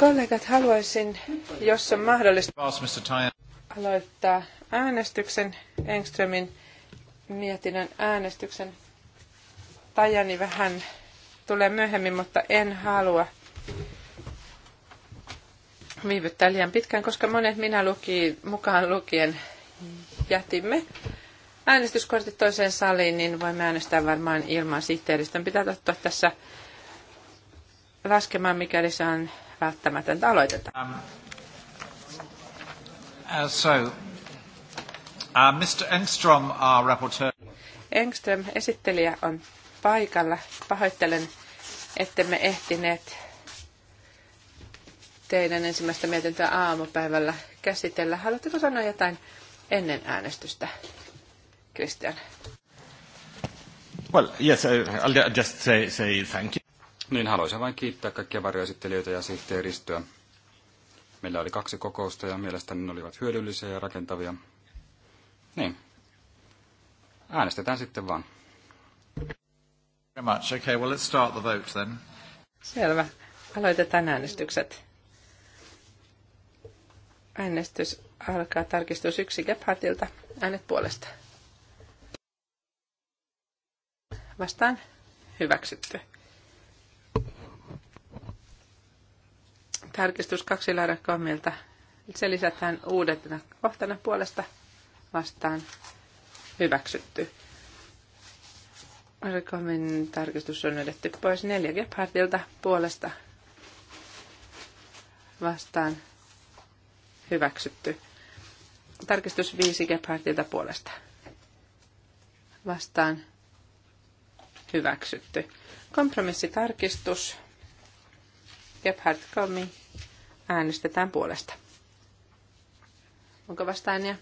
Kollegat, haluaisin, jos on mahdollista, aloittaa äänestyksen Engströmin mietinnön äänestyksen. Tajani vähän tulee myöhemmin, mutta en halua viivyttää liian pitkään, koska monet minä luki, mukaan lukien jätimme äänestyskortit toiseen saliin, niin voimme äänestää varmaan ilman sihteeristön. Pitää ottaa tässä laskemaan, mikäli se on välttämätöntä. Aloitetaan. Um, uh, so, uh, Mr. Engström, our rapporteur. Engström, esittelijä, on paikalla. Pahoittelen, ettemme ehtineet teidän ensimmäistä mietintöä aamupäivällä käsitellä. Haluatteko sanoa jotain ennen äänestystä, Christian? Well, yes, I'll just say, say thank you. Niin haluaisin vain kiittää kaikkia varjoesittelijöitä ja sihteeristöä. Meillä oli kaksi kokousta ja mielestäni ne olivat hyödyllisiä ja rakentavia. Niin. Äänestetään sitten vaan. Much. Okay, well, let's start the vote then. Selvä. Aloitetaan äänestykset. Äänestys alkaa tarkistus yksi Gebhardilta. Äänet puolesta. Vastaan. Hyväksytty. Tarkistus kaksi Laura Se lisätään uudetena kohtana puolesta vastaan hyväksytty. Rekomin tarkistus on yritetty pois neljä Gebhardilta puolesta vastaan hyväksytty. Tarkistus viisi Gebhardilta puolesta vastaan hyväksytty. Kompromissitarkistus Gebhard Komi Äänestetään puolesta. Onko vastaajia? ja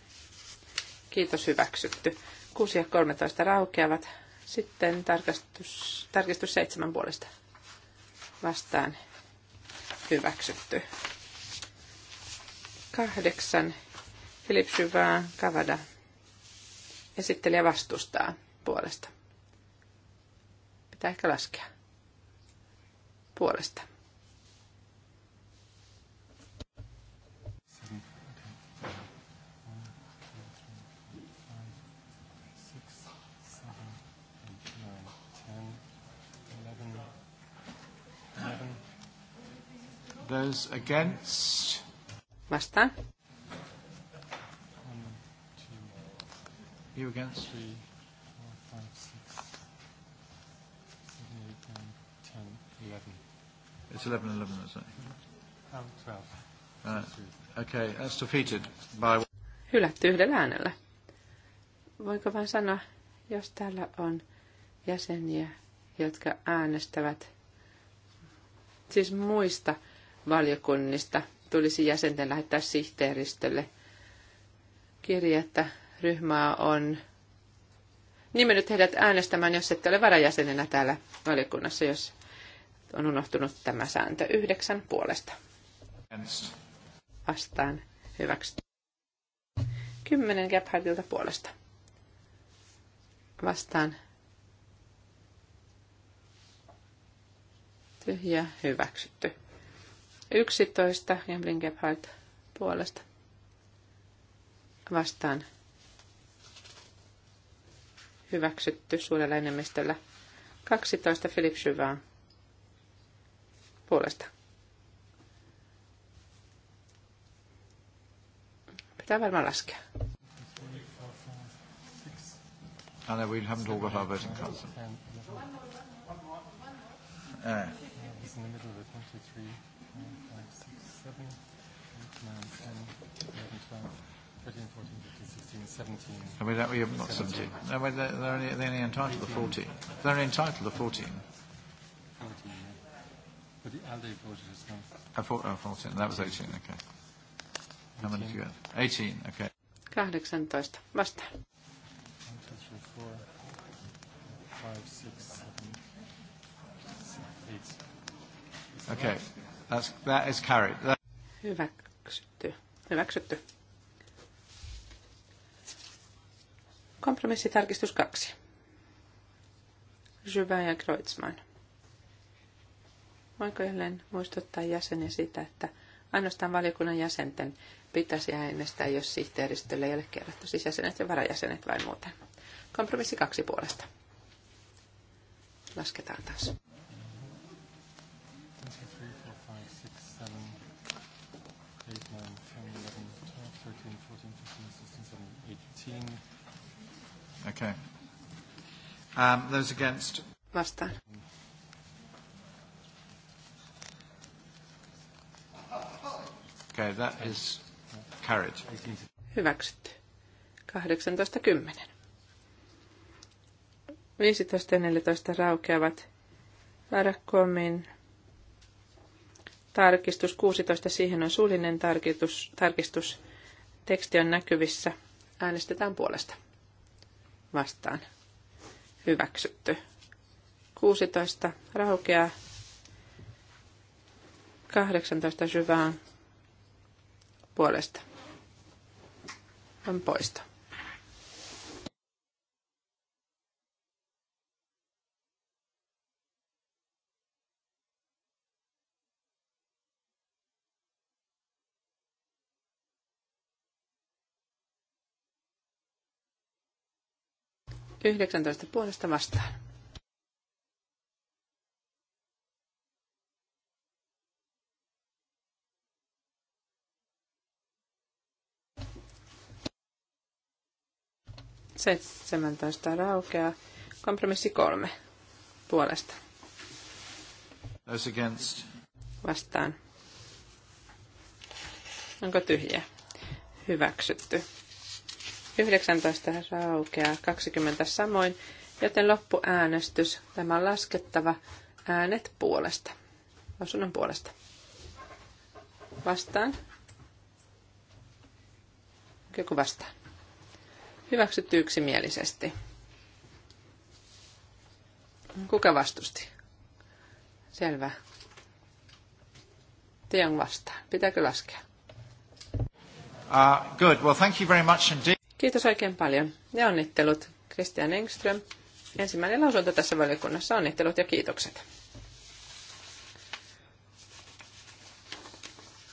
Kiitos, hyväksytty. 6 ja 13 raukeavat. Sitten tarkastus, tarkistus 7 puolesta. Vastaan hyväksytty. 8. Filip Syvää, Kavada. Esittelijä vastustaa puolesta. Pitää ehkä laskea. Puolesta. Those against. Vastaan. You against? Three, It's eleven and isn't it? Oh, twelve. Uh, okay, that's defeated by... Hylätty yhdellä äänellä. Voinko vain sanoa, jos täällä on jäseniä, jotka äänestävät siis muista valiokunnista tulisi jäsenten lähettää sihteeristölle että Ryhmää on nimennyt heidät äänestämään, jos ette ole varajäsenenä täällä valiokunnassa, jos on unohtunut tämä sääntö yhdeksän puolesta. Vastaan hyväksytty. Kymmenen Gebhardilta puolesta. Vastaan tyhjä hyväksytty. 11 Gemblin Gebhardt puolesta vastaan hyväksytty suurella enemmistöllä. 12 Philip Syvää puolesta. Pitää varmaan laskea. I know we haven't all got our voting cards. Uh. I mean, we have not 17. No, wait, they're, they're, only, they're only entitled to 14. They're only entitled to 14. 14, yeah. But the ALDE voted as well. I oh, 14. That was 18, okay. How many did you have? 18, okay. 18. Vastaan. 4, 5, 6, 7, 8. Okay that is carried. That... Hyväksytty. Hyväksytty. Kompromissitarkistus kaksi. Jyvä ja Kreutzmann. Voinko jälleen muistuttaa jäseniä siitä, että ainoastaan valiokunnan jäsenten pitäisi äänestää, jos sihteeristölle ei ole kerrottu, siis jäsenet ja varajäsenet vai muuten. Kompromissi kaksi puolesta. Lasketaan taas. Okay. Um, those against? Vastaan. Okay, that is carried. Hyväksytty. 18.10. 15 ja 14 raukeavat. Varakkomin tarkistus 16. Siihen on suullinen tarkistus. tarkistus. Teksti on näkyvissä. Äänestetään puolesta vastaan hyväksytty. 16 raukeaa, 18 syvään puolesta on poisto. 19 puolesta vastaan. Seitsemäntoista raukeaa. Kompromissi kolme puolesta. Those against. Vastaan. Onko tyhjä? Hyväksytty. 19 raukeaa, 20 samoin, joten loppuäänestys, tämä on laskettava äänet puolesta, osunnon puolesta. Vastaan. Joku vastaan. Hyväksytty yksimielisesti. Kuka vastusti? Selvä. Tian vastaan. Pitääkö laskea? Uh, good. Well, thank you very much indeed. Kiitos oikein paljon ja onnittelut Christian Engström. Ensimmäinen lausunto tässä valiokunnassa. Onnittelut ja kiitokset.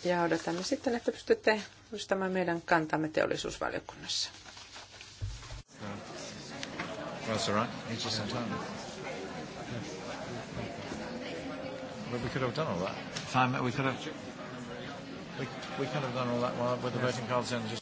Ja odotamme sitten, että pystytte muistamaan meidän kantamme teollisuusvaliokunnassa. Well,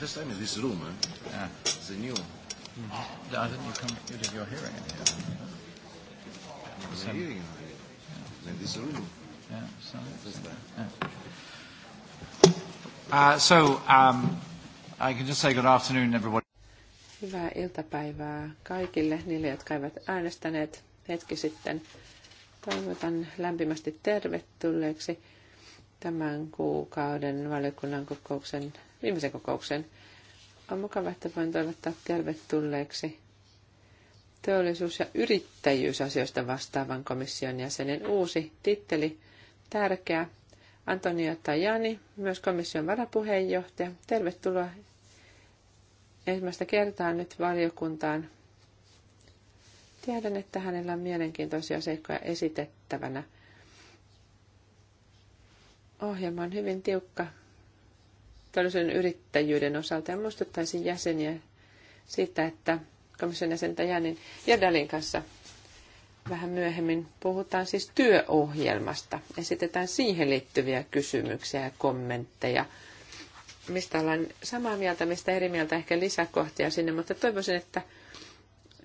first time in this room. Eh? Yeah. It's new. Mm. you come, you did your hearing in here. Yeah. Some, hearing in here. Yeah. In this room. Yeah. first time. Yeah. Uh, so um, I can just say good afternoon, everybody. Hyvää iltapäivää kaikille niille, jotka eivät äänestäneet hetki sitten. Toivotan lämpimästi tervetulleeksi tämän kuukauden valiokunnan kokouksen viimeisen kokouksen. On mukava, että voin toivottaa tervetulleeksi teollisuus- ja yrittäjyysasioista vastaavan komission jäsenen uusi titteli, tärkeä Antonio Tajani, myös komission varapuheenjohtaja. Tervetuloa ensimmäistä kertaa nyt valiokuntaan. Tiedän, että hänellä on mielenkiintoisia seikkoja esitettävänä. Ohjelma on hyvin tiukka tällaisen yrittäjyyden osalta. Ja muistuttaisin jäseniä siitä, että komission jäsentä Janin Dalin kanssa vähän myöhemmin puhutaan siis työohjelmasta. Esitetään siihen liittyviä kysymyksiä ja kommentteja. Mistä ollaan samaa mieltä, mistä eri mieltä, ehkä lisäkohtia sinne, mutta toivoisin, että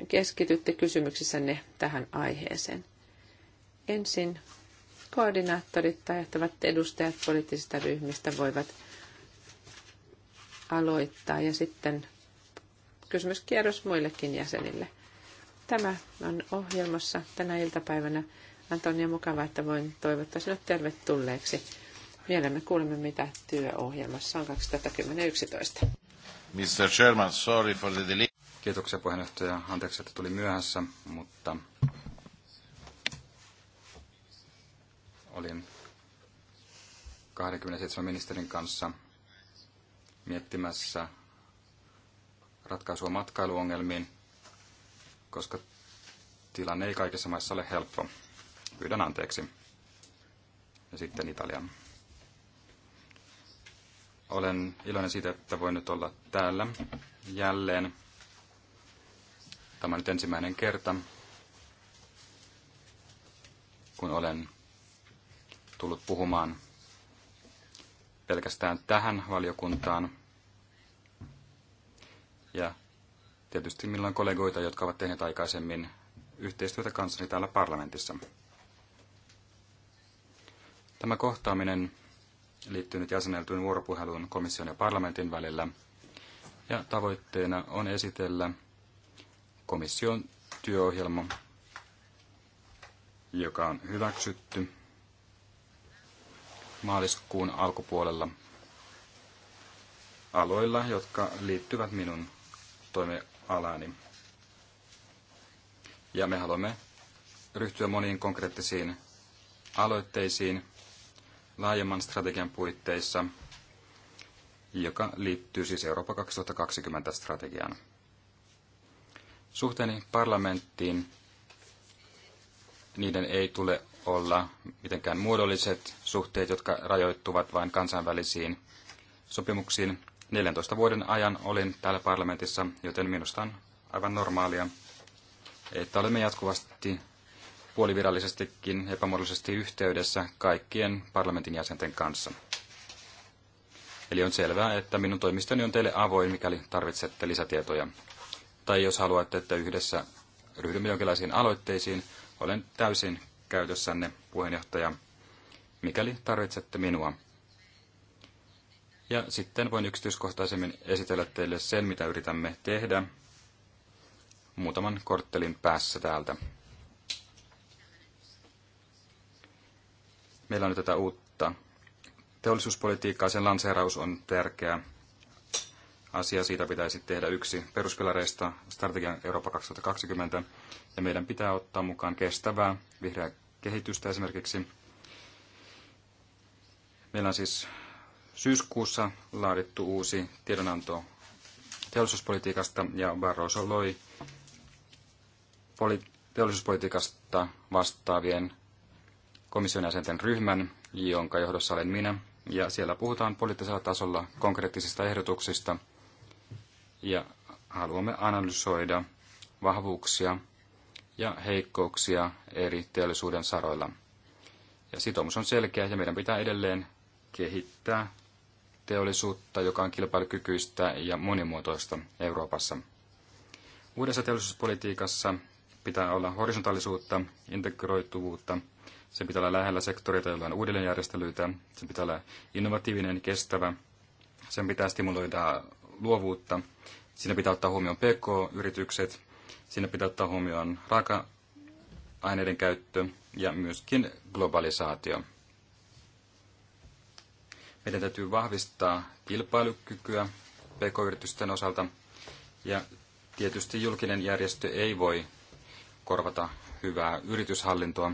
keskitytte kysymyksissänne tähän aiheeseen. Ensin koordinaattorit tai johtavat edustajat poliittisista ryhmistä voivat aloittaa ja sitten kysymyskierros muillekin jäsenille. Tämä on ohjelmassa tänä iltapäivänä. Antonia, mukava, että voin toivottaa sinut tervetulleeksi. Mielemme kuulemme, mitä työohjelmassa on 2011. Mr. Sherman, sorry for the delay. Kiitoksia puheenjohtaja. Anteeksi, että tuli myöhässä, mutta olin 27 ministerin kanssa – miettimässä ratkaisua matkailuongelmiin, koska tilanne ei kaikissa maissa ole helppo. Pyydän anteeksi. Ja sitten Italian. Olen iloinen siitä, että voin nyt olla täällä jälleen. Tämä on nyt ensimmäinen kerta, kun olen tullut puhumaan pelkästään tähän valiokuntaan. Ja tietysti meillä on kollegoita, jotka ovat tehneet aikaisemmin yhteistyötä kanssani täällä parlamentissa. Tämä kohtaaminen liittyy nyt jäseneltyyn vuoropuheluun komission ja parlamentin välillä, ja tavoitteena on esitellä komission työohjelma, joka on hyväksytty maaliskuun alkupuolella aloilla, jotka liittyvät minun toimialaani. Ja me haluamme ryhtyä moniin konkreettisiin aloitteisiin laajemman strategian puitteissa, joka liittyy siis Eurooppa 2020 strategiaan. Suhteeni parlamenttiin niiden ei tule olla mitenkään muodolliset suhteet, jotka rajoittuvat vain kansainvälisiin sopimuksiin. 14 vuoden ajan olin täällä parlamentissa, joten minusta on aivan normaalia, että olemme jatkuvasti puolivirallisestikin epämuodollisesti yhteydessä kaikkien parlamentin jäsenten kanssa. Eli on selvää, että minun toimistoni on teille avoin, mikäli tarvitsette lisätietoja. Tai jos haluatte, että yhdessä ryhdymme jonkinlaisiin aloitteisiin, olen täysin käytössänne, puheenjohtaja, mikäli tarvitsette minua. Ja sitten voin yksityiskohtaisemmin esitellä teille sen, mitä yritämme tehdä muutaman korttelin päässä täältä. Meillä on nyt tätä uutta teollisuuspolitiikkaa, sen lanseeraus on tärkeää asia. Siitä pitäisi tehdä yksi peruspilareista strategian Eurooppa 2020. Ja meidän pitää ottaa mukaan kestävää vihreää kehitystä esimerkiksi. Meillä on siis syyskuussa laadittu uusi tiedonanto teollisuuspolitiikasta ja Barroso loi teollisuuspolitiikasta vastaavien komission jäsenten ryhmän, jonka johdossa olen minä, ja siellä puhutaan poliittisella tasolla konkreettisista ehdotuksista, ja haluamme analysoida vahvuuksia ja heikkouksia eri teollisuuden saroilla. Ja sitoumus on selkeä ja meidän pitää edelleen kehittää teollisuutta, joka on kilpailukykyistä ja monimuotoista Euroopassa. Uudessa teollisuuspolitiikassa pitää olla horisontaalisuutta, integroituvuutta, se pitää olla lähellä sektoreita, joilla on uudelleenjärjestelyitä, se pitää olla innovatiivinen, kestävä, sen pitää stimuloida luovuutta. Siinä pitää ottaa huomioon PK-yritykset, siinä pitää ottaa huomioon raaka-aineiden käyttö ja myöskin globalisaatio. Meidän täytyy vahvistaa kilpailukykyä PK-yritysten osalta ja tietysti julkinen järjestö ei voi korvata hyvää yrityshallintoa,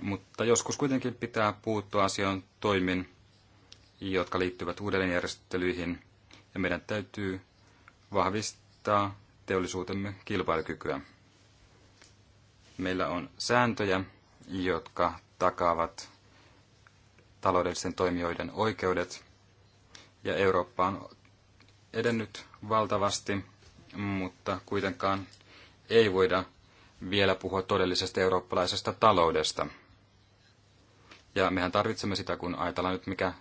mutta joskus kuitenkin pitää puuttua asioon toimin, jotka liittyvät uudelleenjärjestelyihin – ja meidän täytyy vahvistaa teollisuutemme kilpailukykyä. Meillä on sääntöjä, jotka takaavat taloudellisten toimijoiden oikeudet, ja Eurooppa on edennyt valtavasti, mutta kuitenkaan ei voida vielä puhua todellisesta eurooppalaisesta taloudesta. Ja mehän tarvitsemme sitä, kun ajatellaan nyt, mikä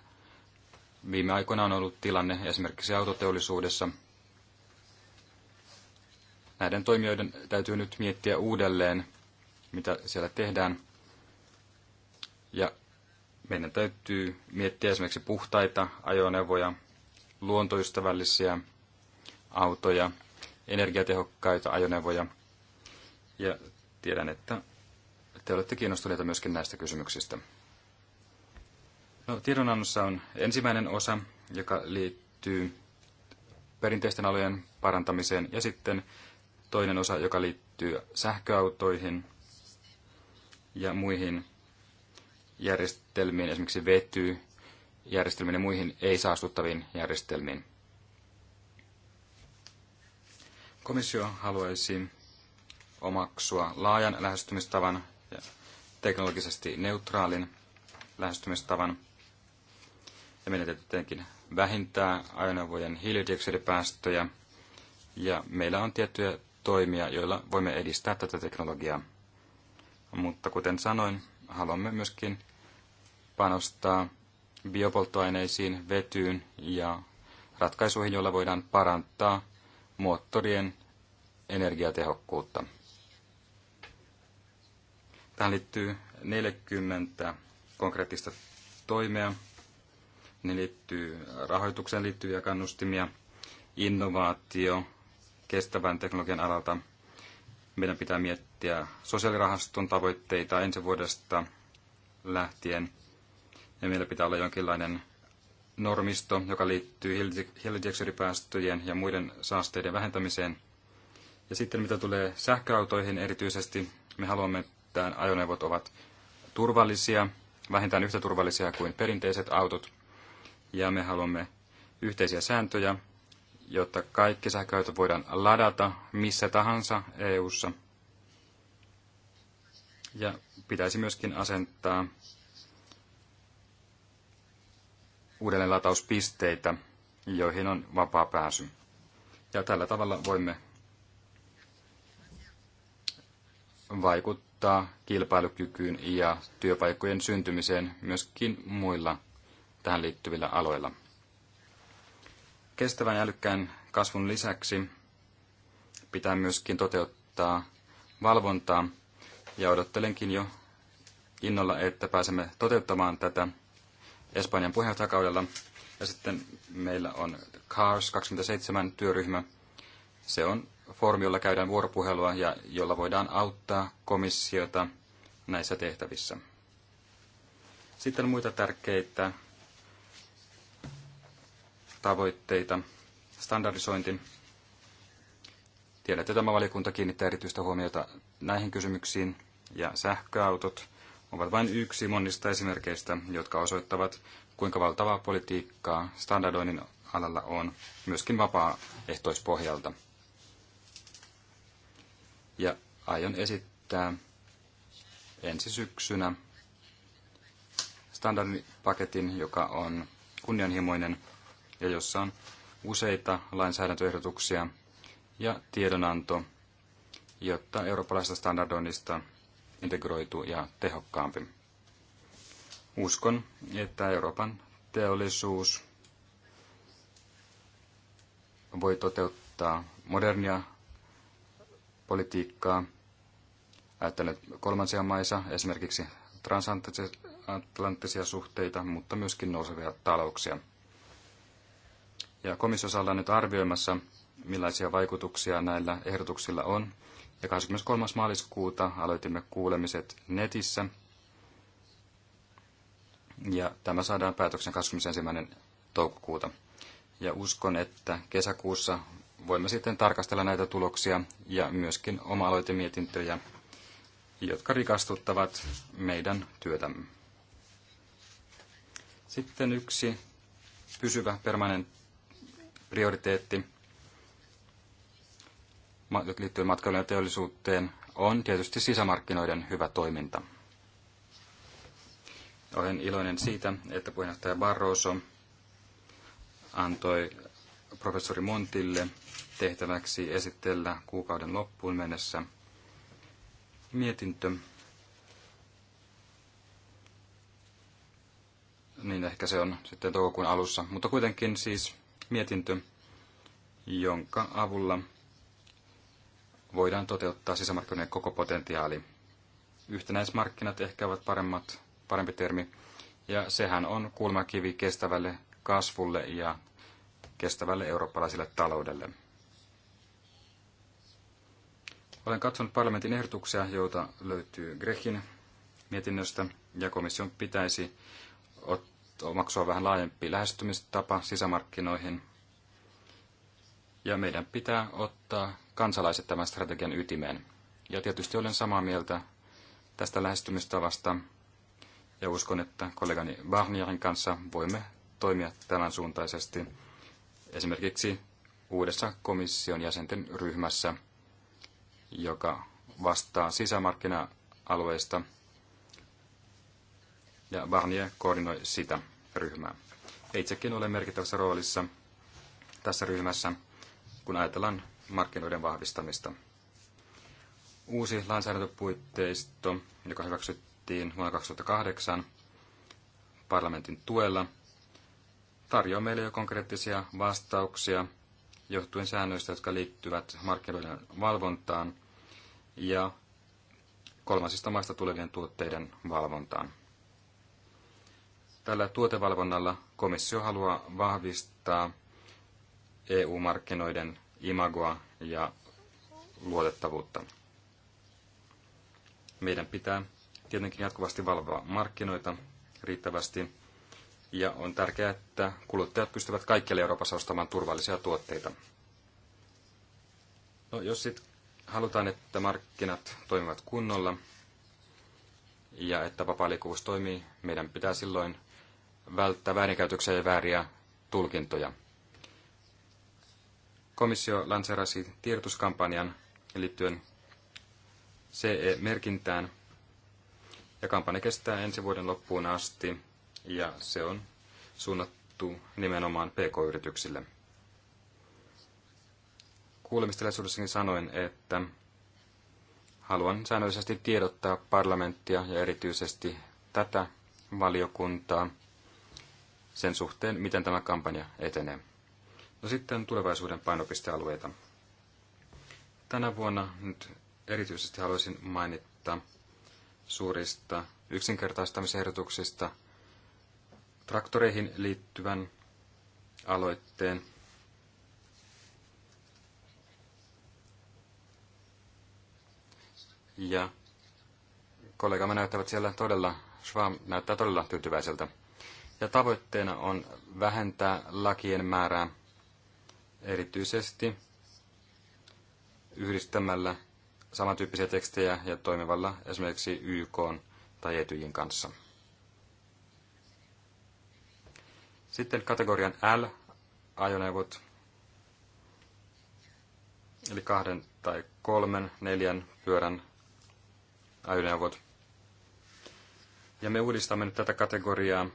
Viime aikoina on ollut tilanne esimerkiksi autoteollisuudessa. Näiden toimijoiden täytyy nyt miettiä uudelleen, mitä siellä tehdään. Ja meidän täytyy miettiä esimerkiksi puhtaita ajoneuvoja, luontoystävällisiä autoja, energiatehokkaita ajoneuvoja. Ja tiedän, että te olette kiinnostuneita myöskin näistä kysymyksistä. No, tiedonannossa on ensimmäinen osa, joka liittyy perinteisten alojen parantamiseen, ja sitten toinen osa, joka liittyy sähköautoihin ja muihin järjestelmiin, esimerkiksi vetyjärjestelmiin ja muihin ei-saastuttaviin järjestelmiin. Komissio haluaisi omaksua laajan lähestymistavan ja teknologisesti neutraalin lähestymistavan – ja meidän tietenkin vähintään ajoneuvojen hiilidioksidipäästöjä. Ja meillä on tiettyjä toimia, joilla voimme edistää tätä teknologiaa. Mutta kuten sanoin, haluamme myöskin panostaa biopolttoaineisiin, vetyyn ja ratkaisuihin, joilla voidaan parantaa moottorien energiatehokkuutta. Tähän liittyy 40 konkreettista toimea, ne liittyy rahoitukseen liittyviä kannustimia, innovaatio, kestävän teknologian alalta. Meidän pitää miettiä sosiaalirahaston tavoitteita ensi vuodesta lähtien. Ja meillä pitää olla jonkinlainen normisto, joka liittyy hiilidioksidipäästöjen ja muiden saasteiden vähentämiseen. Ja sitten mitä tulee sähköautoihin erityisesti, me haluamme, että ajoneuvot ovat turvallisia, vähintään yhtä turvallisia kuin perinteiset autot ja me haluamme yhteisiä sääntöjä, jotta kaikki sähköautot voidaan ladata missä tahansa EU:ssa. Ja pitäisi myöskin asentaa latauspisteitä, joihin on vapaa pääsy. Ja tällä tavalla voimme vaikuttaa kilpailukykyyn ja työpaikkojen syntymiseen myöskin muilla tähän liittyvillä aloilla. Kestävän ja älykkään kasvun lisäksi pitää myöskin toteuttaa valvontaa ja odottelenkin jo innolla, että pääsemme toteuttamaan tätä Espanjan puheenjohtajakaudella. Ja sitten meillä on CARS 27 työryhmä. Se on foorumi, jolla käydään vuoropuhelua ja jolla voidaan auttaa komissiota näissä tehtävissä. Sitten muita tärkeitä tavoitteita, standardisointi. Tiedätte, tämä valiokunta kiinnittää erityistä huomiota näihin kysymyksiin, ja sähköautot ovat vain yksi monista esimerkkeistä, jotka osoittavat, kuinka valtavaa politiikkaa standardoinnin alalla on myöskin vapaaehtoispohjalta. Ja aion esittää ensi syksynä standardipaketin, joka on kunnianhimoinen ja jossa on useita lainsäädäntöehdotuksia ja tiedonanto, jotta eurooppalaista standardoinnista integroitu ja tehokkaampi. Uskon, että Euroopan teollisuus voi toteuttaa modernia politiikkaa, ajattelen kolmansia maissa, esimerkiksi transatlanttisia suhteita, mutta myöskin nousevia talouksia – ja komissiossa ollaan nyt arvioimassa, millaisia vaikutuksia näillä ehdotuksilla on. Ja 23. maaliskuuta aloitimme kuulemiset netissä. Ja tämä saadaan päätöksen 21. toukokuuta. Ja uskon, että kesäkuussa voimme sitten tarkastella näitä tuloksia ja myöskin oma-aloitemietintöjä, jotka rikastuttavat meidän työtämme. Sitten yksi pysyvä permanentti prioriteetti liittyen matkailuun ja teollisuuteen on tietysti sisämarkkinoiden hyvä toiminta. Olen iloinen siitä, että puheenjohtaja Barroso antoi professori Montille tehtäväksi esitellä kuukauden loppuun mennessä mietintö. Niin ehkä se on sitten toukokuun alussa, mutta kuitenkin siis mietintö, jonka avulla voidaan toteuttaa sisämarkkinoiden koko potentiaali. Yhtenäismarkkinat ehkä ovat paremmat, parempi termi, ja sehän on kulmakivi kestävälle kasvulle ja kestävälle eurooppalaiselle taloudelle. Olen katsonut parlamentin ehdotuksia, joita löytyy Grekin mietinnöstä, ja komission pitäisi ottaa omaksua vähän laajempi lähestymistapa sisämarkkinoihin. Ja meidän pitää ottaa kansalaiset tämän strategian ytimeen. Ja tietysti olen samaa mieltä tästä lähestymistavasta ja uskon, että kollegani Barnierin kanssa voimme toimia tämän suuntaisesti esimerkiksi uudessa komission jäsenten ryhmässä, joka vastaa sisämarkkina-alueista ja Barnier koordinoi sitä ryhmää. Ja itsekin olen merkittävässä roolissa tässä ryhmässä, kun ajatellaan markkinoiden vahvistamista. Uusi lainsäädäntöpuitteisto, joka hyväksyttiin vuonna 2008 parlamentin tuella, tarjoaa meille jo konkreettisia vastauksia johtuen säännöistä, jotka liittyvät markkinoiden valvontaan ja kolmansista maista tulevien tuotteiden valvontaan. Tällä tuotevalvonnalla komissio haluaa vahvistaa EU-markkinoiden imagoa ja luotettavuutta. Meidän pitää tietenkin jatkuvasti valvoa markkinoita riittävästi ja on tärkeää, että kuluttajat pystyvät kaikkialle Euroopassa ostamaan turvallisia tuotteita. No, jos sitten halutaan, että markkinat toimivat kunnolla ja että vapaa toimii, meidän pitää silloin välttää väärinkäytöksiä ja vääriä tulkintoja. Komissio lanseerasi tiedotuskampanjan liittyen CE-merkintään, ja kampanja kestää ensi vuoden loppuun asti, ja se on suunnattu nimenomaan PK-yrityksille. Kuulemistilaisuudessakin sanoin, että haluan säännöllisesti tiedottaa parlamenttia ja erityisesti tätä valiokuntaa – sen suhteen, miten tämä kampanja etenee. No sitten tulevaisuuden painopistealueita. Tänä vuonna nyt erityisesti haluaisin mainita suurista yksinkertaistamisehdotuksista traktoreihin liittyvän aloitteen. Ja kollegamme näyttävät siellä todella, Schwab näyttää todella tyytyväiseltä. Ja tavoitteena on vähentää lakien määrää erityisesti yhdistämällä samantyyppisiä tekstejä ja toimivalla esimerkiksi YK tai Etyjin kanssa. Sitten kategorian L-ajoneuvot, eli kahden tai kolmen, neljän pyörän ajoneuvot. Ja me uudistamme nyt tätä kategoriaa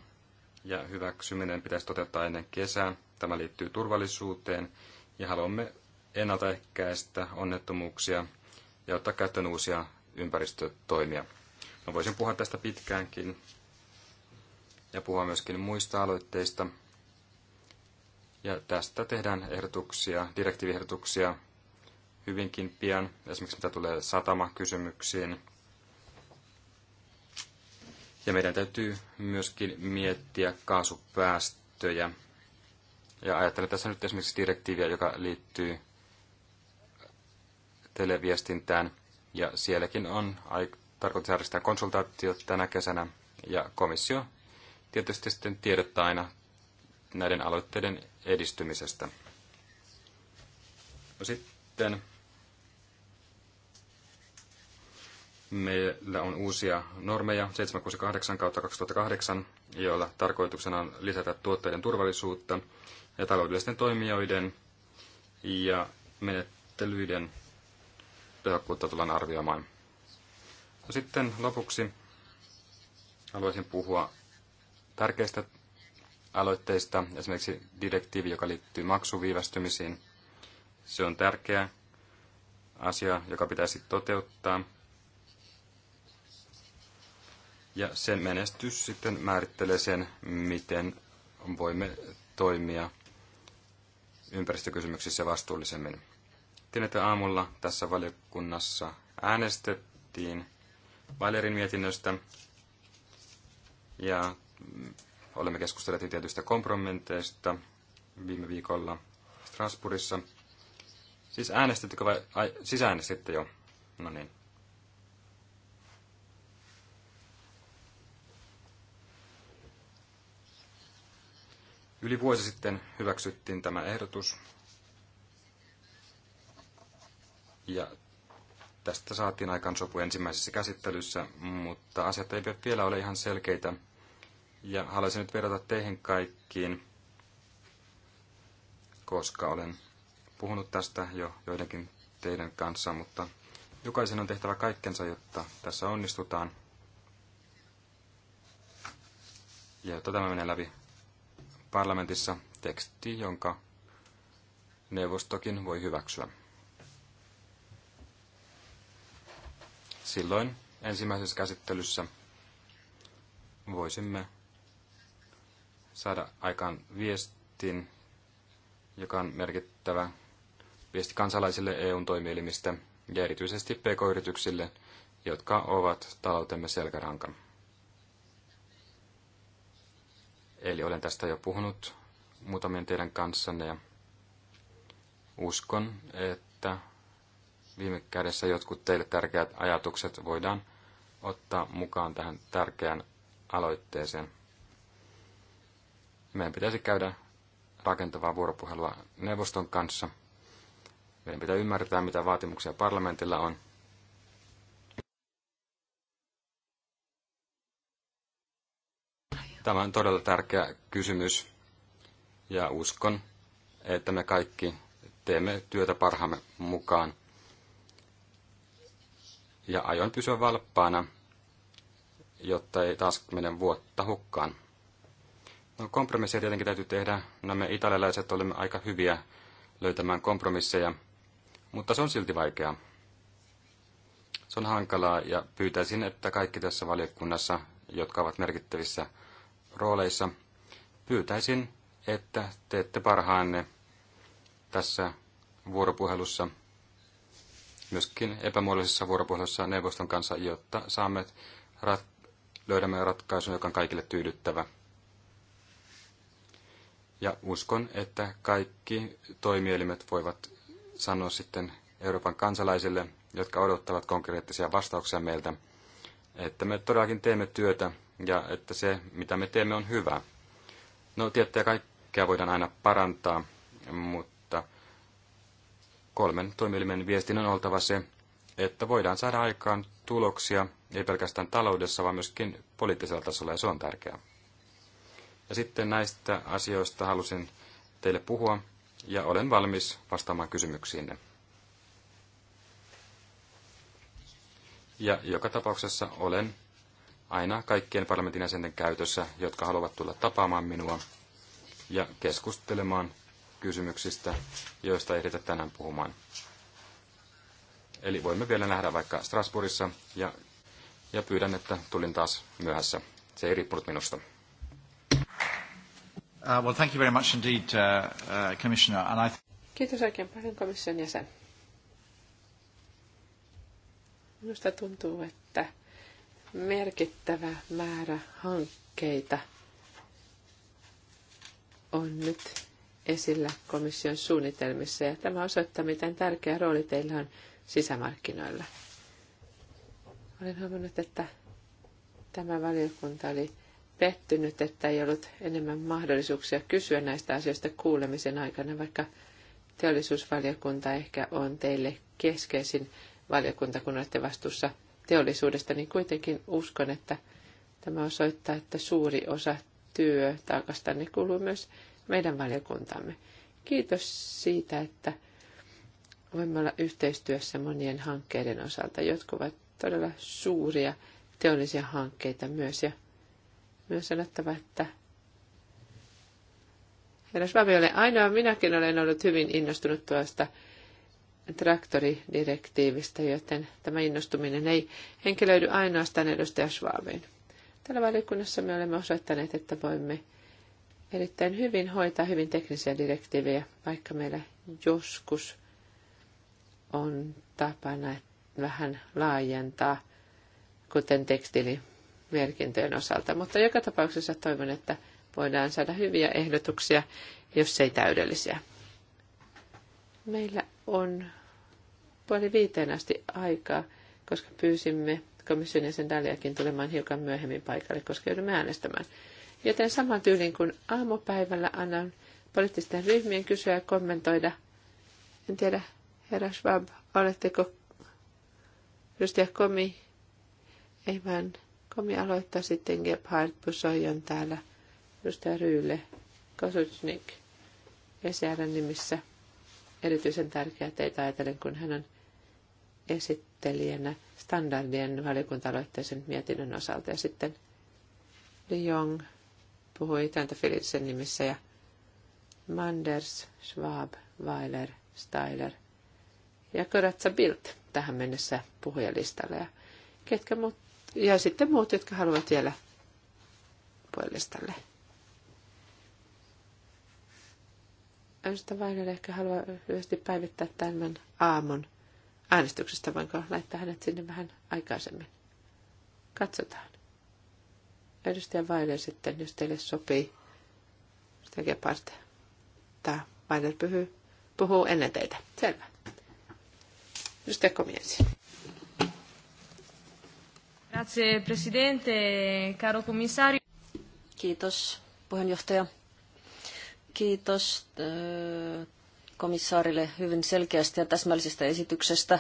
ja hyväksyminen pitäisi toteuttaa ennen kesää. Tämä liittyy turvallisuuteen ja haluamme ennaltaehkäistä onnettomuuksia ja ottaa käyttöön uusia ympäristötoimia. Mä voisin puhua tästä pitkäänkin ja puhua myöskin muista aloitteista. Ja tästä tehdään ehdotuksia, direktiiviehdotuksia hyvinkin pian, esimerkiksi mitä tulee satamakysymyksiin kysymyksiin ja meidän täytyy myöskin miettiä kaasupäästöjä. Ja ajattelen tässä nyt esimerkiksi direktiiviä, joka liittyy televiestintään. Ja sielläkin on tarkoitus järjestää konsultaatio tänä kesänä. Ja komissio tietysti sitten tiedottaa aina näiden aloitteiden edistymisestä. No sitten Meillä on uusia normeja 768 kautta 2008, joilla tarkoituksena on lisätä tuotteiden turvallisuutta ja taloudellisten toimijoiden ja menettelyiden tehokkuutta tullaan arvioimaan. No sitten lopuksi haluaisin puhua tärkeistä aloitteista, esimerkiksi direktiivi, joka liittyy maksuviivästymisiin. Se on tärkeä asia, joka pitäisi toteuttaa – ja sen menestys sitten määrittelee sen, miten voimme toimia ympäristökysymyksissä vastuullisemmin. että aamulla tässä valiokunnassa äänestettiin Valerin mietinnöstä ja olemme keskustelleet tietystä kompromenteista viime viikolla Strasbourgissa. Siis äänestettekö vai ai, siis äänestitte jo? No niin. Yli vuosi sitten hyväksyttiin tämä ehdotus. Ja tästä saatiin aikaan sopu ensimmäisessä käsittelyssä, mutta asiat eivät vielä ole ihan selkeitä. Ja haluaisin nyt verrata teihin kaikkiin, koska olen puhunut tästä jo joidenkin teidän kanssa, mutta jokaisen on tehtävä kaikkensa, jotta tässä onnistutaan. Ja jotta tämä menee läpi parlamentissa teksti, jonka neuvostokin voi hyväksyä. Silloin ensimmäisessä käsittelyssä voisimme saada aikaan viestin, joka on merkittävä viesti kansalaisille EUn toimielimistä ja erityisesti pk-yrityksille, jotka ovat taloutemme selkärankan. Eli olen tästä jo puhunut muutamien teidän kanssanne ja uskon, että viime kädessä jotkut teille tärkeät ajatukset voidaan ottaa mukaan tähän tärkeään aloitteeseen. Meidän pitäisi käydä rakentavaa vuoropuhelua neuvoston kanssa. Meidän pitää ymmärtää, mitä vaatimuksia parlamentilla on. Tämä on todella tärkeä kysymys ja uskon, että me kaikki teemme työtä parhaamme mukaan. Ja aion pysyä valppaana, jotta ei taas mene vuotta hukkaan. No kompromisseja tietenkin täytyy tehdä. No me italialaiset olemme aika hyviä löytämään kompromisseja, mutta se on silti vaikeaa. Se on hankalaa ja pyytäisin, että kaikki tässä valiokunnassa, jotka ovat merkittävissä rooleissa, pyytäisin, että teette parhaanne tässä vuoropuhelussa, myöskin epämuodollisessa vuoropuhelussa neuvoston kanssa, jotta saamme rat- löydämme ratkaisun, joka on kaikille tyydyttävä. Ja uskon, että kaikki toimielimet voivat sanoa sitten Euroopan kansalaisille, jotka odottavat konkreettisia vastauksia meiltä, että me todellakin teemme työtä ja että se, mitä me teemme, on hyvä. No, tiettyjä kaikkea voidaan aina parantaa, mutta kolmen toimielimen viestin on oltava se, että voidaan saada aikaan tuloksia, ei pelkästään taloudessa, vaan myöskin poliittisella tasolla, ja se on tärkeää. Ja sitten näistä asioista halusin teille puhua, ja olen valmis vastaamaan kysymyksiinne. Ja joka tapauksessa olen aina kaikkien parlamentin jäsenten käytössä, jotka haluavat tulla tapaamaan minua ja keskustelemaan kysymyksistä, joista ehditä tänään puhumaan. Eli voimme vielä nähdä vaikka Strasbourgissa ja, ja pyydän, että tulin taas myöhässä. Se ei riippunut minusta. Uh, well, thank you very much indeed, uh, uh, Commissioner. And I th- Kiitos oikein paljon komission jäsen. Minusta tuntuu, että merkittävä määrä hankkeita on nyt esillä komission suunnitelmissa ja tämä osoittaa, miten tärkeä rooli teillä on sisämarkkinoilla. Olen huomannut, että tämä valiokunta oli pettynyt, että ei ollut enemmän mahdollisuuksia kysyä näistä asioista kuulemisen aikana, vaikka teollisuusvaliokunta ehkä on teille keskeisin valiokunta, kun olette vastuussa teollisuudesta, niin kuitenkin uskon, että tämä osoittaa, että suuri osa ne niin kuuluu myös meidän valiokuntamme. Kiitos siitä, että voimme olla yhteistyössä monien hankkeiden osalta, jotka ovat todella suuria teollisia hankkeita myös. Ja myös sanottava, että herra Svavi ole ainoa, minäkin olen ollut hyvin innostunut tuosta traktoridirektiivistä, joten tämä innostuminen ei henkilöidy ainoastaan edustaja Schwabin. Tällä valiokunnassa me olemme osoittaneet, että voimme erittäin hyvin hoitaa hyvin teknisiä direktiivejä, vaikka meillä joskus on tapana vähän laajentaa, kuten tekstiilimerkintöjen osalta. Mutta joka tapauksessa toivon, että voidaan saada hyviä ehdotuksia, jos ei täydellisiä. Meillä on puoli viiteen asti aikaa, koska pyysimme komission sen Daliakin tulemaan hiukan myöhemmin paikalle, koska joudumme äänestämään. Joten saman tyylin kuin aamupäivällä annan poliittisten ryhmien kysyä ja kommentoida. En tiedä, herra Schwab, oletteko edustaja Komi? Ei vaan. Komi aloittaa sitten Gebhard Busojon täällä. Edustaja Ryyle, Kosutsnik, ECR nimissä erityisen tärkeää teitä ajatellen, kun hän on esittelijänä standardien valiokunta-aloitteisen mietinnön osalta. Ja sitten De Jong puhui Töntä Philipsen nimissä ja Manders, Schwab, Weiler, Steiler ja Koratsa Bild tähän mennessä puhujalistalle. Ja, ketkä muut, ja sitten muut, jotka haluavat vielä puhujalistalle. Äänestä Vainelle ehkä haluaa lyhyesti päivittää tämän aamun äänestyksestä. Voinko laittaa hänet sinne vähän aikaisemmin? Katsotaan. Edustaja Vainer sitten, jos teille sopii. Sitä Gepard. Tämä Vainer puhuu, puhuu ennen teitä. Selvä. Edustaja Komiensi. Grazie Presidente, caro commissario. Kiitos puheenjohtaja. Kiitos komissaarille hyvin selkeästä ja täsmällisestä esityksestä.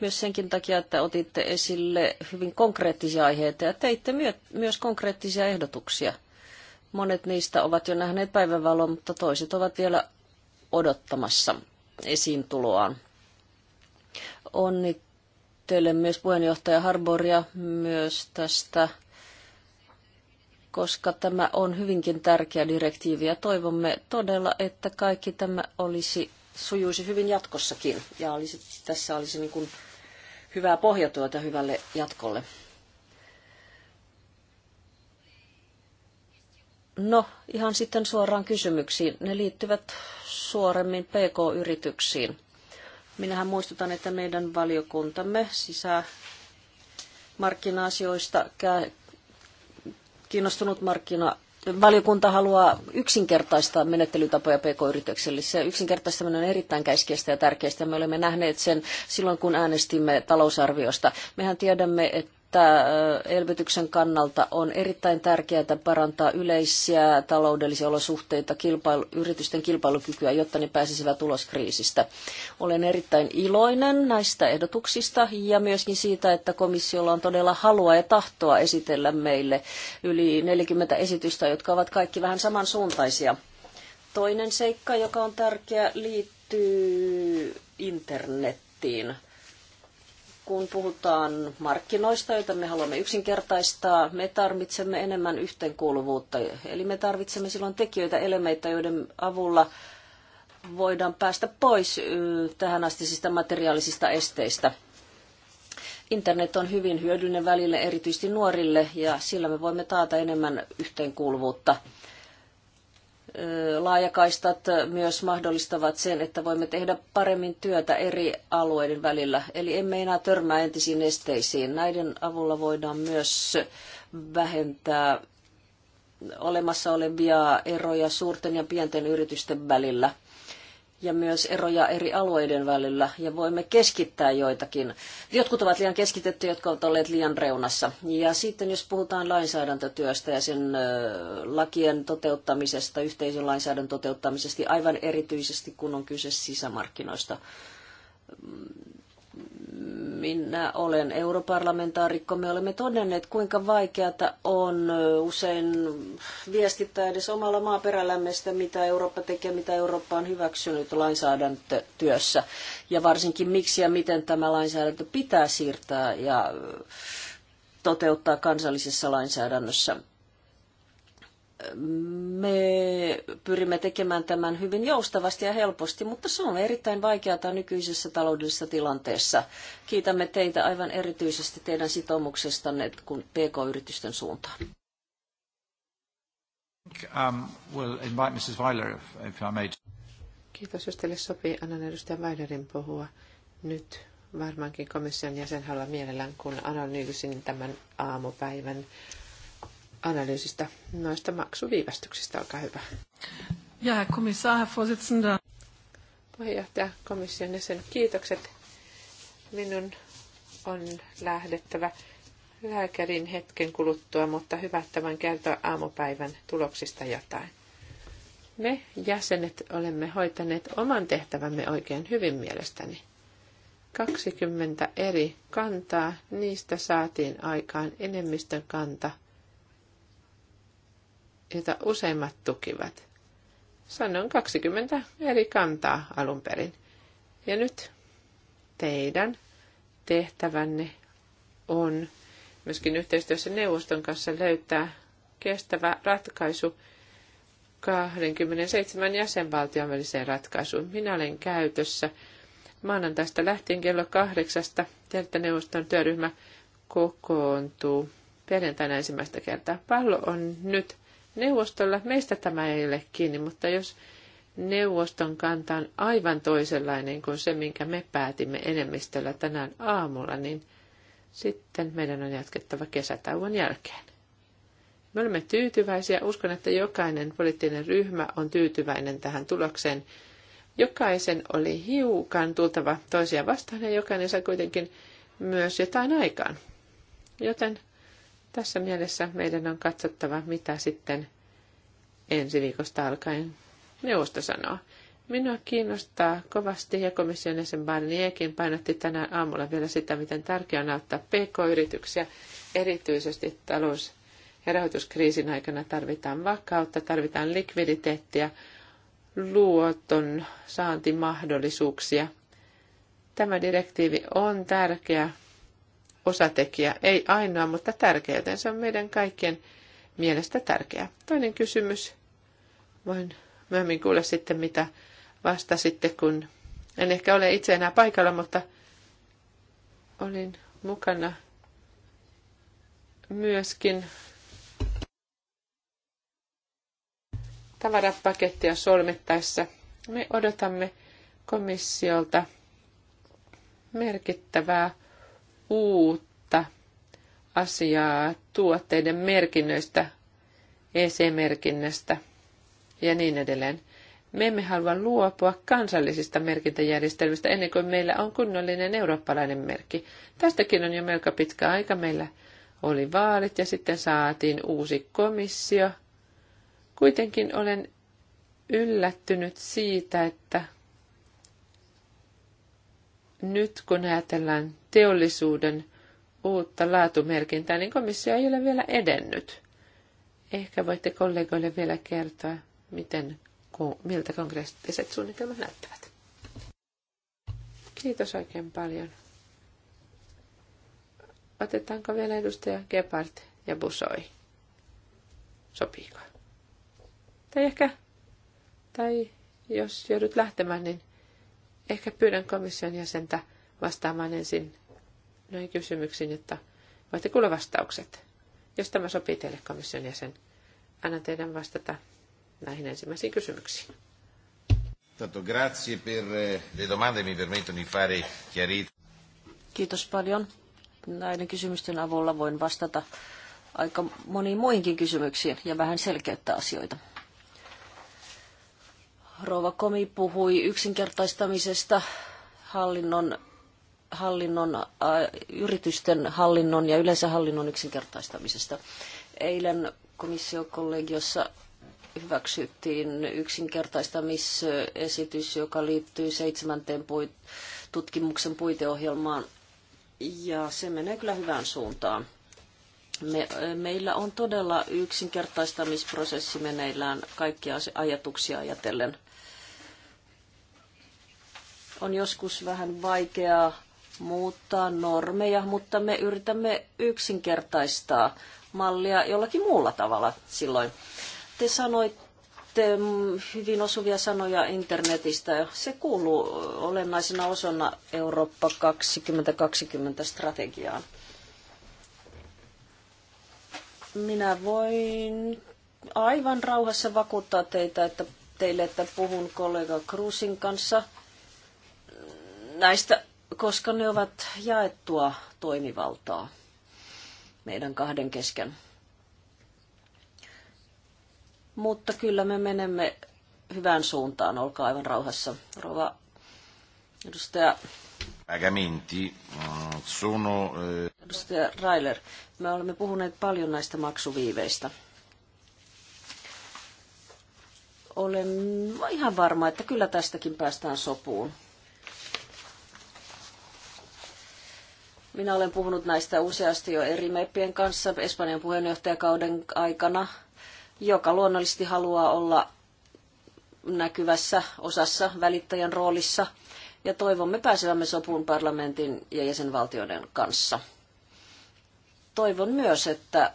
Myös senkin takia, että otitte esille hyvin konkreettisia aiheita ja teitte myös konkreettisia ehdotuksia. Monet niistä ovat jo nähneet päivänvaloa, mutta toiset ovat vielä odottamassa esiintuloaan. Onnittelen myös puheenjohtaja Harboria myös tästä koska tämä on hyvinkin tärkeä direktiivi ja toivomme todella, että kaikki tämä olisi, sujuisi hyvin jatkossakin ja olisi, tässä olisi niin kuin hyvää pohjatuota hyvälle jatkolle. No, ihan sitten suoraan kysymyksiin. Ne liittyvät suoremmin PK-yrityksiin. Minähän muistutan, että meidän valiokuntamme sisää markkina-asioista kiinnostunut markkina Valiokunta haluaa yksinkertaistaa menettelytapoja pk-yritykselle. Se yksinkertaistaminen on erittäin käskeistä ja tärkeistä. Me olemme nähneet sen silloin, kun äänestimme talousarviosta. Mehän tiedämme, että että elvytyksen kannalta on erittäin tärkeää parantaa yleisiä taloudellisia olosuhteita, kilpailu, yritysten kilpailukykyä, jotta ne pääsisivät ulos kriisistä. Olen erittäin iloinen näistä ehdotuksista ja myöskin siitä, että komissiolla on todella halua ja tahtoa esitellä meille yli 40 esitystä, jotka ovat kaikki vähän samansuuntaisia. Toinen seikka, joka on tärkeä, liittyy internettiin kun puhutaan markkinoista, joita me haluamme yksinkertaistaa, me tarvitsemme enemmän yhteenkuuluvuutta. Eli me tarvitsemme silloin tekijöitä, elementtejä, joiden avulla voidaan päästä pois tähän tähänastisista materiaalisista esteistä. Internet on hyvin hyödyllinen välille erityisesti nuorille ja sillä me voimme taata enemmän yhteenkuuluvuutta laajakaistat myös mahdollistavat sen, että voimme tehdä paremmin työtä eri alueiden välillä. Eli emme enää törmää entisiin esteisiin. Näiden avulla voidaan myös vähentää olemassa olevia eroja suurten ja pienten yritysten välillä – ja myös eroja eri alueiden välillä ja voimme keskittää joitakin. Jotkut ovat liian keskitetty, jotka ovat olleet liian reunassa. Ja sitten jos puhutaan lainsäädäntötyöstä ja sen lakien toteuttamisesta, yhteisön lainsäädännön toteuttamisesta, aivan erityisesti kun on kyse sisämarkkinoista minä olen europarlamentaarikko, me olemme todenneet, kuinka vaikeata on usein viestittää edes omalla maaperällämme sitä, mitä Eurooppa tekee, mitä Eurooppa on hyväksynyt lainsäädäntötyössä. Ja varsinkin miksi ja miten tämä lainsäädäntö pitää siirtää ja toteuttaa kansallisessa lainsäädännössä me pyrimme tekemään tämän hyvin joustavasti ja helposti, mutta se on erittäin vaikeaa nykyisessä taloudellisessa tilanteessa. Kiitämme teitä aivan erityisesti teidän sitoumuksestanne kun PK-yritysten suuntaan. Um, we'll invite Mrs. Weiler, if, I may. Kiitos, jos teille sopii. Annan edustaja Weilerin puhua nyt. Varmaankin komission jäsen haluaa mielellään, kun analyysin tämän aamupäivän analyysistä noista maksuviivästyksistä. Olkaa hyvä. Ja komissaar, Vorsitzender. Puheenjohtaja, komission jäsen, kiitokset. Minun on lähdettävä lääkärin hetken kuluttua, mutta hyvä tämän kertoa aamupäivän tuloksista jotain. Me jäsenet olemme hoitaneet oman tehtävämme oikein hyvin mielestäni. 20 eri kantaa, niistä saatiin aikaan enemmistön kanta – jota useimmat tukivat. Sanon 20 eri kantaa alun perin. Ja nyt teidän tehtävänne on myöskin yhteistyössä neuvoston kanssa löytää kestävä ratkaisu 27 jäsenvaltion väliseen ratkaisuun. Minä olen käytössä maanantaista lähtien kello kahdeksasta. neuvoston työryhmä kokoontuu perjantaina ensimmäistä kertaa. Pallo on nyt neuvostolla. Meistä tämä ei ole kiinni, mutta jos neuvoston kanta on aivan toisenlainen kuin se, minkä me päätimme enemmistöllä tänään aamulla, niin sitten meidän on jatkettava kesätauon jälkeen. Me olemme tyytyväisiä. Uskon, että jokainen poliittinen ryhmä on tyytyväinen tähän tulokseen. Jokaisen oli hiukan tultava toisia vastaan ja jokainen sai kuitenkin myös jotain aikaan. Joten tässä mielessä meidän on katsottava, mitä sitten ensi viikosta alkaen neuvosto sanoo. Minua kiinnostaa kovasti ja komission jäsen Barniekin painotti tänään aamulla vielä sitä, miten tärkeää on auttaa pk-yrityksiä. Erityisesti talous- ja rahoituskriisin aikana tarvitaan vakautta, tarvitaan likviditeettiä, luoton saantimahdollisuuksia. Tämä direktiivi on tärkeä osatekijä, ei ainoa, mutta tärkeä, joten se on meidän kaikkien mielestä tärkeä. Toinen kysymys, voin myöhemmin kuulla sitten, mitä vastasitte, kun en ehkä ole itse enää paikalla, mutta olin mukana myöskin tavarapakettia solmittaessa. Me odotamme komissiolta merkittävää uutta asiaa tuotteiden merkinnöistä, EC-merkinnästä ja niin edelleen. Me emme halua luopua kansallisista merkintäjärjestelmistä ennen kuin meillä on kunnollinen eurooppalainen merkki. Tästäkin on jo melko pitkä aika. Meillä oli vaalit ja sitten saatiin uusi komissio. Kuitenkin olen yllättynyt siitä, että nyt kun ajatellaan teollisuuden uutta laatumerkintää, niin komissio ei ole vielä edennyt. Ehkä voitte kollegoille vielä kertoa, miten, miltä konkreettiset suunnitelmat näyttävät. Kiitos oikein paljon. Otetaanko vielä edustaja Gebhardt ja Busoi? Sopiiko? Tai ehkä, tai jos joudut lähtemään, niin Ehkä pyydän komission jäsentä vastaamaan ensin noihin kysymyksiin, jotta voitte kuulla vastaukset. Jos tämä sopii teille komission jäsen, annan teidän vastata näihin ensimmäisiin kysymyksiin. Tanto grazie per eh, le domande, mi permettono di fare chiarito. Kiitos paljon. Näiden kysymysten avulla voin vastata aika moniin muihinkin kysymyksiin ja vähän selkeyttää asioita rouva Komi puhui yksinkertaistamisesta hallinnon, hallinnon äh, yritysten hallinnon ja yleensä hallinnon yksinkertaistamisesta. Eilen komissiokollegiossa hyväksyttiin yksinkertaistamisesitys, joka liittyy seitsemänteen tutkimuksen puiteohjelmaan. Ja se menee kyllä hyvään suuntaan. Me, äh, meillä on todella yksinkertaistamisprosessi meneillään kaikkia ajatuksia ajatellen on joskus vähän vaikeaa muuttaa normeja, mutta me yritämme yksinkertaistaa mallia jollakin muulla tavalla silloin. Te sanoitte mm, hyvin osuvia sanoja internetistä. ja Se kuuluu olennaisena osana Eurooppa 2020 strategiaan. Minä voin aivan rauhassa vakuuttaa teitä, että teille, että puhun kollega Kruusin kanssa – näistä, koska ne ovat jaettua toimivaltaa meidän kahden kesken. Mutta kyllä me menemme hyvään suuntaan, olkaa aivan rauhassa. Rova edustaja pagamenti mm, sono... Eh, edustaja Railer, me olemme puhuneet paljon näistä maksuviiveistä. Olen ihan varma, että kyllä tästäkin päästään sopuun. Minä olen puhunut näistä useasti jo eri meppien kanssa Espanjan puheenjohtajakauden aikana, joka luonnollisesti haluaa olla näkyvässä osassa välittäjän roolissa ja toivomme pääsevämme sopuun parlamentin ja jäsenvaltioiden kanssa. Toivon myös, että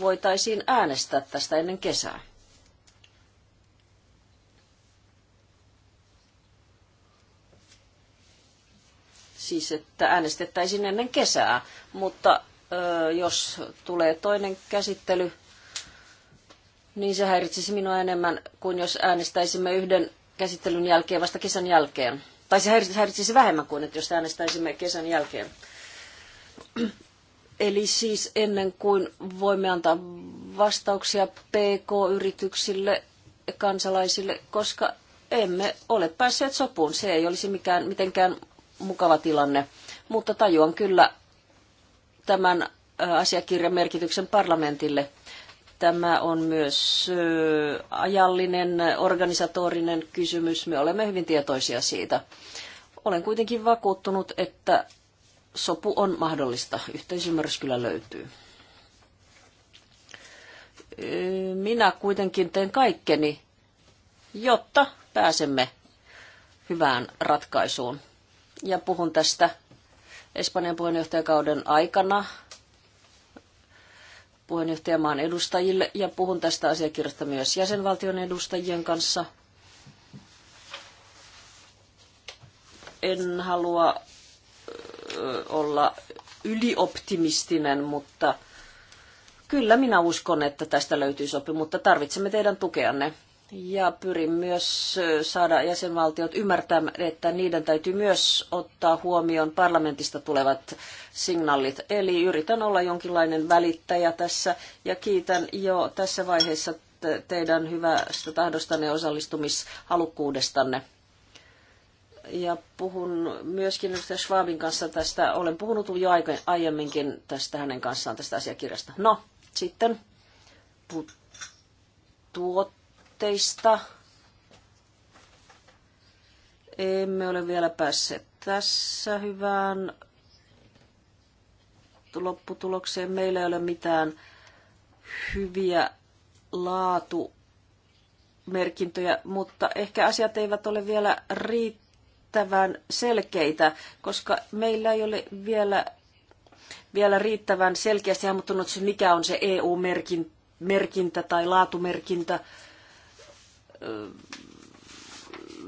voitaisiin äänestää tästä ennen kesää. siis, että äänestettäisiin ennen kesää, mutta jos tulee toinen käsittely, niin se häiritsisi minua enemmän kuin jos äänestäisimme yhden käsittelyn jälkeen vasta kesän jälkeen. Tai se häiritsisi vähemmän kuin, että jos äänestäisimme kesän jälkeen. Eli siis ennen kuin voimme antaa vastauksia PK-yrityksille, kansalaisille, koska emme ole päässeet sopuun. Se ei olisi mikään, mitenkään mukava tilanne, mutta tajuan kyllä tämän asiakirjan merkityksen parlamentille. Tämä on myös ajallinen, organisatorinen kysymys. Me olemme hyvin tietoisia siitä. Olen kuitenkin vakuuttunut, että sopu on mahdollista. Yhteisymmärrys kyllä löytyy. Minä kuitenkin teen kaikkeni, jotta pääsemme hyvään ratkaisuun ja puhun tästä Espanjan puheenjohtajakauden aikana puheenjohtajamaan edustajille ja puhun tästä asiakirjasta myös jäsenvaltion edustajien kanssa. En halua olla ylioptimistinen, mutta kyllä minä uskon, että tästä löytyy sopi, mutta tarvitsemme teidän tukeanne. Ja pyrin myös saada jäsenvaltiot ymmärtämään, että niiden täytyy myös ottaa huomioon parlamentista tulevat signaalit. Eli yritän olla jonkinlainen välittäjä tässä ja kiitän jo tässä vaiheessa teidän hyvästä tahdostanne ja osallistumishalukkuudestanne. Ja puhun myöskin edustaja Schwabin kanssa tästä, olen puhunut jo aiemminkin tästä hänen kanssaan tästä asiakirjasta. No, sitten tuot tavoitteista emme ole vielä päässeet tässä hyvään lopputulokseen. Meillä ei ole mitään hyviä laatumerkintöjä, mutta ehkä asiat eivät ole vielä riittävän selkeitä, koska meillä ei ole vielä, vielä riittävän selkeästi hahmottunut, mikä on se EU-merkintä tai laatumerkintä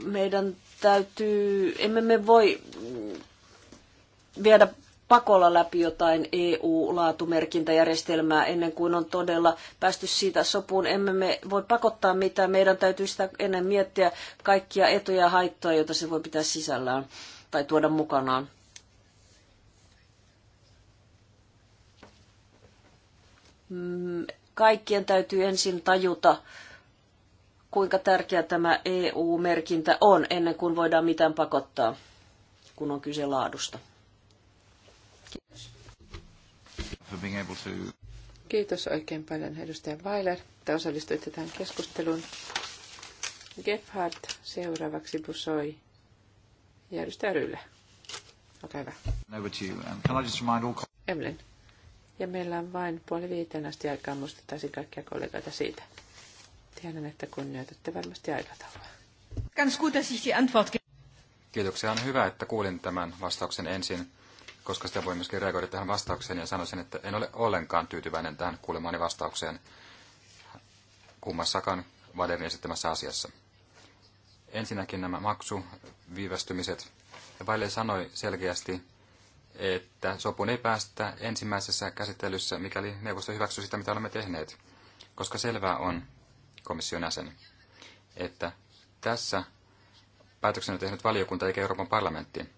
meidän täytyy, emme me voi viedä pakolla läpi jotain EU-laatumerkintäjärjestelmää ennen kuin on todella päästy siitä sopuun. Emme me voi pakottaa mitään. Meidän täytyy sitä ennen miettiä kaikkia etuja ja haittoja, joita se voi pitää sisällään tai tuoda mukanaan. Mm, kaikkien täytyy ensin tajuta, kuinka tärkeä tämä EU-merkintä on ennen kuin voidaan mitään pakottaa, kun on kyse laadusta. Kiitos. Kiitos oikein paljon edustaja Weiler, että osallistuitte tähän keskusteluun. Gephardt seuraavaksi busoi ja edustaja Rylle. Olkaa hyvä. Um, Emlyn. Ja meillä on vain puoli viiteen asti aikaa muistuttaisin kaikkia kollegoita siitä. Tiedän, että kunnioitatte varmasti aikataulua. Ganz gut, dass ich die Antwort Kiitoksia. On hyvä, että kuulin tämän vastauksen ensin, koska sitä voi myöskin reagoida tähän vastaukseen ja sanoisin, että en ole ollenkaan tyytyväinen tähän kuulemaani vastaukseen kummassakaan Vaderin esittämässä asiassa. Ensinnäkin nämä maksuviivästymiset. Vaille sanoi selkeästi, että sopun ei päästä ensimmäisessä käsittelyssä, mikäli neuvosto hyväksyy sitä, mitä olemme tehneet. Koska selvää on, komission jäsen, että tässä päätöksen on tehnyt valiokunta eikä Euroopan parlamentti.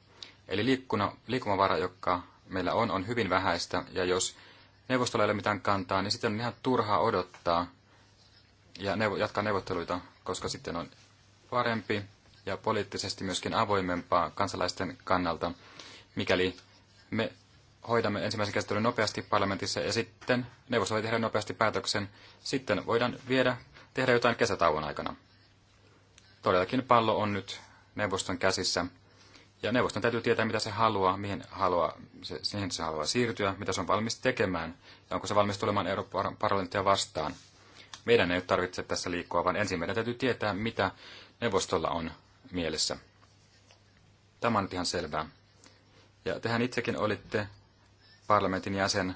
Eli liikkuna, liikkumavara, joka meillä on, on hyvin vähäistä, ja jos neuvostolla ei ole mitään kantaa, niin sitten on ihan turhaa odottaa ja neuvo, jatkaa neuvotteluita, koska sitten on parempi ja poliittisesti myöskin avoimempaa kansalaisten kannalta, mikäli me hoidamme ensimmäisen käsittelyn nopeasti parlamentissa ja sitten neuvosto voi tehdä nopeasti päätöksen. Sitten voidaan viedä tehdä jotain kesätauon aikana. Todellakin pallo on nyt neuvoston käsissä. Ja neuvoston täytyy tietää, mitä se haluaa, mihin haluaa, se, siihen se haluaa siirtyä, mitä se on valmis tekemään ja onko se valmis tulemaan Euroopan parlamenttia vastaan. Meidän ei tarvitse tässä liikkua, vaan ensin meidän täytyy tietää, mitä neuvostolla on mielessä. Tämä on nyt ihan selvää. Ja tehän itsekin olitte parlamentin jäsen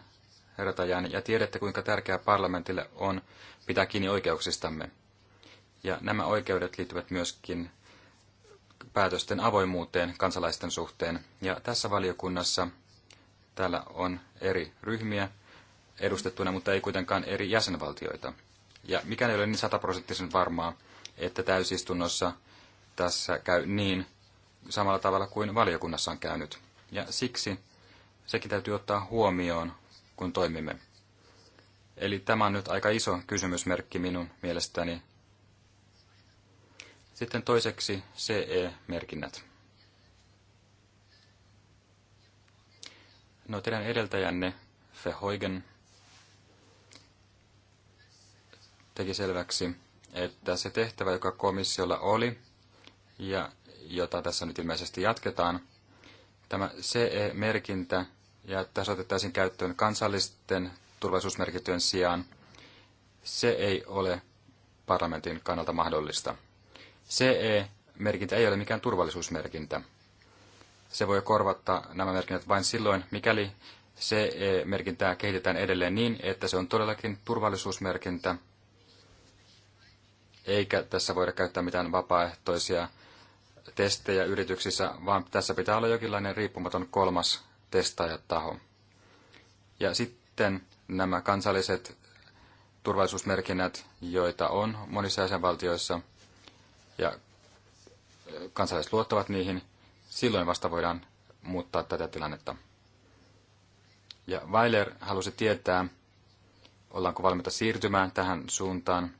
herra Tajani, ja tiedätte, kuinka tärkeää parlamentille on pitää kiinni oikeuksistamme. Ja nämä oikeudet liittyvät myöskin päätösten avoimuuteen kansalaisten suhteen. Ja tässä valiokunnassa täällä on eri ryhmiä edustettuna, mutta ei kuitenkaan eri jäsenvaltioita. Ja mikä ei ole niin sataprosenttisen varmaa, että täysistunnossa tässä käy niin samalla tavalla kuin valiokunnassa on käynyt. Ja siksi sekin täytyy ottaa huomioon, kun toimimme. Eli tämä on nyt aika iso kysymysmerkki minun mielestäni. Sitten toiseksi CE-merkinnät. No teidän edeltäjänne Fehoigen teki selväksi, että se tehtävä, joka komissiolla oli ja jota tässä nyt ilmeisesti jatketaan, tämä CE-merkintä ja että se otettaisiin käyttöön kansallisten turvallisuusmerkityön sijaan, se ei ole parlamentin kannalta mahdollista. CE-merkintä ei ole mikään turvallisuusmerkintä. Se voi korvata nämä merkinnät vain silloin, mikäli CE-merkintää kehitetään edelleen niin, että se on todellakin turvallisuusmerkintä, eikä tässä voida käyttää mitään vapaaehtoisia testejä yrityksissä, vaan tässä pitää olla jokinlainen riippumaton kolmas testaajataho. Ja sitten nämä kansalliset turvallisuusmerkinnät, joita on monissa jäsenvaltioissa, ja kansalaiset luottavat niihin, silloin vasta voidaan muuttaa tätä tilannetta. Ja Weiler halusi tietää, ollaanko valmiita siirtymään tähän suuntaan.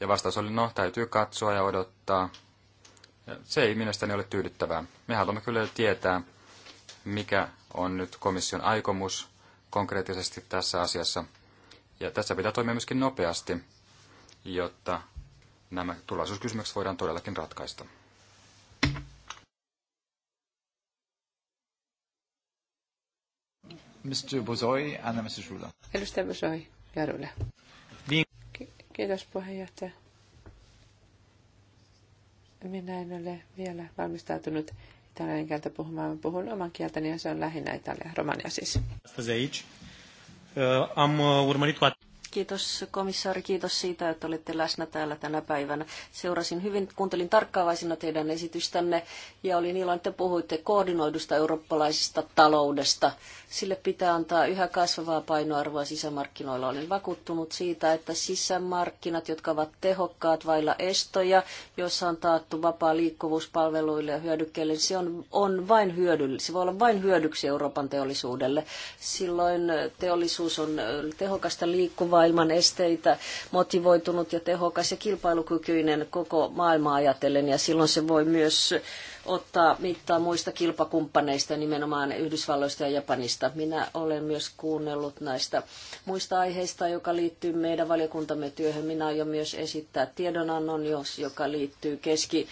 Ja vastaus oli, no täytyy katsoa ja odottaa. Ja se ei mielestäni ole tyydyttävää. Me haluamme kyllä tietää, mikä on nyt komission aikomus konkreettisesti tässä asiassa. Ja tässä pitää toimia myöskin nopeasti, jotta nämä tulaisuuskysymykset voidaan todellakin ratkaista. Mr. Bozoi anna Mr. Rula. Edustaja Bozoi ja Rula. Niin. Kiitos puheenjohtaja. Minä en ole vielä valmistautunut italian kieltä puhumaan, mä puhun oman kieltäni ja se on lähinnä Italia, Romania siis. Am urmărit cu Kiitos komissaari, kiitos siitä, että olitte läsnä täällä tänä päivänä. Seurasin hyvin, kuuntelin tarkkaavaisena teidän esitystänne ja olin iloinen, että puhuitte koordinoidusta eurooppalaisesta taloudesta. Sille pitää antaa yhä kasvavaa painoarvoa sisämarkkinoilla. Olen vakuuttunut siitä, että sisämarkkinat, jotka ovat tehokkaat vailla estoja, joissa on taattu vapaa liikkuvuus palveluille ja hyödykkeille, se on, on vain hyödyllistä. Se voi olla vain hyödyksi Euroopan teollisuudelle. Silloin teollisuus on tehokasta liikkuvaa maailman esteitä, motivoitunut ja tehokas ja kilpailukykyinen koko maailmaa ajatellen. Ja silloin se voi myös ottaa mittaa muista kilpakumppaneista, nimenomaan Yhdysvalloista ja Japanista. Minä olen myös kuunnellut näistä muista aiheista, joka liittyy meidän valiokuntamme työhön. Minä aion myös esittää tiedonannon, joka liittyy keski,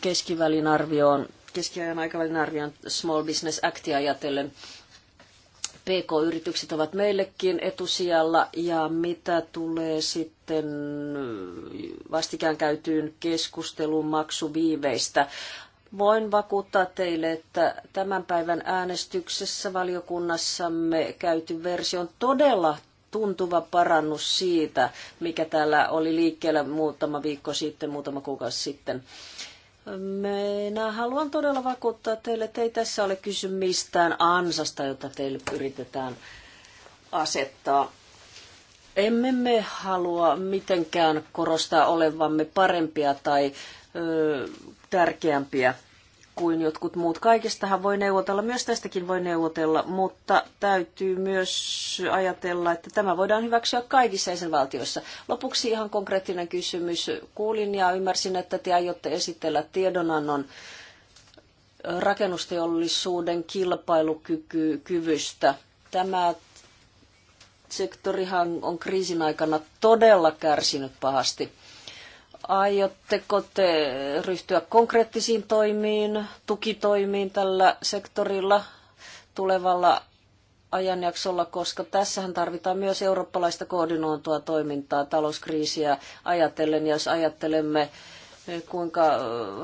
keskivälin arvioon keskiajan aikavälin arvioon Small Business Actia ajatellen. PK-yritykset ovat meillekin etusijalla ja mitä tulee sitten vastikään käytyyn keskusteluun maksuviiveistä. Voin vakuuttaa teille, että tämän päivän äänestyksessä valiokunnassamme käyty versio on todella tuntuva parannus siitä, mikä täällä oli liikkeellä muutama viikko sitten, muutama kuukausi sitten. Minä haluan todella vakuuttaa teille, että ei tässä ole kysy mistään ansasta, jota teille yritetään asettaa. Emme me halua mitenkään korostaa olevamme parempia tai ö, tärkeämpiä kuin jotkut muut. Kaikestahan voi neuvotella, myös tästäkin voi neuvotella, mutta täytyy myös ajatella, että tämä voidaan hyväksyä kaikissa jäsenvaltioissa. Lopuksi ihan konkreettinen kysymys. Kuulin ja ymmärsin, että te aiotte esitellä tiedonannon rakennusteollisuuden kilpailukyvystä. Tämä sektorihan on kriisin aikana todella kärsinyt pahasti Aiotteko te ryhtyä konkreettisiin toimiin, tukitoimiin tällä sektorilla tulevalla ajanjaksolla, koska tässähän tarvitaan myös eurooppalaista koordinointua toimintaa talouskriisiä ajatellen, jos ajattelemme kuinka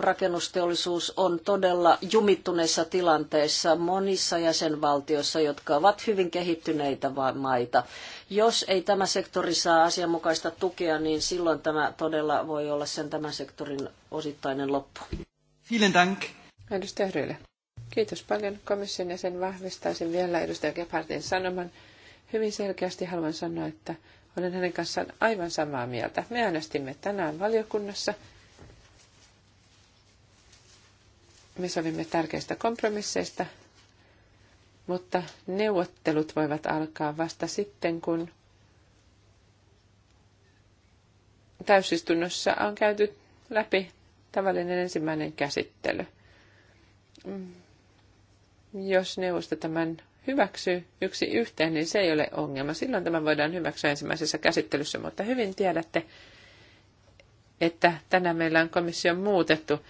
rakennusteollisuus on todella jumittuneessa tilanteessa monissa jäsenvaltioissa, jotka ovat hyvin kehittyneitä maita. Jos ei tämä sektori saa asianmukaista tukea, niin silloin tämä todella voi olla sen tämän sektorin osittainen loppu. Vielen dank. Edustaja Kiitos paljon komission ja sen vahvistaisin vielä edustaja Gebhardin sanoman. Hyvin selkeästi haluan sanoa, että olen hänen kanssaan aivan samaa mieltä. Me äänestimme tänään valiokunnassa – Me sovimme tärkeistä kompromisseista, mutta neuvottelut voivat alkaa vasta sitten, kun täysistunnossa on käyty läpi tavallinen ensimmäinen käsittely. Jos neuvosto tämän hyväksyy yksi yhteen, niin se ei ole ongelma. Silloin tämä voidaan hyväksyä ensimmäisessä käsittelyssä, mutta hyvin tiedätte, että tänään meillä on komission muutettu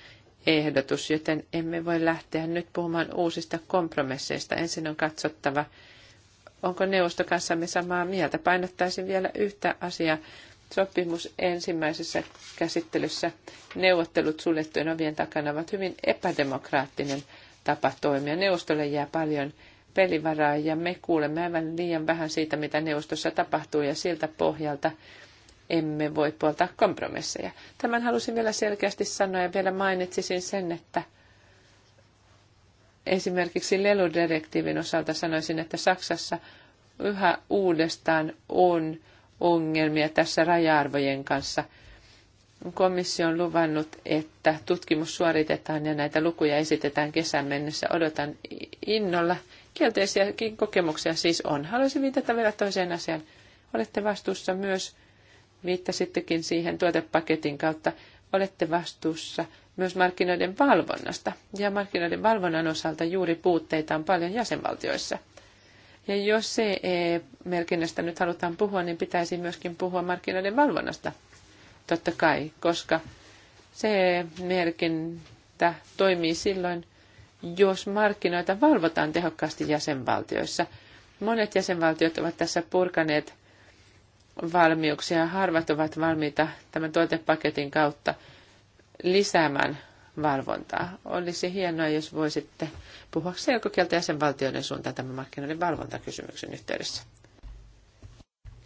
ehdotus, joten emme voi lähteä nyt puhumaan uusista kompromisseista. Ensin on katsottava, onko neuvosto kanssamme samaa mieltä. Painottaisin vielä yhtä asiaa. Sopimus ensimmäisessä käsittelyssä neuvottelut suljettujen ovien takana ovat hyvin epädemokraattinen tapa toimia. Neuvostolle jää paljon pelivaraa ja me kuulemme aivan liian vähän siitä, mitä neuvostossa tapahtuu ja siltä pohjalta emme voi puoltaa kompromisseja. Tämän halusin vielä selkeästi sanoa ja vielä mainitsisin sen, että esimerkiksi leludirektiivin osalta sanoisin, että Saksassa yhä uudestaan on ongelmia tässä raja-arvojen kanssa. Komissio on luvannut, että tutkimus suoritetaan ja näitä lukuja esitetään kesän mennessä. Odotan innolla. Kielteisiäkin kokemuksia siis on. Haluaisin viitata vielä toiseen asiaan. Olette vastuussa myös Viittasittekin siihen tuotepaketin kautta. Olette vastuussa myös markkinoiden valvonnasta. Ja markkinoiden valvonnan osalta juuri puutteita on paljon jäsenvaltioissa. Ja jos CE-merkinnästä nyt halutaan puhua, niin pitäisi myöskin puhua markkinoiden valvonnasta, totta kai, koska CE-merkintä toimii silloin, jos markkinoita valvotaan tehokkaasti jäsenvaltioissa. Monet jäsenvaltiot ovat tässä purkaneet valmiuksia. Harvat ovat valmiita tämän tuotepaketin kautta lisäämään valvontaa. Olisi hienoa, jos voisitte puhua selkokieltä jäsenvaltioiden suuntaan tämän markkinoiden valvontakysymyksen yhteydessä.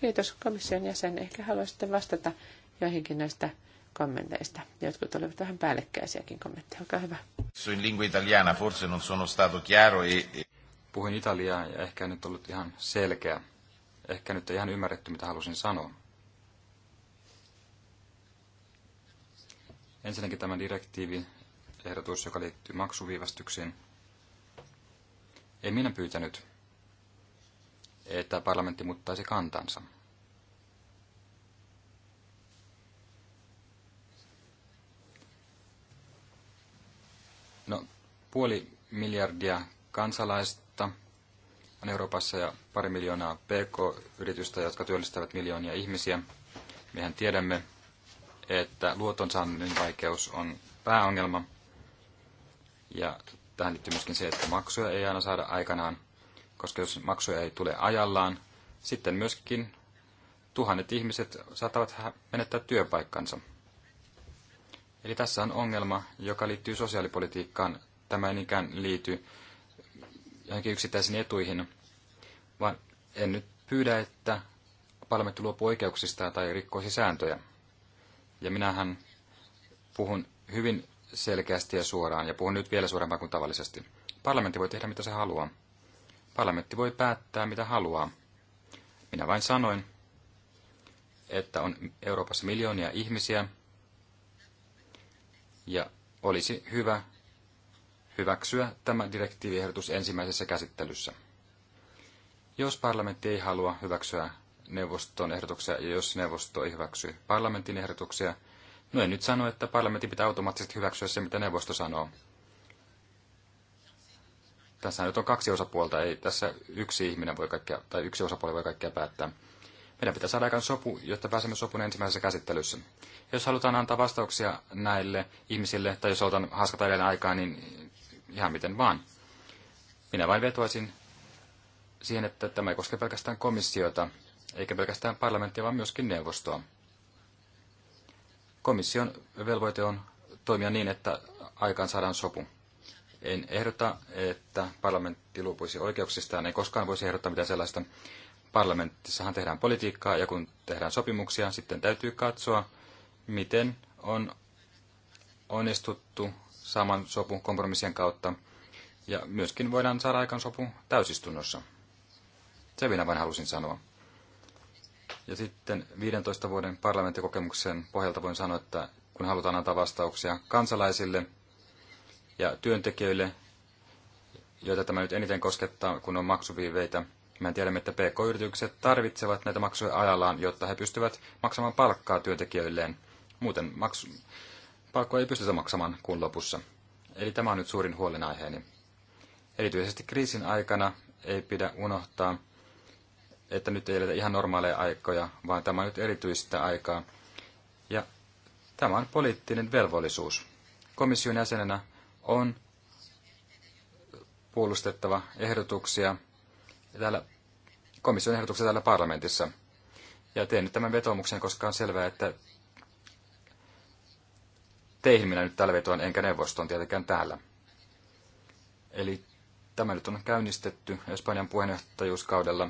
Kiitos komission jäsen. Ehkä haluaisitte vastata joihinkin näistä kommenteista. Jotkut olivat vähän päällekkäisiäkin kommentteja. Olkaa hyvä. In lingua italiana forse non sono stato chiaro e... e- Puhuin italiaa ja ehkä nyt ollut ihan selkeä. Ehkä nyt ei ihan ymmärretty, mitä halusin sanoa. Ensinnäkin tämä direktiivi, ehdotus, joka liittyy maksuviivästyksiin. Ei minä pyytänyt, että parlamentti muuttaisi kantansa. No, puoli miljardia kansalaista on Euroopassa ja pari miljoonaa PK-yritystä, jotka työllistävät miljoonia ihmisiä. Mehän tiedämme, että luotonsaannin vaikeus on pääongelma. Ja tähän liittyy myöskin se, että maksuja ei aina saada aikanaan, koska jos maksuja ei tule ajallaan, sitten myöskin tuhannet ihmiset saattavat menettää työpaikkansa. Eli tässä on ongelma, joka liittyy sosiaalipolitiikkaan. Tämä ei niinkään liity johonkin yksittäisiin etuihin, vaan en nyt pyydä, että parlamentti luopuu oikeuksista tai rikkoisi sääntöjä. Ja minähän puhun hyvin selkeästi ja suoraan, ja puhun nyt vielä suoraan kuin tavallisesti. Parlamentti voi tehdä mitä se haluaa. Parlamentti voi päättää mitä haluaa. Minä vain sanoin, että on Euroopassa miljoonia ihmisiä, ja olisi hyvä, hyväksyä tämä direktiiviehdotus ensimmäisessä käsittelyssä. Jos parlamentti ei halua hyväksyä neuvoston ehdotuksia ja jos neuvosto ei hyväksy parlamentin ehdotuksia, no en nyt sano, että parlamentti pitää automaattisesti hyväksyä se, mitä neuvosto sanoo. Tässä nyt on kaksi osapuolta, ei tässä yksi ihminen voi kaikkea, tai yksi osapuoli voi kaikkea päättää. Meidän pitää saada aikaan sopu, jotta pääsemme sopun ensimmäisessä käsittelyssä. Ja jos halutaan antaa vastauksia näille ihmisille, tai jos halutaan haskata edelleen aikaa, niin ihan miten vaan. Minä vain vetoisin siihen, että tämä ei koske pelkästään komissiota, eikä pelkästään parlamenttia, vaan myöskin neuvostoa. Komission velvoite on toimia niin, että aikaan saadaan sopu. En ehdota, että parlamentti luopuisi oikeuksistaan, ei koskaan voisi ehdottaa mitään sellaista. Parlamentissahan tehdään politiikkaa ja kun tehdään sopimuksia, sitten täytyy katsoa, miten on onnistuttu saamaan sopun kompromissien kautta. Ja myöskin voidaan saada aikaan sopu täysistunnossa. Se minä vain halusin sanoa. Ja sitten 15 vuoden parlamenttikokemuksen pohjalta voin sanoa, että kun halutaan antaa vastauksia kansalaisille ja työntekijöille, joita tämä nyt eniten koskettaa, kun on maksuviiveitä, me tiedämme, että PK-yritykset tarvitsevat näitä maksuja ajallaan, jotta he pystyvät maksamaan palkkaa työntekijöilleen. Muuten maksu, palkkoa ei pystytä maksamaan kuun lopussa. Eli tämä on nyt suurin huolenaiheeni. Erityisesti kriisin aikana ei pidä unohtaa, että nyt ei eletä ihan normaaleja aikoja, vaan tämä on nyt erityistä aikaa. Ja tämä on poliittinen velvollisuus. Komission jäsenenä on puolustettava ehdotuksia täällä, komission ehdotuksia täällä parlamentissa. Ja teen nyt tämän vetomuksen, koska on selvää, että teihin minä nyt tällä vetoan, enkä neuvostoon tietenkään täällä. Eli tämä nyt on käynnistetty Espanjan puheenjohtajuuskaudella.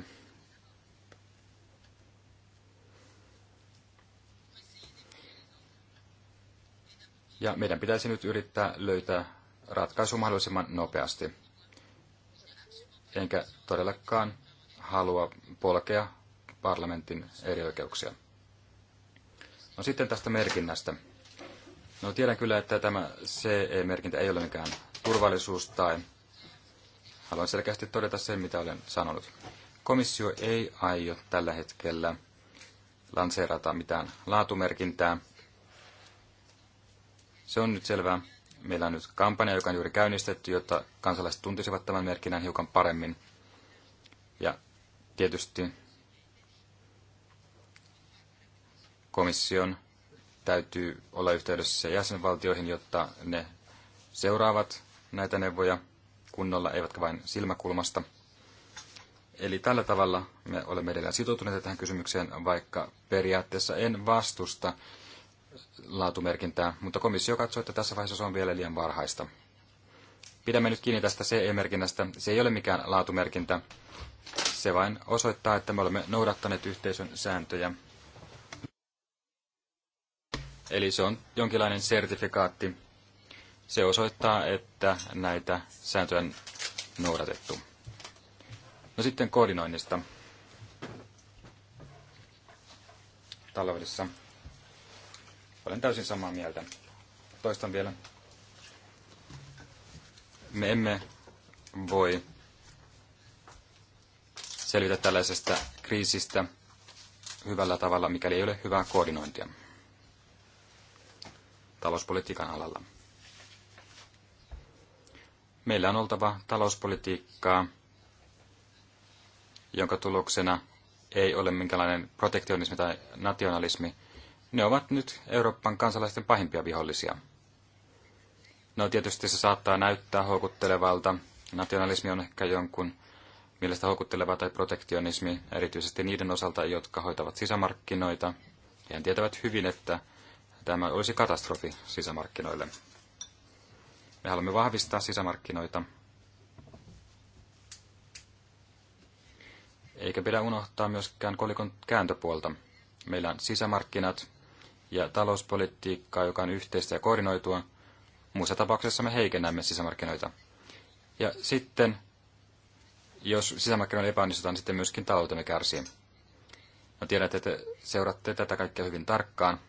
Ja meidän pitäisi nyt yrittää löytää ratkaisu mahdollisimman nopeasti. Enkä todellakaan halua polkea parlamentin eri oikeuksia. No sitten tästä merkinnästä. No tiedän kyllä, että tämä CE-merkintä ei ole mikään turvallisuus tai haluan selkeästi todeta sen, mitä olen sanonut. Komissio ei aio tällä hetkellä lanseerata mitään laatumerkintää. Se on nyt selvää. Meillä on nyt kampanja, joka on juuri käynnistetty, jotta kansalaiset tuntisivat tämän merkinnän hiukan paremmin. Ja tietysti komission täytyy olla yhteydessä jäsenvaltioihin, jotta ne seuraavat näitä neuvoja kunnolla, eivätkä vain silmäkulmasta. Eli tällä tavalla me olemme edelleen sitoutuneet tähän kysymykseen, vaikka periaatteessa en vastusta laatumerkintää, mutta komissio katsoo, että tässä vaiheessa se on vielä liian varhaista. Pidämme nyt kiinni tästä CE-merkinnästä. Se ei ole mikään laatumerkintä. Se vain osoittaa, että me olemme noudattaneet yhteisön sääntöjä Eli se on jonkinlainen sertifikaatti. Se osoittaa, että näitä sääntöjä on noudatettu. No sitten koordinoinnista taloudessa. Olen täysin samaa mieltä. Toistan vielä. Me emme voi selvitä tällaisesta kriisistä hyvällä tavalla, mikäli ei ole hyvää koordinointia talouspolitiikan alalla. Meillä on oltava talouspolitiikkaa, jonka tuloksena ei ole minkälainen protektionismi tai nationalismi. Ne ovat nyt Euroopan kansalaisten pahimpia vihollisia. No tietysti se saattaa näyttää houkuttelevalta. Nationalismi on ehkä jonkun mielestä houkutteleva tai protektionismi, erityisesti niiden osalta, jotka hoitavat sisämarkkinoita. He tietävät hyvin, että Tämä olisi katastrofi sisämarkkinoille. Me haluamme vahvistaa sisämarkkinoita, eikä pidä unohtaa myöskään kolikon kääntöpuolta. Meillä on sisämarkkinat ja talouspolitiikkaa, joka on yhteistä ja koordinoitua. Muussa tapauksessa me heikennämme sisämarkkinoita. Ja sitten, jos sisämarkkinoilla epäonnistutaan, sitten myöskin taloutemme kärsii. Mä no, tiedän, että te seuraatte tätä kaikkea hyvin tarkkaan.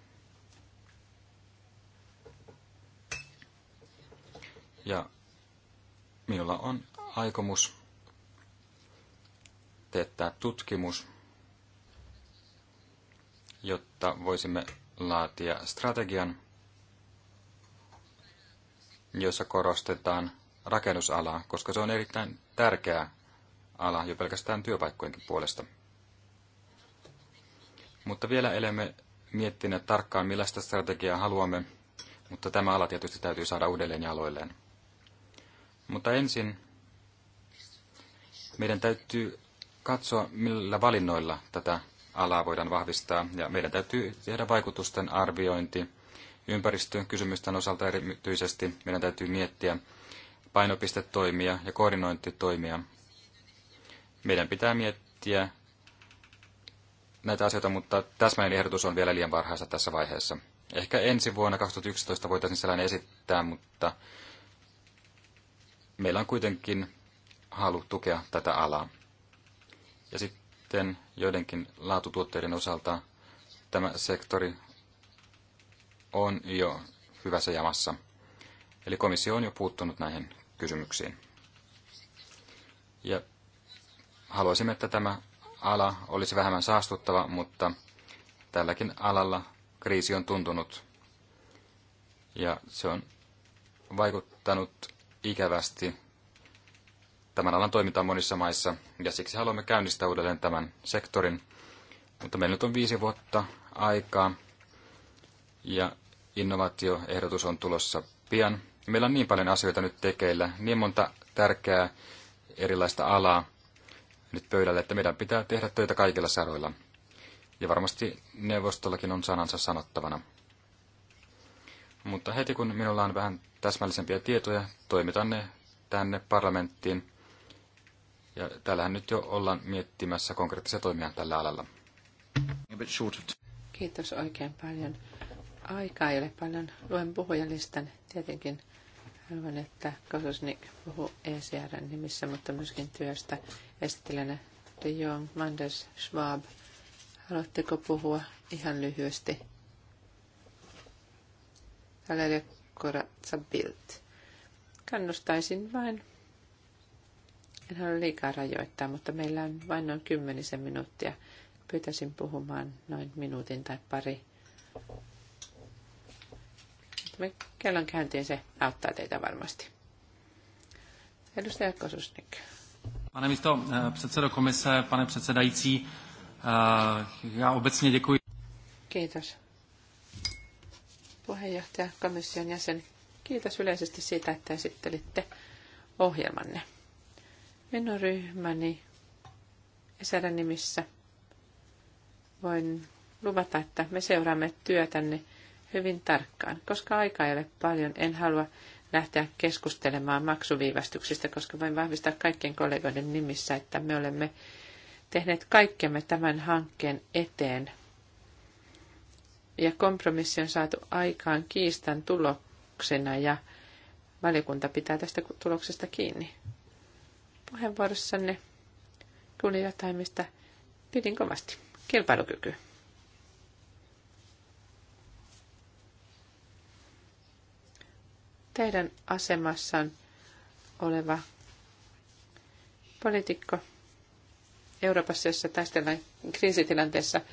Ja minulla on aikomus teettää tutkimus, jotta voisimme laatia strategian, jossa korostetaan rakennusalaa, koska se on erittäin tärkeä ala jo pelkästään työpaikkojenkin puolesta. Mutta vielä elämme miettineet tarkkaan, millaista strategiaa haluamme, mutta tämä ala tietysti täytyy saada uudelleen jaloilleen. Mutta ensin meidän täytyy katsoa, millä valinnoilla tätä alaa voidaan vahvistaa. Ja meidän täytyy tehdä vaikutusten arviointi ympäristökysymysten osalta erityisesti. Meidän täytyy miettiä painopistetoimia ja koordinointitoimia. Meidän pitää miettiä näitä asioita, mutta täsmäinen ehdotus on vielä liian varhaista tässä vaiheessa. Ehkä ensi vuonna 2011 voitaisiin sellainen esittää, mutta meillä on kuitenkin halu tukea tätä alaa. Ja sitten joidenkin laatutuotteiden osalta tämä sektori on jo hyvässä jamassa. Eli komissio on jo puuttunut näihin kysymyksiin. Ja haluaisimme, että tämä ala olisi vähemmän saastuttava, mutta tälläkin alalla kriisi on tuntunut ja se on vaikuttanut ikävästi tämän alan toimintaa monissa maissa, ja siksi haluamme käynnistää uudelleen tämän sektorin. Mutta meillä nyt on viisi vuotta aikaa, ja innovaatioehdotus on tulossa pian. Meillä on niin paljon asioita nyt tekeillä, niin monta tärkeää erilaista alaa nyt pöydälle, että meidän pitää tehdä töitä kaikilla saroilla. Ja varmasti neuvostollakin on sanansa sanottavana. Mutta heti kun minulla on vähän täsmällisempiä tietoja, toimitan ne tänne parlamenttiin. Ja täällähän nyt jo ollaan miettimässä konkreettisia toimia tällä alalla. Kiitos oikein paljon. Aikaa ei ole paljon. Luen puhujalistan. Tietenkin haluan, että Kososnik puhuu ECRn nimissä, mutta myöskin työstä esittelenä De Jong, Manders, Schwab. Haluatteko puhua ihan lyhyesti? Valeria Koratsa Bild. Kannustaisin vain. En halua liikaa rajoittaa, mutta meillä on vain noin kymmenisen minuuttia. Pyytäisin puhumaan noin minuutin tai pari. Me kellon käyntiin se auttaa teitä varmasti. Edustaja Kosusnik. Pane místo eh, předsedo komise, pane předsedající, eh, já obecně děkuji. Kiitos puheenjohtaja, komission jäsen. Kiitos yleisesti siitä, että esittelitte ohjelmanne. Minun ryhmäni Esärän nimissä voin luvata, että me seuraamme työtänne hyvin tarkkaan. Koska aika ei ole paljon, en halua lähteä keskustelemaan maksuviivästyksistä, koska voin vahvistaa kaikkien kollegoiden nimissä, että me olemme tehneet kaikkemme tämän hankkeen eteen – ja kompromissi on saatu aikaan kiistan tuloksena ja valiokunta pitää tästä tuloksesta kiinni. Puheenvuorossanne kuulin jotain, mistä pidin kovasti. Kilpailukyky. Teidän asemassaan oleva poliitikko Euroopassa, jossa taistellaan kriisitilanteessa –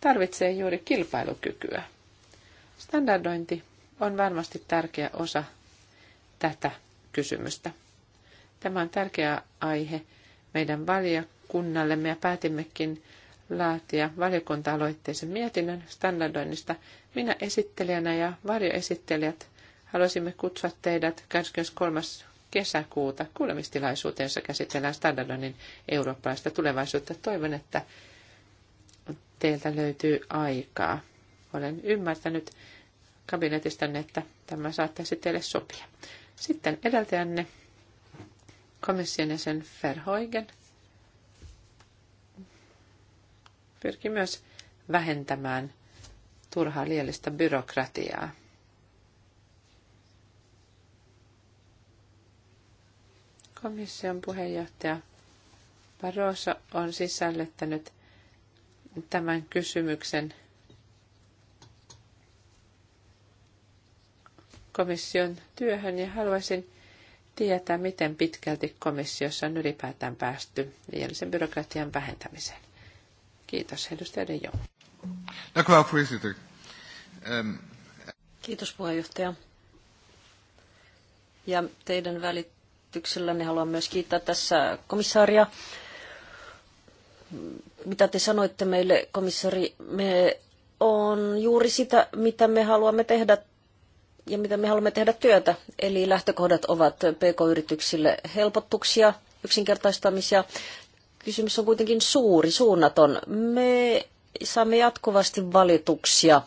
tarvitsee juuri kilpailukykyä. Standardointi on varmasti tärkeä osa tätä kysymystä. Tämä on tärkeä aihe meidän valiokunnallemme ja päätimmekin laatia valiokunta-aloitteisen mietinnön standardoinnista. Minä esittelijänä ja varjoesittelijät haluaisimme kutsua teidät 23. kesäkuuta kuulemistilaisuuteen, jossa käsitellään standardoinnin eurooppalaista tulevaisuutta. Toivon, että teiltä löytyy aikaa. Olen ymmärtänyt kabinetistanne, että tämä saattaisi teille sopia. Sitten edeltäjänne komission jäsen Verhoigen pyrki myös vähentämään turhaa liellistä byrokratiaa. Komission puheenjohtaja Barroso on sisällyttänyt tämän kysymyksen komission työhön ja haluaisin tietää, miten pitkälti komissiossa on ylipäätään päästy liiallisen byrokratian vähentämiseen. Kiitos, edustaja De Jong. Ehm, Kiitos puheenjohtaja. Ja teidän välityksellänne haluan myös kiittää tässä komissaaria mitä te sanoitte meille, komissori, me on juuri sitä, mitä me haluamme tehdä ja mitä me haluamme tehdä työtä. Eli lähtökohdat ovat PK-yrityksille helpotuksia, yksinkertaistamisia. Kysymys on kuitenkin suuri, suunnaton. Me saamme jatkuvasti valituksia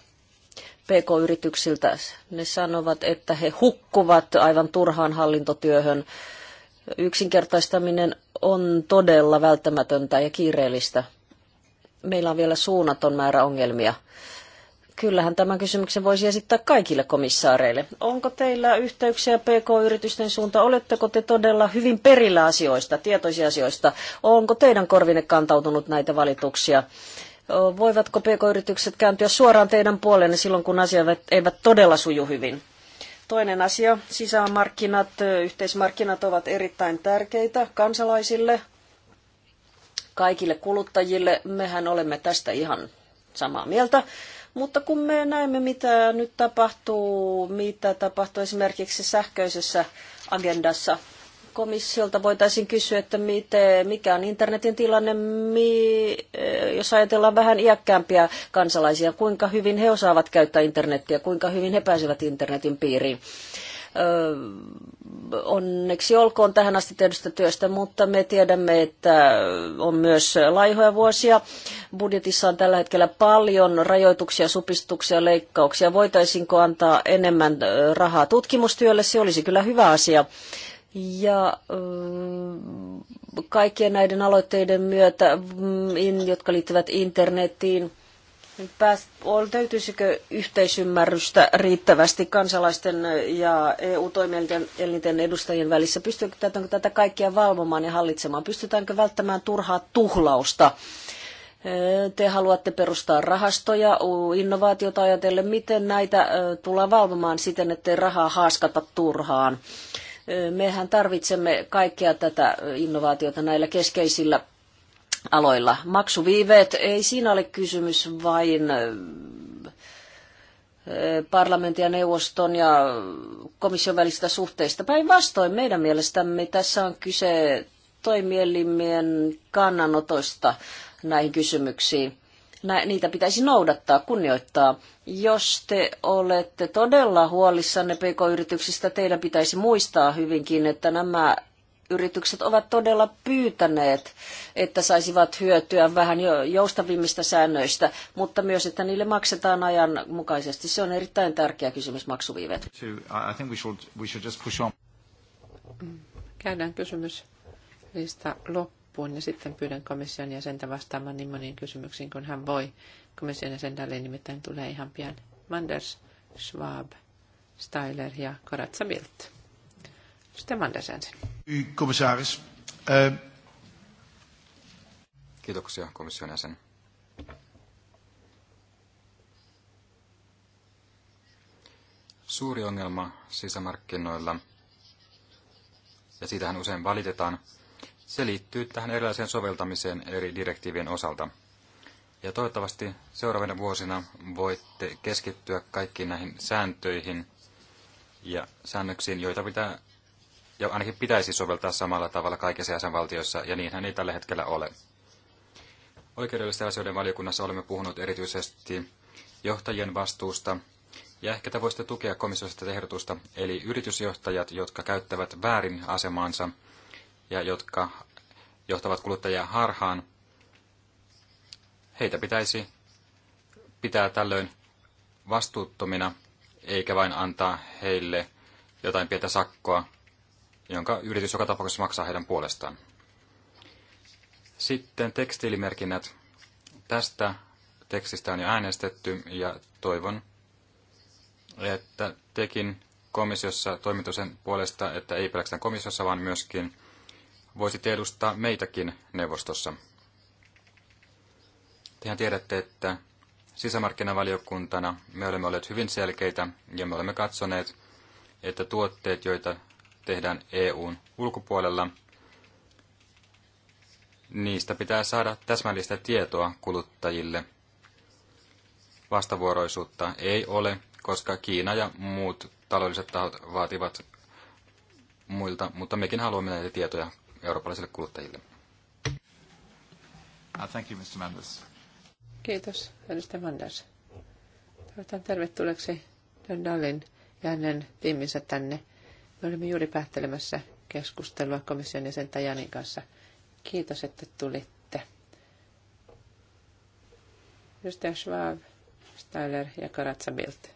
PK-yrityksiltä. Ne sanovat, että he hukkuvat aivan turhaan hallintotyöhön yksinkertaistaminen on todella välttämätöntä ja kiireellistä. Meillä on vielä suunnaton määrä ongelmia. Kyllähän tämän kysymyksen voisi esittää kaikille komissaareille. Onko teillä yhteyksiä PK-yritysten suuntaan? Oletteko te todella hyvin perillä asioista, tietoisia asioista? Onko teidän korvinne kantautunut näitä valituksia? Voivatko PK-yritykset kääntyä suoraan teidän puolenne silloin, kun asiat eivät todella suju hyvin? Toinen asia, sisämarkkinat, yhteismarkkinat ovat erittäin tärkeitä kansalaisille, kaikille kuluttajille. Mehän olemme tästä ihan samaa mieltä. Mutta kun me näemme, mitä nyt tapahtuu, mitä tapahtuu esimerkiksi sähköisessä agendassa, komissiolta voitaisiin kysyä, että miten, mikä on internetin tilanne, mi, eh, jos ajatellaan vähän iäkkäämpiä kansalaisia, kuinka hyvin he osaavat käyttää internettiä, kuinka hyvin he pääsevät internetin piiriin. Öö, onneksi olkoon tähän asti tehdystä työstä, mutta me tiedämme, että on myös laihoja vuosia. Budjetissa on tällä hetkellä paljon rajoituksia, supistuksia, leikkauksia. Voitaisinko antaa enemmän eh, rahaa tutkimustyölle? Se olisi kyllä hyvä asia. Ja kaikkien näiden aloitteiden myötä, mm, jotka liittyvät internetiin, löytyisikö yhteisymmärrystä riittävästi kansalaisten ja EU-toimielinten edustajien välissä? Pystytäänkö tätä kaikkia valvomaan ja hallitsemaan? Pystytäänkö välttämään turhaa tuhlausta? Te haluatte perustaa rahastoja innovaatiota ajatellen. Miten näitä tullaan valvomaan siten, ettei rahaa haaskata turhaan? Mehän tarvitsemme kaikkea tätä innovaatiota näillä keskeisillä aloilla. Maksuviiveet, ei siinä ole kysymys vain parlamentin ja neuvoston ja komission välisistä suhteista. Päinvastoin meidän mielestämme tässä on kyse toimielimien kannanotoista näihin kysymyksiin niitä pitäisi noudattaa, kunnioittaa. Jos te olette todella huolissanne pk-yrityksistä, teidän pitäisi muistaa hyvinkin, että nämä yritykset ovat todella pyytäneet, että saisivat hyötyä vähän joustavimmista säännöistä, mutta myös, että niille maksetaan ajan mukaisesti. Se on erittäin tärkeä kysymys, maksuviivet. Käydään kysymys lista loppuun loppuun ja sitten pyydän komission jäsentä vastaamaan niin moniin kysymyksiin kuin hän voi. Komission jäsentälle nimittäin tulee ihan pian Manders, Schwab, Steiler ja Koratsa Bildt. Sitten Manders ensin. Commissaris. Eh, Kiitoksia komission jäsen. Suuri ongelma sisämarkkinoilla, ja siitähän usein valitetaan, se liittyy tähän erilaiseen soveltamiseen eri direktiivien osalta. Ja toivottavasti seuraavina vuosina voitte keskittyä kaikkiin näihin sääntöihin ja säännöksiin, joita pitää ja ainakin pitäisi soveltaa samalla tavalla kaikissa jäsenvaltioissa, ja niinhän ei tällä hetkellä ole. Oikeudellisten asioiden valiokunnassa olemme puhunut erityisesti johtajien vastuusta, ja ehkä te voisitte tukea komissiosta ehdotusta, eli yritysjohtajat, jotka käyttävät väärin asemaansa ja jotka johtavat kuluttajia harhaan, heitä pitäisi pitää tällöin vastuuttomina, eikä vain antaa heille jotain pientä sakkoa, jonka yritys joka tapauksessa maksaa heidän puolestaan. Sitten tekstiilimerkinnät. Tästä tekstistä on jo äänestetty ja toivon, että tekin komissiossa toimitusen puolesta, että ei pelkästään komissiossa, vaan myöskin voisitte edustaa meitäkin neuvostossa. Tehän tiedätte, että sisämarkkinavaliokuntana me olemme olleet hyvin selkeitä ja me olemme katsoneet, että tuotteet, joita tehdään EUn ulkopuolella, niistä pitää saada täsmällistä tietoa kuluttajille. Vastavuoroisuutta ei ole, koska Kiina ja muut taloudelliset tahot vaativat muilta, mutta mekin haluamme näitä tietoja eurooppalaisille kuluttajille. Uh, thank you, Mr. Manders. Kiitos, edustaja Manders. Toivotan tervetulleeksi John Dallin ja hänen tiiminsä tänne. Me olimme juuri päättelemässä keskustelua komission jäsen Tajanin kanssa. Kiitos, että tulitte. Edustaja Schwab, Steiler ja Karatsabilt.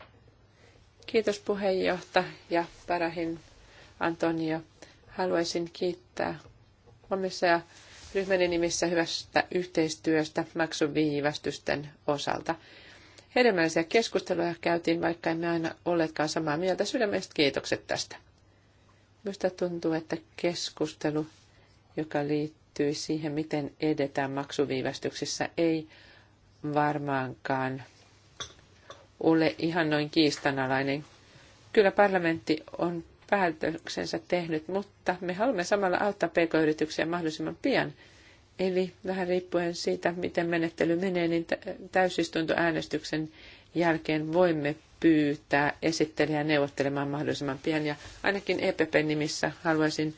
Kiitos puheenjohtaja ja Parahin Antonio. Haluaisin kiittää omissa ja ryhmäni nimissä hyvästä yhteistyöstä maksuviivästysten osalta. Hedelmällisiä keskusteluja käytiin, vaikka emme aina olleetkaan samaa mieltä. Sydämestä kiitokset tästä. Minusta tuntuu, että keskustelu, joka liittyy siihen, miten edetään maksuviivästyksissä, ei varmaankaan ole ihan noin kiistanalainen. Kyllä parlamentti on päätöksensä tehnyt, mutta me haluamme samalla auttaa pk-yrityksiä mahdollisimman pian. Eli vähän riippuen siitä, miten menettely menee, niin täysistuntoäänestyksen jälkeen voimme pyytää esittelijää neuvottelemaan mahdollisimman pian. Ja ainakin epp nimissä haluaisin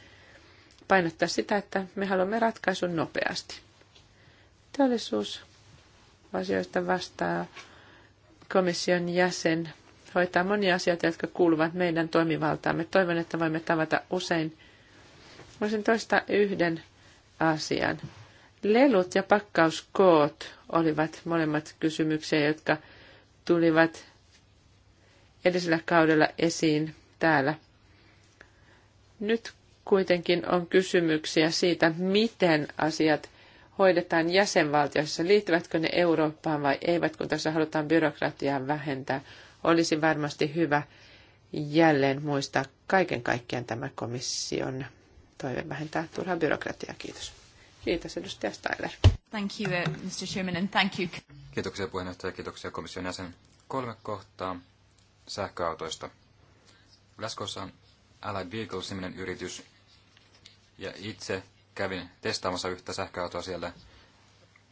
painottaa sitä, että me haluamme ratkaisun nopeasti. Teollisuusasioista vastaa komission jäsen hoitaa monia asioita, jotka kuuluvat meidän toimivaltaamme. Toivon, että voimme tavata usein. Voisin toista yhden asian. Lelut ja pakkauskoot olivat molemmat kysymyksiä, jotka tulivat edellisellä kaudella esiin täällä. Nyt kuitenkin on kysymyksiä siitä, miten asiat hoidetaan jäsenvaltioissa, liittyvätkö ne Eurooppaan vai eivät, kun tässä halutaan byrokratiaa vähentää olisi varmasti hyvä jälleen muistaa kaiken kaikkiaan tämä komission toive vähentää turhaa byrokratiaa. Kiitos. Kiitos edustaja Steiler. Thank you, uh, Mr. Chairman, and thank you. Kiitoksia puheenjohtaja, kiitoksia komission jäsen. Kolme kohtaa sähköautoista. Glasgowssa on Allied Vehicles-niminen yritys, ja itse kävin testaamassa yhtä sähköautoa siellä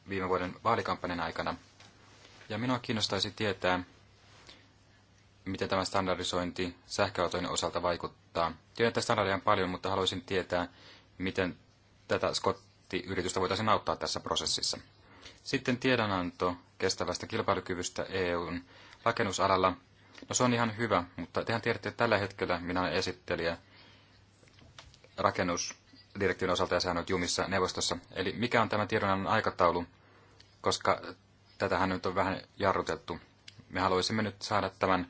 viime vuoden vaalikampanjan aikana. Ja minua kiinnostaisi tietää, miten tämä standardisointi sähköautojen osalta vaikuttaa. Tiedän, että standardeja on paljon, mutta haluaisin tietää, miten tätä Scotti-yritystä voitaisiin auttaa tässä prosessissa. Sitten tiedonanto kestävästä kilpailukyvystä EUn rakennusalalla. No se on ihan hyvä, mutta tehän tiedätte, että tällä hetkellä minä olen esittelijä rakennusdirektiivin osalta ja sehän on jumissa neuvostossa. Eli mikä on tämä tiedonannon aikataulu, koska tätähän nyt on vähän jarrutettu. Me haluaisimme nyt saada tämän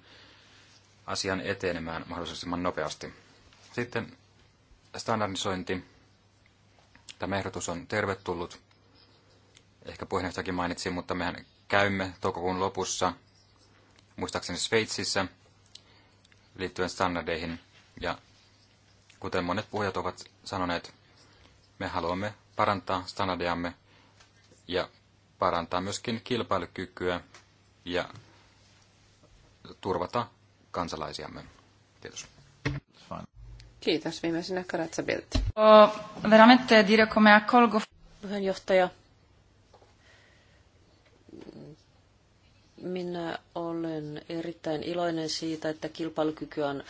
asian etenemään mahdollisimman nopeasti. Sitten standardisointi. Tämä ehdotus on tervetullut. Ehkä puheenjohtajakin mainitsin, mutta mehän käymme toukokuun lopussa, muistaakseni Sveitsissä, liittyen standardeihin. Ja kuten monet puhujat ovat sanoneet, me haluamme parantaa standardiamme ja parantaa myöskin kilpailukykyä ja turvata kansalaisiamme. Kiitos. Kiitos. Viimeisenä Karatsa Bildt. Veramente dire come accolgo... Puheenjohtaja, minä olen erittäin iloinen siitä, että kilpailukyky on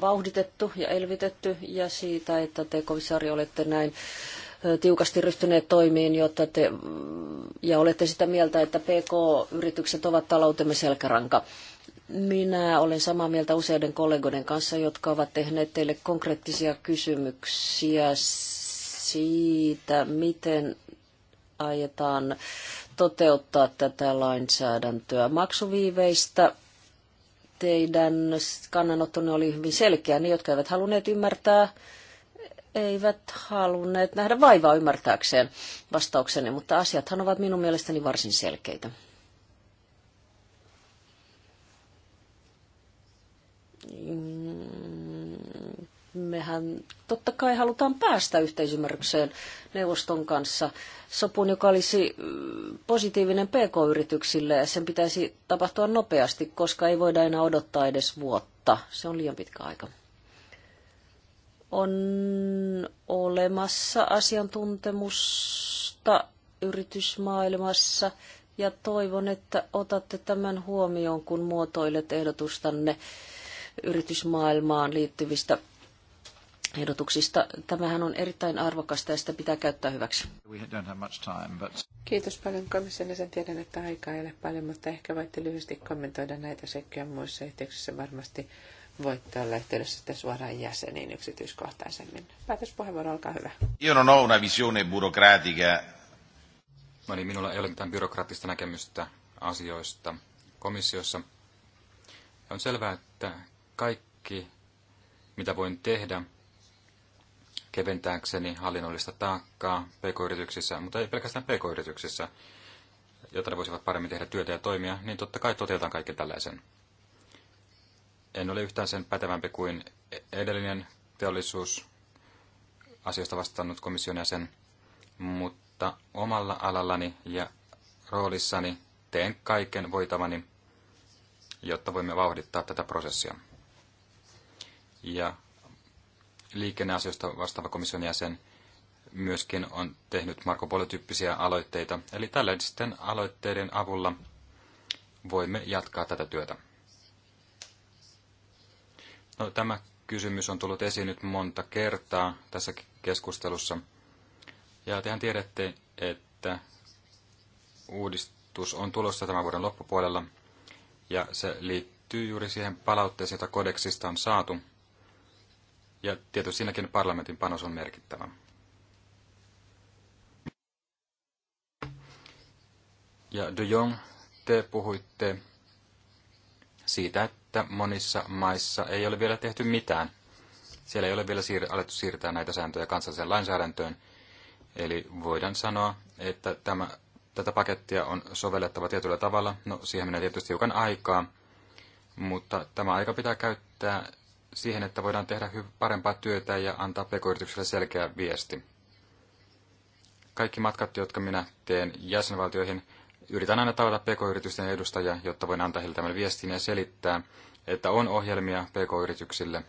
vauhditettu ja elvytetty ja siitä, että te komissaari olette näin tiukasti ryhtyneet toimiin, jotta te, ja olette sitä mieltä, että PK-yritykset ovat taloutemme selkäranka. Minä olen samaa mieltä useiden kollegoiden kanssa, jotka ovat tehneet teille konkreettisia kysymyksiä siitä, miten aiotaan toteuttaa tätä lainsäädäntöä. Maksuviiveistä teidän kannanottonne oli hyvin selkeä. Ne, jotka eivät halunneet ymmärtää, eivät halunneet nähdä vaivaa ymmärtääkseen vastaukseni, mutta asiathan ovat minun mielestäni varsin selkeitä. Mm, mehän totta kai halutaan päästä yhteisymmärrykseen neuvoston kanssa Sopun joka olisi mm, positiivinen PK-yrityksille ja sen pitäisi tapahtua nopeasti, koska ei voida enää odottaa edes vuotta. Se on liian pitkä aika. On olemassa asiantuntemusta yritysmaailmassa ja toivon, että otatte tämän huomioon, kun muotoilet ehdotustanne yritysmaailmaan liittyvistä ehdotuksista. Tämähän on erittäin arvokasta ja sitä pitää käyttää hyväksi. Time, but... Kiitos paljon komission sen tiedän, että aikaa ei ole paljon, mutta ehkä voitte lyhyesti kommentoida näitä sekä muissa yhteyksissä varmasti voitte olla yhteydessä sitten suoraan jäseniin yksityiskohtaisemmin. Päätöspuheenvuoro, olkaa hyvä. Io non ho una visione burocratica. No niin, minulla ei ole mitään byrokraattista näkemystä asioista komissiossa. On selvää, että kaikki, mitä voin tehdä keventääkseni hallinnollista taakkaa pk-yrityksissä, mutta ei pelkästään pk-yrityksissä, jotta ne voisivat paremmin tehdä työtä ja toimia, niin totta kai toteutan kaikki tällaisen. En ole yhtään sen pätevämpi kuin edellinen teollisuus asioista vastannut komission jäsen, mutta omalla alallani ja roolissani teen kaiken voitavani, jotta voimme vauhdittaa tätä prosessia ja liikenneasioista vastaava komission jäsen myöskin on tehnyt Marko Polo-tyyppisiä aloitteita. Eli tällaisten aloitteiden avulla voimme jatkaa tätä työtä. No, tämä kysymys on tullut esiin nyt monta kertaa tässä keskustelussa. Ja tehän tiedätte, että uudistus on tulossa tämän vuoden loppupuolella, ja se liittyy juuri siihen palautteeseen, jota kodeksista on saatu – ja tietysti siinäkin parlamentin panos on merkittävä. Ja de Jong, te puhuitte siitä, että monissa maissa ei ole vielä tehty mitään. Siellä ei ole vielä siir- alettu siirtää näitä sääntöjä kansalliseen lainsäädäntöön. Eli voidaan sanoa, että tämä, tätä pakettia on sovellettava tietyllä tavalla. No, siihen menee tietysti hiukan aikaa, mutta tämä aika pitää käyttää siihen, että voidaan tehdä parempaa työtä ja antaa pk-yritykselle selkeä viesti. Kaikki matkat, jotka minä teen jäsenvaltioihin, yritän aina tavata pk-yritysten edustajia, jotta voin antaa heille tämän viestin ja selittää, että on ohjelmia pk-yrityksille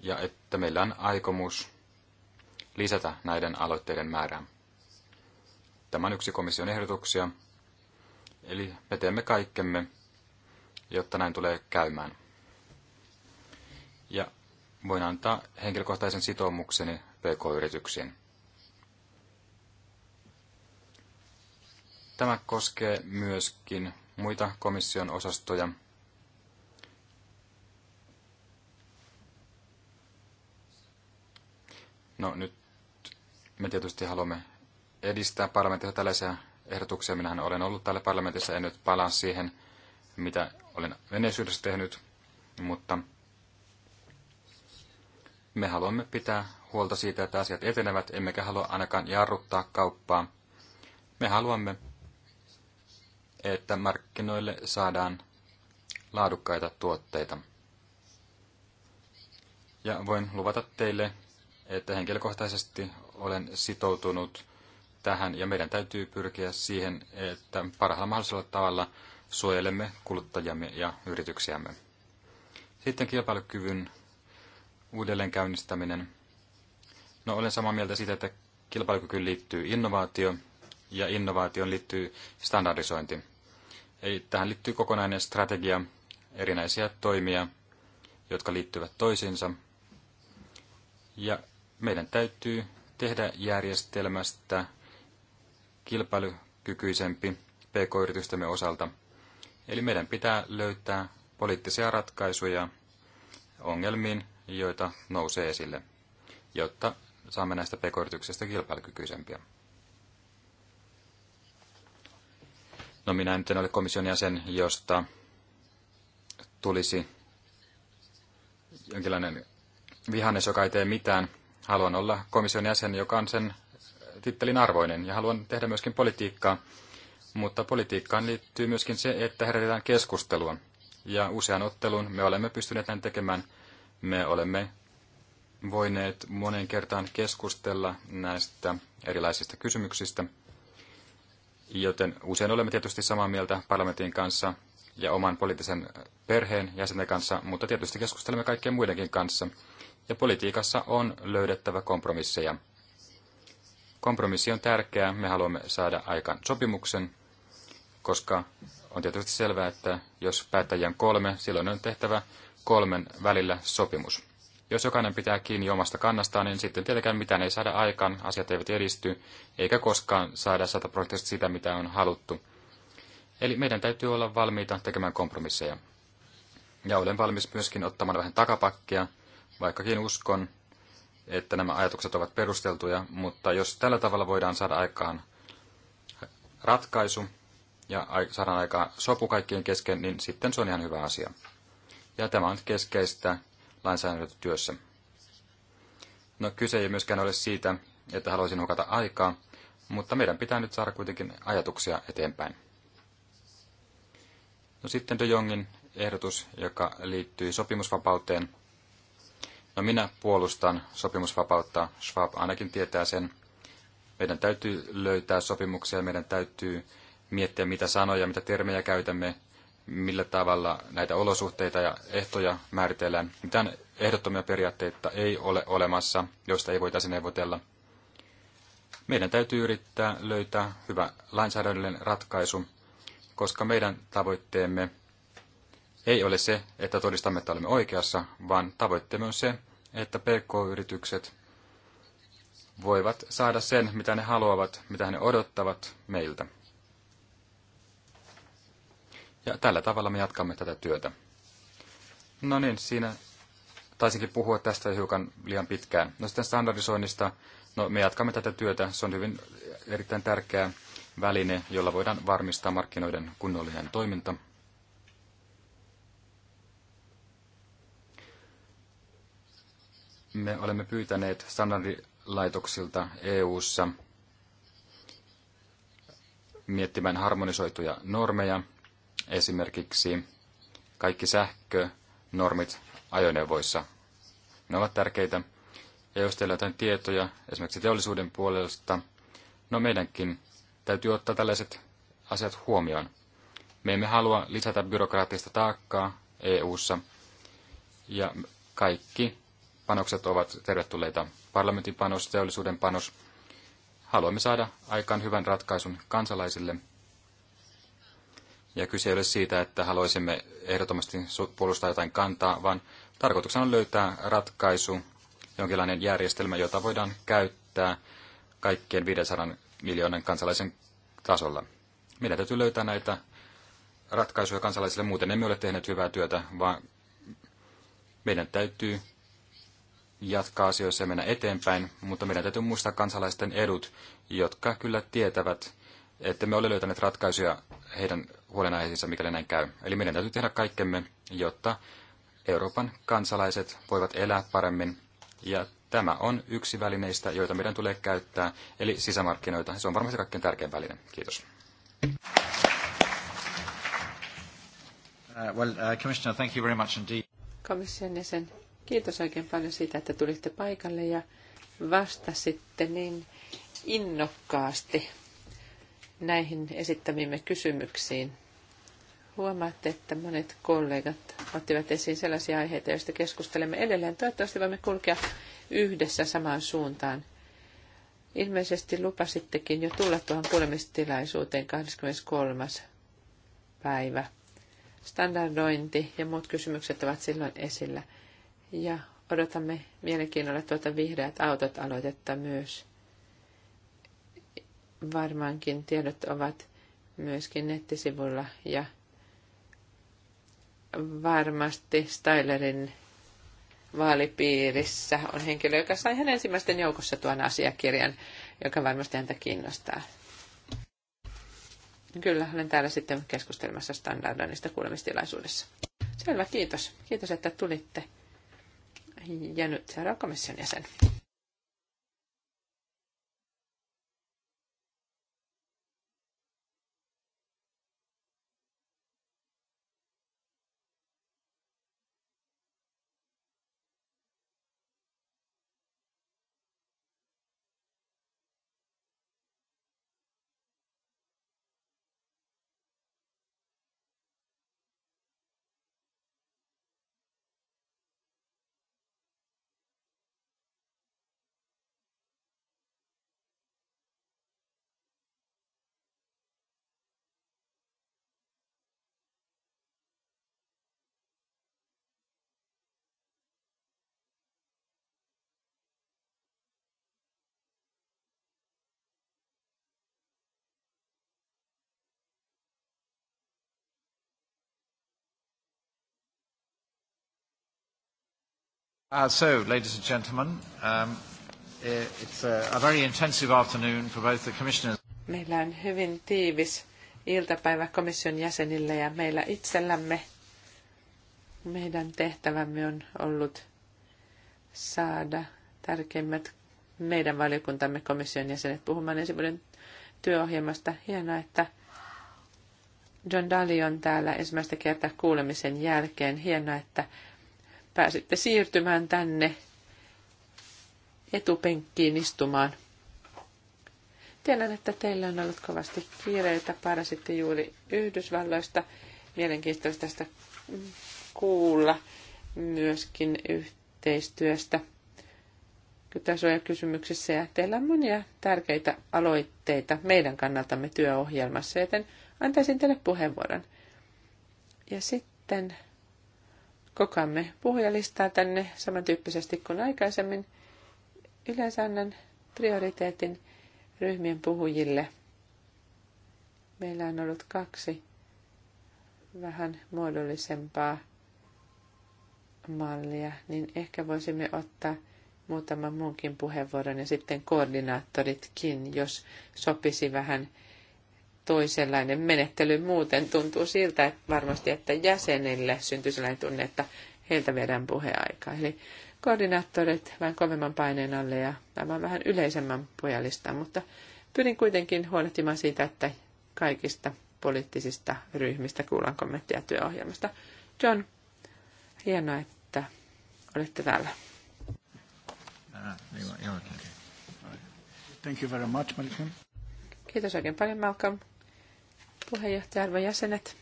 ja että meillä on aikomus lisätä näiden aloitteiden määrää. Tämä on yksi komission ehdotuksia, eli me teemme kaikkemme, jotta näin tulee käymään. Ja voin antaa henkilökohtaisen sitoumukseni PK-yrityksiin. Tämä koskee myöskin muita komission osastoja. No nyt me tietysti haluamme edistää parlamentissa tällaisia ehdotuksia. Minähän olen ollut täällä parlamentissa, en nyt palaa siihen – mitä olen menneisyydessä tehnyt, mutta me haluamme pitää huolta siitä, että asiat etenevät, emmekä halua ainakaan jarruttaa kauppaa. Me haluamme, että markkinoille saadaan laadukkaita tuotteita. Ja voin luvata teille, että henkilökohtaisesti olen sitoutunut tähän ja meidän täytyy pyrkiä siihen, että parhaalla mahdollisella tavalla suojelemme kuluttajamme ja yrityksiämme. Sitten kilpailukyvyn uudelleenkäynnistäminen. No olen samaa mieltä siitä, että kilpailukykyyn liittyy innovaatio ja innovaatioon liittyy standardisointi. Eli tähän liittyy kokonainen strategia, erinäisiä toimia, jotka liittyvät toisiinsa. Ja meidän täytyy tehdä järjestelmästä kilpailukykyisempi pk-yritystemme osalta – Eli meidän pitää löytää poliittisia ratkaisuja ongelmiin, joita nousee esille, jotta saamme näistä pekoyrityksistä kilpailukykyisempiä. No minä nyt en ole komission jäsen, josta tulisi jonkinlainen vihannes, joka ei tee mitään. Haluan olla komission jäsen, joka on sen tittelin arvoinen ja haluan tehdä myöskin politiikkaa, mutta politiikkaan liittyy myöskin se, että herätetään keskustelua. Ja usean ottelun me olemme pystyneet näin tekemään. Me olemme voineet monen kertaan keskustella näistä erilaisista kysymyksistä. Joten usein olemme tietysti samaa mieltä parlamentin kanssa ja oman poliittisen perheen jäsenten kanssa, mutta tietysti keskustelemme kaikkien muidenkin kanssa. Ja politiikassa on löydettävä kompromisseja. Kompromissi on tärkeää, me haluamme saada aikaan sopimuksen, koska on tietysti selvää, että jos päättäjiä on kolme, silloin on tehtävä kolmen välillä sopimus. Jos jokainen pitää kiinni omasta kannastaan, niin sitten tietenkään mitään ei saada aikaan, asiat eivät edisty, eikä koskaan saada sataprosenttisesti sitä, mitä on haluttu. Eli meidän täytyy olla valmiita tekemään kompromisseja. Ja olen valmis myöskin ottamaan vähän takapakkia, vaikkakin uskon, että nämä ajatukset ovat perusteltuja, mutta jos tällä tavalla voidaan saada aikaan ratkaisu, ja saadaan aika sopu kaikkien kesken, niin sitten se on ihan hyvä asia. Ja tämä on keskeistä lainsäädäntötyössä. No kyse ei myöskään ole siitä, että haluaisin hukata aikaa, mutta meidän pitää nyt saada kuitenkin ajatuksia eteenpäin. No sitten De Jongin ehdotus, joka liittyy sopimusvapauteen. No minä puolustan sopimusvapautta, Schwab ainakin tietää sen. Meidän täytyy löytää sopimuksia, meidän täytyy miettiä, mitä sanoja, mitä termejä käytämme, millä tavalla näitä olosuhteita ja ehtoja määritellään. Mitään ehdottomia periaatteita ei ole olemassa, joista ei voitaisiin neuvotella. Meidän täytyy yrittää löytää hyvä lainsäädännöllinen ratkaisu, koska meidän tavoitteemme ei ole se, että todistamme, että olemme oikeassa, vaan tavoitteemme on se, että PK-yritykset voivat saada sen, mitä ne haluavat, mitä ne odottavat meiltä. Ja tällä tavalla me jatkamme tätä työtä. No niin, siinä taisinkin puhua tästä hiukan liian pitkään. No sitten standardisoinnista, no me jatkamme tätä työtä, se on hyvin erittäin tärkeä väline, jolla voidaan varmistaa markkinoiden kunnollinen toiminta. Me olemme pyytäneet standardilaitoksilta EU-ssa miettimään harmonisoituja normeja – Esimerkiksi kaikki sähkönormit ajoneuvoissa. Ne ovat tärkeitä. Ja jos teillä on jotain tietoja esimerkiksi teollisuuden puolesta, no meidänkin täytyy ottaa tällaiset asiat huomioon. Me emme halua lisätä byrokraattista taakkaa EU:ssa ja kaikki panokset ovat tervetulleita. Parlamentin panos, teollisuuden panos. Haluamme saada aikaan hyvän ratkaisun kansalaisille ja kyse ei ole siitä, että haluaisimme ehdottomasti puolustaa jotain kantaa, vaan tarkoituksena on löytää ratkaisu, jonkinlainen järjestelmä, jota voidaan käyttää kaikkien 500 miljoonan kansalaisen tasolla. Meidän täytyy löytää näitä ratkaisuja kansalaisille, muuten emme ole tehneet hyvää työtä, vaan meidän täytyy jatkaa asioissa ja mennä eteenpäin, mutta meidän täytyy muistaa kansalaisten edut, jotka kyllä tietävät, että me ole löytäneet ratkaisuja heidän huolenaiheisiinsa, mikäli näin käy. Eli meidän täytyy tehdä kaikkemme, jotta Euroopan kansalaiset voivat elää paremmin. Ja tämä on yksi välineistä, joita meidän tulee käyttää, eli sisämarkkinoita. Se on varmasti kaikkein tärkein väline. Kiitos. Uh, well, uh, Commissioner, thank you very much indeed. Komission jäsen, kiitos oikein paljon siitä, että tulitte paikalle ja vastasitte niin innokkaasti näihin esittämiimme kysymyksiin. Huomaatte, että monet kollegat ottivat esiin sellaisia aiheita, joista keskustelemme edelleen. Toivottavasti voimme kulkea yhdessä samaan suuntaan. Ilmeisesti lupasittekin jo tulla tuohon kuulemistilaisuuteen 23. päivä. Standardointi ja muut kysymykset ovat silloin esillä. Ja odotamme mielenkiinnolla tuota vihreät autot aloitetta myös varmaankin tiedot ovat myöskin nettisivulla ja varmasti Stylerin vaalipiirissä on henkilö, joka sai hänen ensimmäisten joukossa tuon asiakirjan, joka varmasti häntä kiinnostaa. Kyllä, olen täällä sitten keskustelmassa standardoinnista kuulemistilaisuudessa. Selvä, kiitos. Kiitos, että tulitte. Ja nyt seuraava komission jäsen. Uh, so, ladies and gentlemen, um, it's a, a very intensive afternoon for both the commissioners. Meillä on hyvin tiivis iltapäivä komission jäsenille ja meillä itsellämme. Meidän tehtävämme on ollut saada tärkeimmät meidän valiokuntamme komission jäsenet puhumaan ensi vuoden työohjelmasta. Hienoa, että John Daly on täällä ensimmäistä kertaa kuulemisen jälkeen. Hienoa, että pääsitte siirtymään tänne etupenkkiin istumaan. Tiedän, että teillä on ollut kovasti kiireitä. Parasitte juuri Yhdysvalloista. Mielenkiintoista tästä kuulla myöskin yhteistyöstä kysymyksissä ja teillä on monia tärkeitä aloitteita meidän kannaltamme työohjelmassa, joten antaisin teille puheenvuoron. Ja sitten kokoamme puhujalistaa tänne samantyyppisesti kuin aikaisemmin. Yleensä annan prioriteetin ryhmien puhujille. Meillä on ollut kaksi vähän muodollisempaa mallia, niin ehkä voisimme ottaa muutaman muunkin puheenvuoron ja sitten koordinaattoritkin, jos sopisi vähän – toisenlainen menettely. Muuten tuntuu siltä että varmasti, että jäsenille syntyy sellainen tunne, että heiltä viedään puheaika. Eli koordinaattorit vähän kovemman paineen alle ja tämä vähän yleisemmän puhujalistan, mutta pyrin kuitenkin huolehtimaan siitä, että kaikista poliittisista ryhmistä kuullaan kommenttia työohjelmasta. John, hienoa, että olette täällä. Ah, Thank you very much, Malcolm. Kiitos oikein paljon, Malcolm. Puheenjohtaja jäsenet.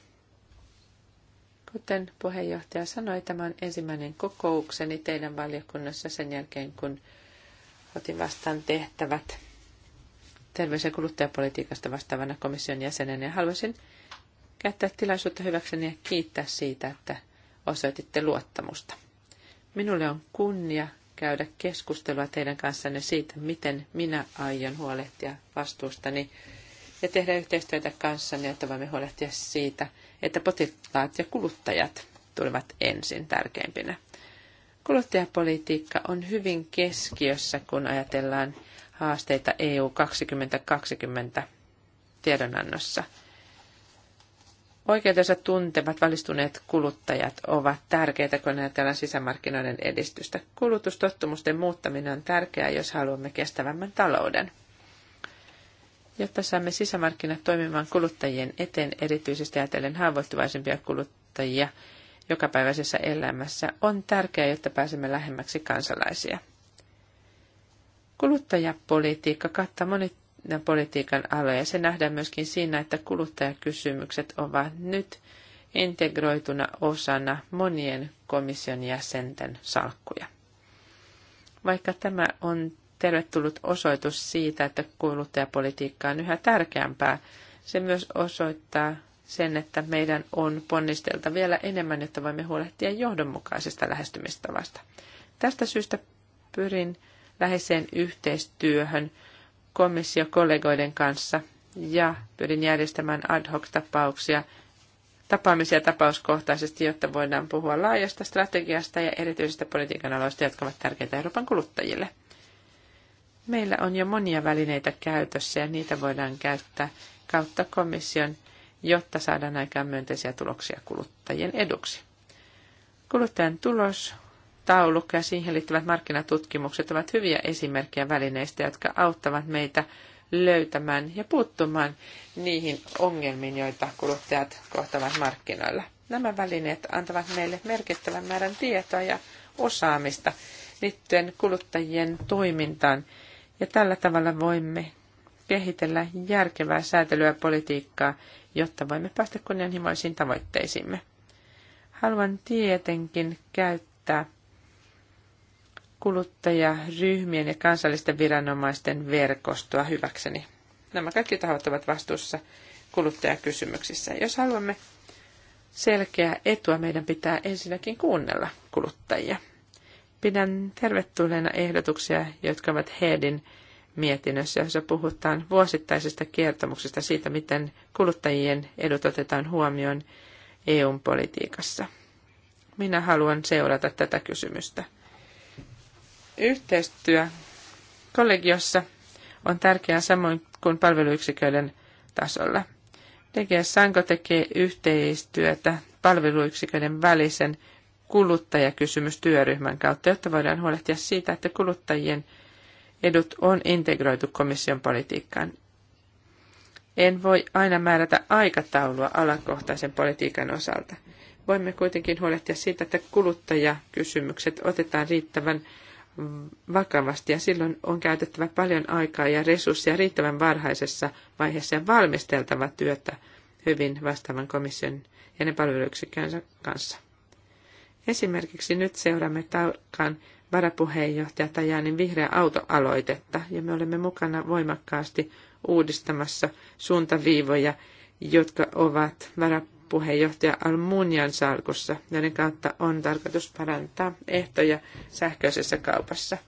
Kuten puheenjohtaja sanoi, tämä on ensimmäinen kokoukseni teidän valiokunnassa sen jälkeen, kun otin vastaan tehtävät terveys- ja kuluttajapolitiikasta vastaavana komission jäsenenä. Haluaisin käyttää tilaisuutta hyväkseni ja kiittää siitä, että osoititte luottamusta. Minulle on kunnia käydä keskustelua teidän kanssanne siitä, miten minä aion huolehtia vastuustani ja tehdä yhteistyötä kanssanne, että voimme huolehtia siitä, että potilaat ja kuluttajat tulevat ensin tärkeimpinä. Kuluttajapolitiikka on hyvin keskiössä, kun ajatellaan haasteita EU 2020 tiedonannossa. Oikeutensa tuntevat valistuneet kuluttajat ovat tärkeitä, kun ajatellaan sisämarkkinoiden edistystä. Kulutustottumusten muuttaminen on tärkeää, jos haluamme kestävämmän talouden jotta saamme sisämarkkinat toimimaan kuluttajien eteen, erityisesti ajatellen haavoittuvaisempia kuluttajia jokapäiväisessä elämässä, on tärkeää, jotta pääsemme lähemmäksi kansalaisia. Kuluttajapolitiikka kattaa monet politiikan aloja. Se nähdään myöskin siinä, että kuluttajakysymykset ovat nyt integroituna osana monien komission jäsenten salkkuja. Vaikka tämä on tervetullut osoitus siitä, että kuluttajapolitiikka on yhä tärkeämpää. Se myös osoittaa sen, että meidän on ponnistelta vielä enemmän, jotta voimme huolehtia johdonmukaisesta lähestymistavasta. Tästä syystä pyrin läheiseen yhteistyöhön komissiokollegoiden kanssa ja pyrin järjestämään ad hoc-tapauksia, tapaamisia tapauskohtaisesti, jotta voidaan puhua laajasta strategiasta ja erityisistä politiikan aloista, jotka ovat tärkeitä Euroopan kuluttajille. Meillä on jo monia välineitä käytössä ja niitä voidaan käyttää kautta komission, jotta saadaan aikaan myönteisiä tuloksia kuluttajien eduksi. Kuluttajan tulos, taulukko ja siihen liittyvät markkinatutkimukset ovat hyviä esimerkkejä välineistä, jotka auttavat meitä löytämään ja puuttumaan niihin ongelmiin, joita kuluttajat kohtavat markkinoilla. Nämä välineet antavat meille merkittävän määrän tietoa ja osaamista liittyen kuluttajien toimintaan ja tällä tavalla voimme kehitellä järkevää säätelyä ja politiikkaa, jotta voimme päästä kunnianhimoisiin tavoitteisiimme. Haluan tietenkin käyttää kuluttajaryhmien ja kansallisten viranomaisten verkostoa hyväkseni. Nämä kaikki tahot ovat vastuussa kuluttajakysymyksissä. Jos haluamme selkeää etua, meidän pitää ensinnäkin kuunnella kuluttajia. Pidän tervetulleena ehdotuksia, jotka ovat Heedin mietinnössä, jossa puhutaan vuosittaisesta kertomuksesta siitä, miten kuluttajien edut otetaan huomioon EUn politiikassa. Minä haluan seurata tätä kysymystä. Yhteistyö kollegiossa on tärkeää samoin kuin palveluyksiköiden tasolla. DG Sanko tekee yhteistyötä palveluyksiköiden välisen kuluttajakysymystyöryhmän kautta, jotta voidaan huolehtia siitä, että kuluttajien edut on integroitu komission politiikkaan. En voi aina määrätä aikataulua alakohtaisen politiikan osalta. Voimme kuitenkin huolehtia siitä, että kuluttajakysymykset otetaan riittävän vakavasti ja silloin on käytettävä paljon aikaa ja resursseja riittävän varhaisessa vaiheessa ja valmisteltava työtä hyvin vastaavan komission ja ne palveluyksikkönsä kanssa. Esimerkiksi nyt seuraamme tarkkaan varapuheenjohtaja Tajanin vihreä autoaloitetta ja me olemme mukana voimakkaasti uudistamassa suuntaviivoja, jotka ovat varapuheenjohtaja Almunian salkussa, joiden kautta on tarkoitus parantaa ehtoja sähköisessä kaupassa.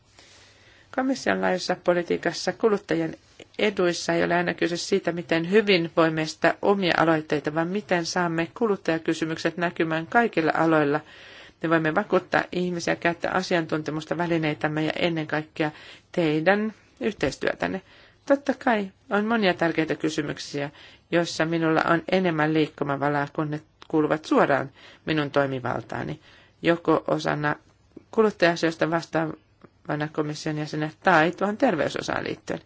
Komission laajassa politiikassa kuluttajien eduissa ei ole aina kyse siitä, miten hyvin voimme estää omia aloitteita, vaan miten saamme kuluttajakysymykset näkymään kaikilla aloilla – me voimme vakuuttaa ihmisiä, käyttää asiantuntemusta, välineitämme ja ennen kaikkea teidän yhteistyötänne. Totta kai on monia tärkeitä kysymyksiä, joissa minulla on enemmän liikkumavalaa, kun ne kuuluvat suoraan minun toimivaltaani, joko osana kuluttaja-asioista vastaavana komission jäsenä tai tuohon terveysosaan liittyen,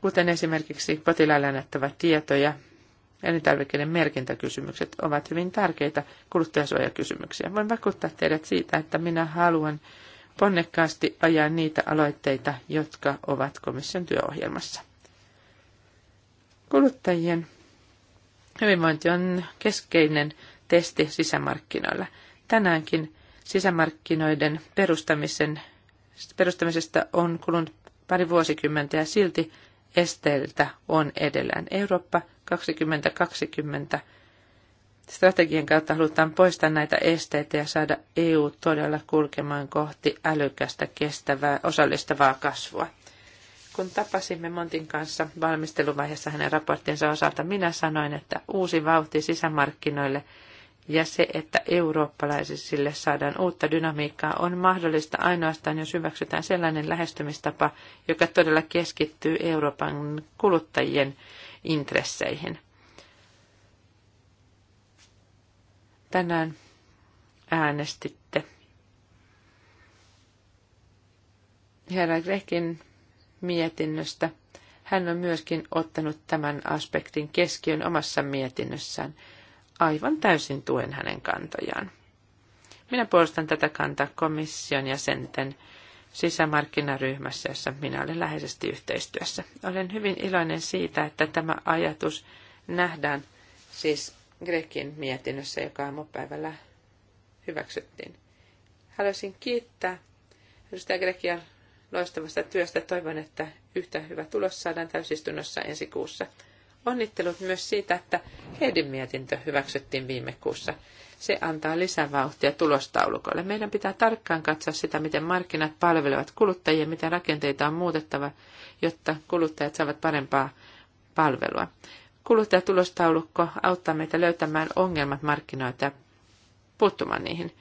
kuten esimerkiksi potilaille annettava tietoja elintarvikkeiden merkintäkysymykset ovat hyvin tärkeitä kuluttajasuojakysymyksiä. Voin vakuuttaa teidät siitä, että minä haluan ponnekkaasti ajaa niitä aloitteita, jotka ovat komission työohjelmassa. Kuluttajien hyvinvointi on keskeinen testi sisämarkkinoilla. Tänäänkin sisämarkkinoiden perustamisen, perustamisesta on kulunut pari vuosikymmentä ja silti esteiltä on edellään. Eurooppa 2020 strategian kautta halutaan poistaa näitä esteitä ja saada EU todella kulkemaan kohti älykästä, kestävää, osallistavaa kasvua. Kun tapasimme Montin kanssa valmisteluvaiheessa hänen raporttinsa osalta, minä sanoin, että uusi vauhti sisämarkkinoille ja se, että eurooppalaisille saadaan uutta dynamiikkaa, on mahdollista ainoastaan, jos hyväksytään sellainen lähestymistapa, joka todella keskittyy Euroopan kuluttajien intresseihin. Tänään äänestitte herra Grekin mietinnöstä. Hän on myöskin ottanut tämän aspektin keskiön omassa mietinnössään. Aivan täysin tuen hänen kantojaan. Minä puolustan tätä kantaa komission jäsenten sisämarkkinaryhmässä, jossa minä olen läheisesti yhteistyössä. Olen hyvin iloinen siitä, että tämä ajatus nähdään siis Grekin mietinnössä, joka aamupäivällä hyväksyttiin. Haluaisin kiittää edustaja Grekia loistavasta työstä. Toivon, että yhtä hyvä tulos saadaan täysistunnossa ensi kuussa. Onnittelut myös siitä, että Heidin mietintö hyväksyttiin viime kuussa. Se antaa lisävauhtia tulostaulukolle. Meidän pitää tarkkaan katsoa sitä, miten markkinat palvelevat kuluttajia, miten rakenteita on muutettava, jotta kuluttajat saavat parempaa palvelua. Kuluttajatulostaulukko auttaa meitä löytämään ongelmat markkinoita ja puuttumaan niihin.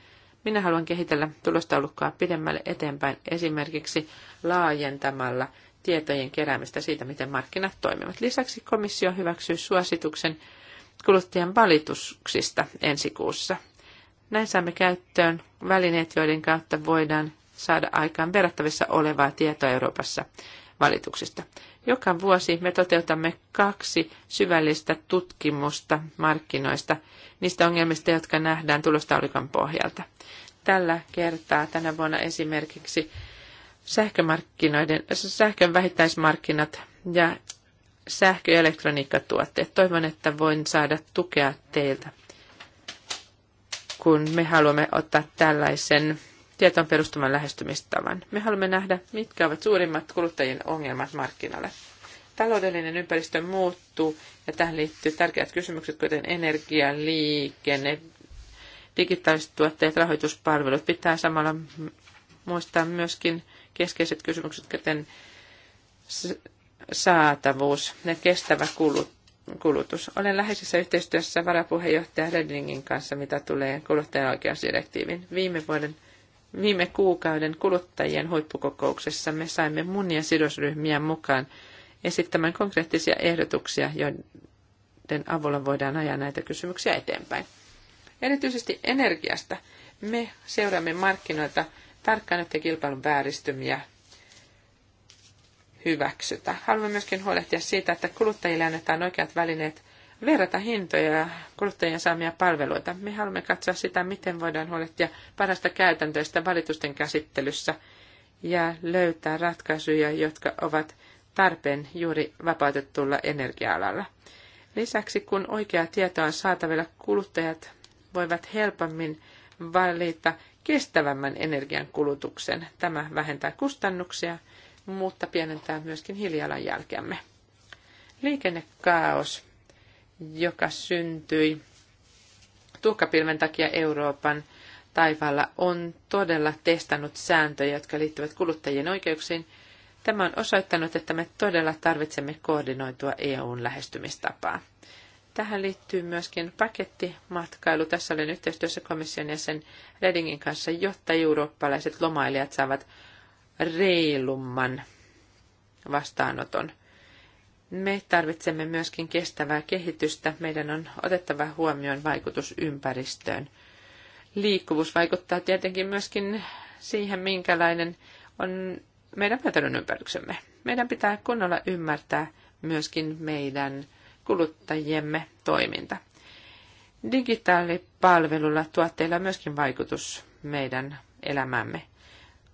Minä haluan kehitellä tulostaulukkoa pidemmälle eteenpäin esimerkiksi laajentamalla tietojen keräämistä siitä, miten markkinat toimivat. Lisäksi komissio hyväksyy suosituksen, kuluttajan valituksista ensi kuussa. Näin saamme käyttöön välineet, joiden kautta voidaan saada aikaan verrattavissa olevaa tietoa Euroopassa valituksista. Joka vuosi me toteutamme kaksi syvällistä tutkimusta markkinoista, niistä ongelmista, jotka nähdään tulostaulikon pohjalta. Tällä kertaa tänä vuonna esimerkiksi sähkömarkkinoiden, sähkön vähittäismarkkinat ja sähkö- ja elektroniikkatuotteet. Toivon, että voin saada tukea teiltä, kun me haluamme ottaa tällaisen tietoon perustuvan lähestymistavan. Me haluamme nähdä, mitkä ovat suurimmat kuluttajien ongelmat markkinoille. Taloudellinen ympäristö muuttuu ja tähän liittyy tärkeät kysymykset, kuten energia, liikenne, digitaaliset tuotteet, rahoituspalvelut. Pitää samalla muistaa myöskin keskeiset kysymykset, kuten saatavuus ja kestävä kulutus. Olen läheisessä yhteistyössä varapuheenjohtaja Redlingin kanssa, mitä tulee kuluttajan oikeusdirektiivin. Viime vuoden Viime kuukauden kuluttajien huippukokouksessa me saimme monia sidosryhmiä mukaan esittämään konkreettisia ehdotuksia, joiden avulla voidaan ajaa näitä kysymyksiä eteenpäin. Erityisesti energiasta. Me seuraamme markkinoita tarkkaan, että kilpailun vääristymiä hyväksytä. Haluamme myöskin huolehtia siitä, että kuluttajille annetaan oikeat välineet verrata hintoja ja kuluttajien saamia palveluita. Me haluamme katsoa sitä, miten voidaan huolehtia parasta käytäntöistä valitusten käsittelyssä ja löytää ratkaisuja, jotka ovat tarpeen juuri vapautetulla energia-alalla. Lisäksi kun oikeaa tietoa on saatavilla, kuluttajat voivat helpommin valita kestävämmän energian kulutuksen. Tämä vähentää kustannuksia mutta pienentää myöskin hiilijalanjälkemme. Liikennekaos, joka syntyi tuhkapilven takia Euroopan taivaalla, on todella testannut sääntöjä, jotka liittyvät kuluttajien oikeuksiin. Tämä on osoittanut, että me todella tarvitsemme koordinoitua EUn lähestymistapaa. Tähän liittyy myöskin pakettimatkailu. Tässä olen yhteistyössä komission jäsen Redingin kanssa, jotta eurooppalaiset lomailijat saavat reilumman vastaanoton. Me tarvitsemme myöskin kestävää kehitystä. Meidän on otettava huomioon vaikutus ympäristöön. Liikkuvuus vaikuttaa tietenkin myöskin siihen, minkälainen on meidän päätelyn ympäryksemme. Meidän pitää kunnolla ymmärtää myöskin meidän kuluttajiemme toiminta. Digitaalipalvelulla tuotteilla on myöskin vaikutus meidän elämämme.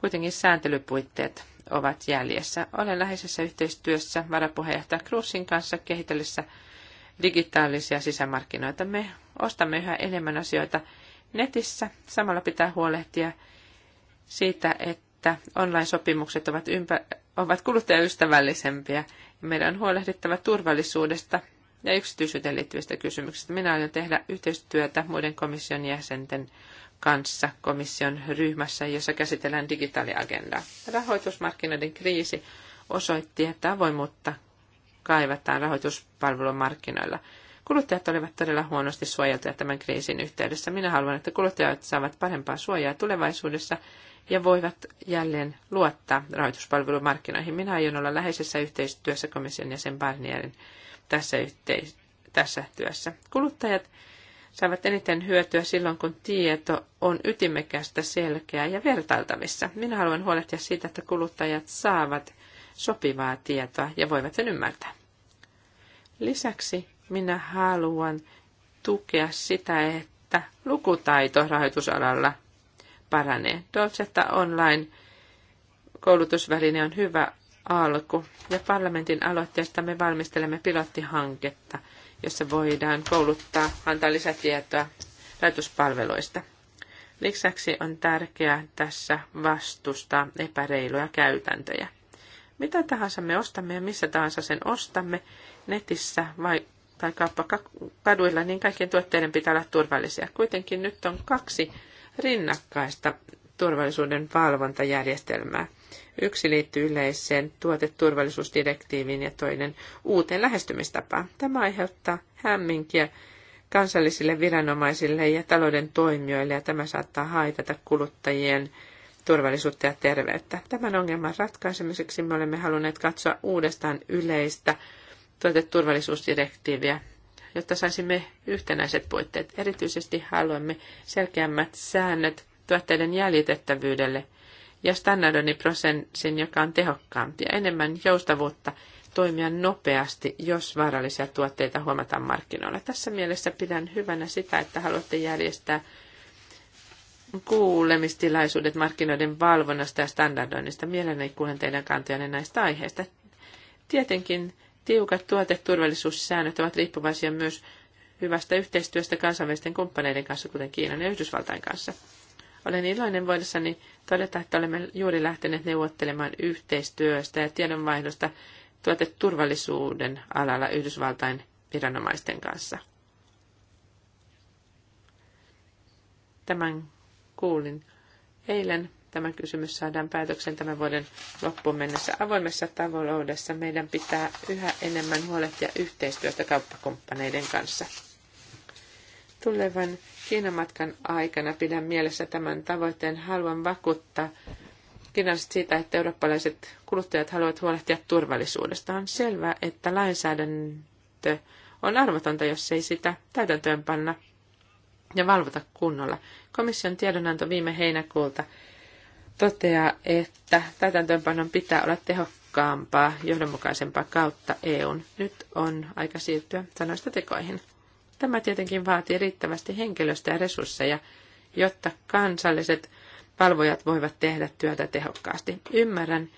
Kuitenkin sääntelypuitteet ovat jäljessä. Olen läheisessä yhteistyössä varapuheenjohtaja Kruusin kanssa kehitellessä digitaalisia sisämarkkinoita. Me ostamme yhä enemmän asioita netissä. Samalla pitää huolehtia siitä, että online-sopimukset ovat, ympä- ovat kuluttajaystävällisempiä. Meidän on huolehdittava turvallisuudesta ja yksityisyyteen liittyvistä kysymyksistä. Minä aion tehdä yhteistyötä muiden komission jäsenten kanssa komission ryhmässä, jossa käsitellään digitaaliagendaa. Rahoitusmarkkinoiden kriisi osoitti, että avoimuutta kaivataan rahoituspalvelumarkkinoilla. Kuluttajat olivat todella huonosti suojeltuja tämän kriisin yhteydessä. Minä haluan, että kuluttajat saavat parempaa suojaa tulevaisuudessa ja voivat jälleen luottaa rahoituspalvelumarkkinoihin. Minä aion olla läheisessä yhteistyössä komission ja sen Barnierin tässä, yhteis- tässä työssä. Kuluttajat saavat eniten hyötyä silloin, kun tieto on ytimekästä, selkeää ja vertailtavissa. Minä haluan huolehtia siitä, että kuluttajat saavat sopivaa tietoa ja voivat sen ymmärtää. Lisäksi minä haluan tukea sitä, että lukutaito rahoitusalalla paranee. Dolcetta Online koulutusväline on hyvä alku ja parlamentin aloitteesta me valmistelemme pilottihanketta – jossa voidaan kouluttaa, antaa lisätietoa rajoituspalveluista. Lisäksi on tärkeää tässä vastustaa epäreiluja käytäntöjä. Mitä tahansa me ostamme ja missä tahansa sen ostamme, netissä vai, tai kauppakaduilla, niin kaikkien tuotteiden pitää olla turvallisia. Kuitenkin nyt on kaksi rinnakkaista turvallisuuden valvontajärjestelmää – Yksi liittyy yleiseen tuoteturvallisuusdirektiiviin ja toinen uuteen lähestymistapaan. Tämä aiheuttaa hämminkiä kansallisille viranomaisille ja talouden toimijoille ja tämä saattaa haitata kuluttajien turvallisuutta ja terveyttä. Tämän ongelman ratkaisemiseksi me olemme halunneet katsoa uudestaan yleistä tuoteturvallisuusdirektiiviä, jotta saisimme yhtenäiset puitteet. Erityisesti haluamme selkeämmät säännöt tuotteiden jäljitettävyydelle – ja standardoinniprosessin, joka on tehokkaampi ja enemmän joustavuutta toimia nopeasti, jos vaarallisia tuotteita huomataan markkinoilla. Tässä mielessä pidän hyvänä sitä, että haluatte järjestää kuulemistilaisuudet markkinoiden valvonnasta ja standardoinnista. Mielelläni kuulen teidän kantojanne näistä aiheista. Tietenkin tiukat tuoteturvallisuussäännöt ovat riippuvaisia myös hyvästä yhteistyöstä kansainvälisten kumppaneiden kanssa, kuten Kiinan ja Yhdysvaltain kanssa. Olen iloinen voidessani todeta, että olemme juuri lähteneet neuvottelemaan yhteistyöstä ja tiedonvaihdosta tuoteturvallisuuden alalla Yhdysvaltain viranomaisten kanssa. Tämän kuulin eilen. Tämä kysymys saadaan päätöksen tämän vuoden loppuun mennessä. Avoimessa tavoloudessa. meidän pitää yhä enemmän huolehtia yhteistyöstä kauppakumppaneiden kanssa. Tulevan Kiinan matkan aikana pidän mielessä tämän tavoitteen. Haluan vakuuttaa kiinalaiset siitä, että eurooppalaiset kuluttajat haluavat huolehtia turvallisuudesta. On selvää, että lainsäädäntö on arvotonta, jos ei sitä panna ja valvota kunnolla. Komission tiedonanto viime heinäkuulta toteaa, että täytäntöönpanon pitää olla tehokkaampaa, johdonmukaisempaa kautta EUn. Nyt on aika siirtyä sanoista tekoihin. Tämä tietenkin vaatii riittävästi henkilöstöä ja resursseja, jotta kansalliset valvojat voivat tehdä työtä tehokkaasti. Ymmärrän,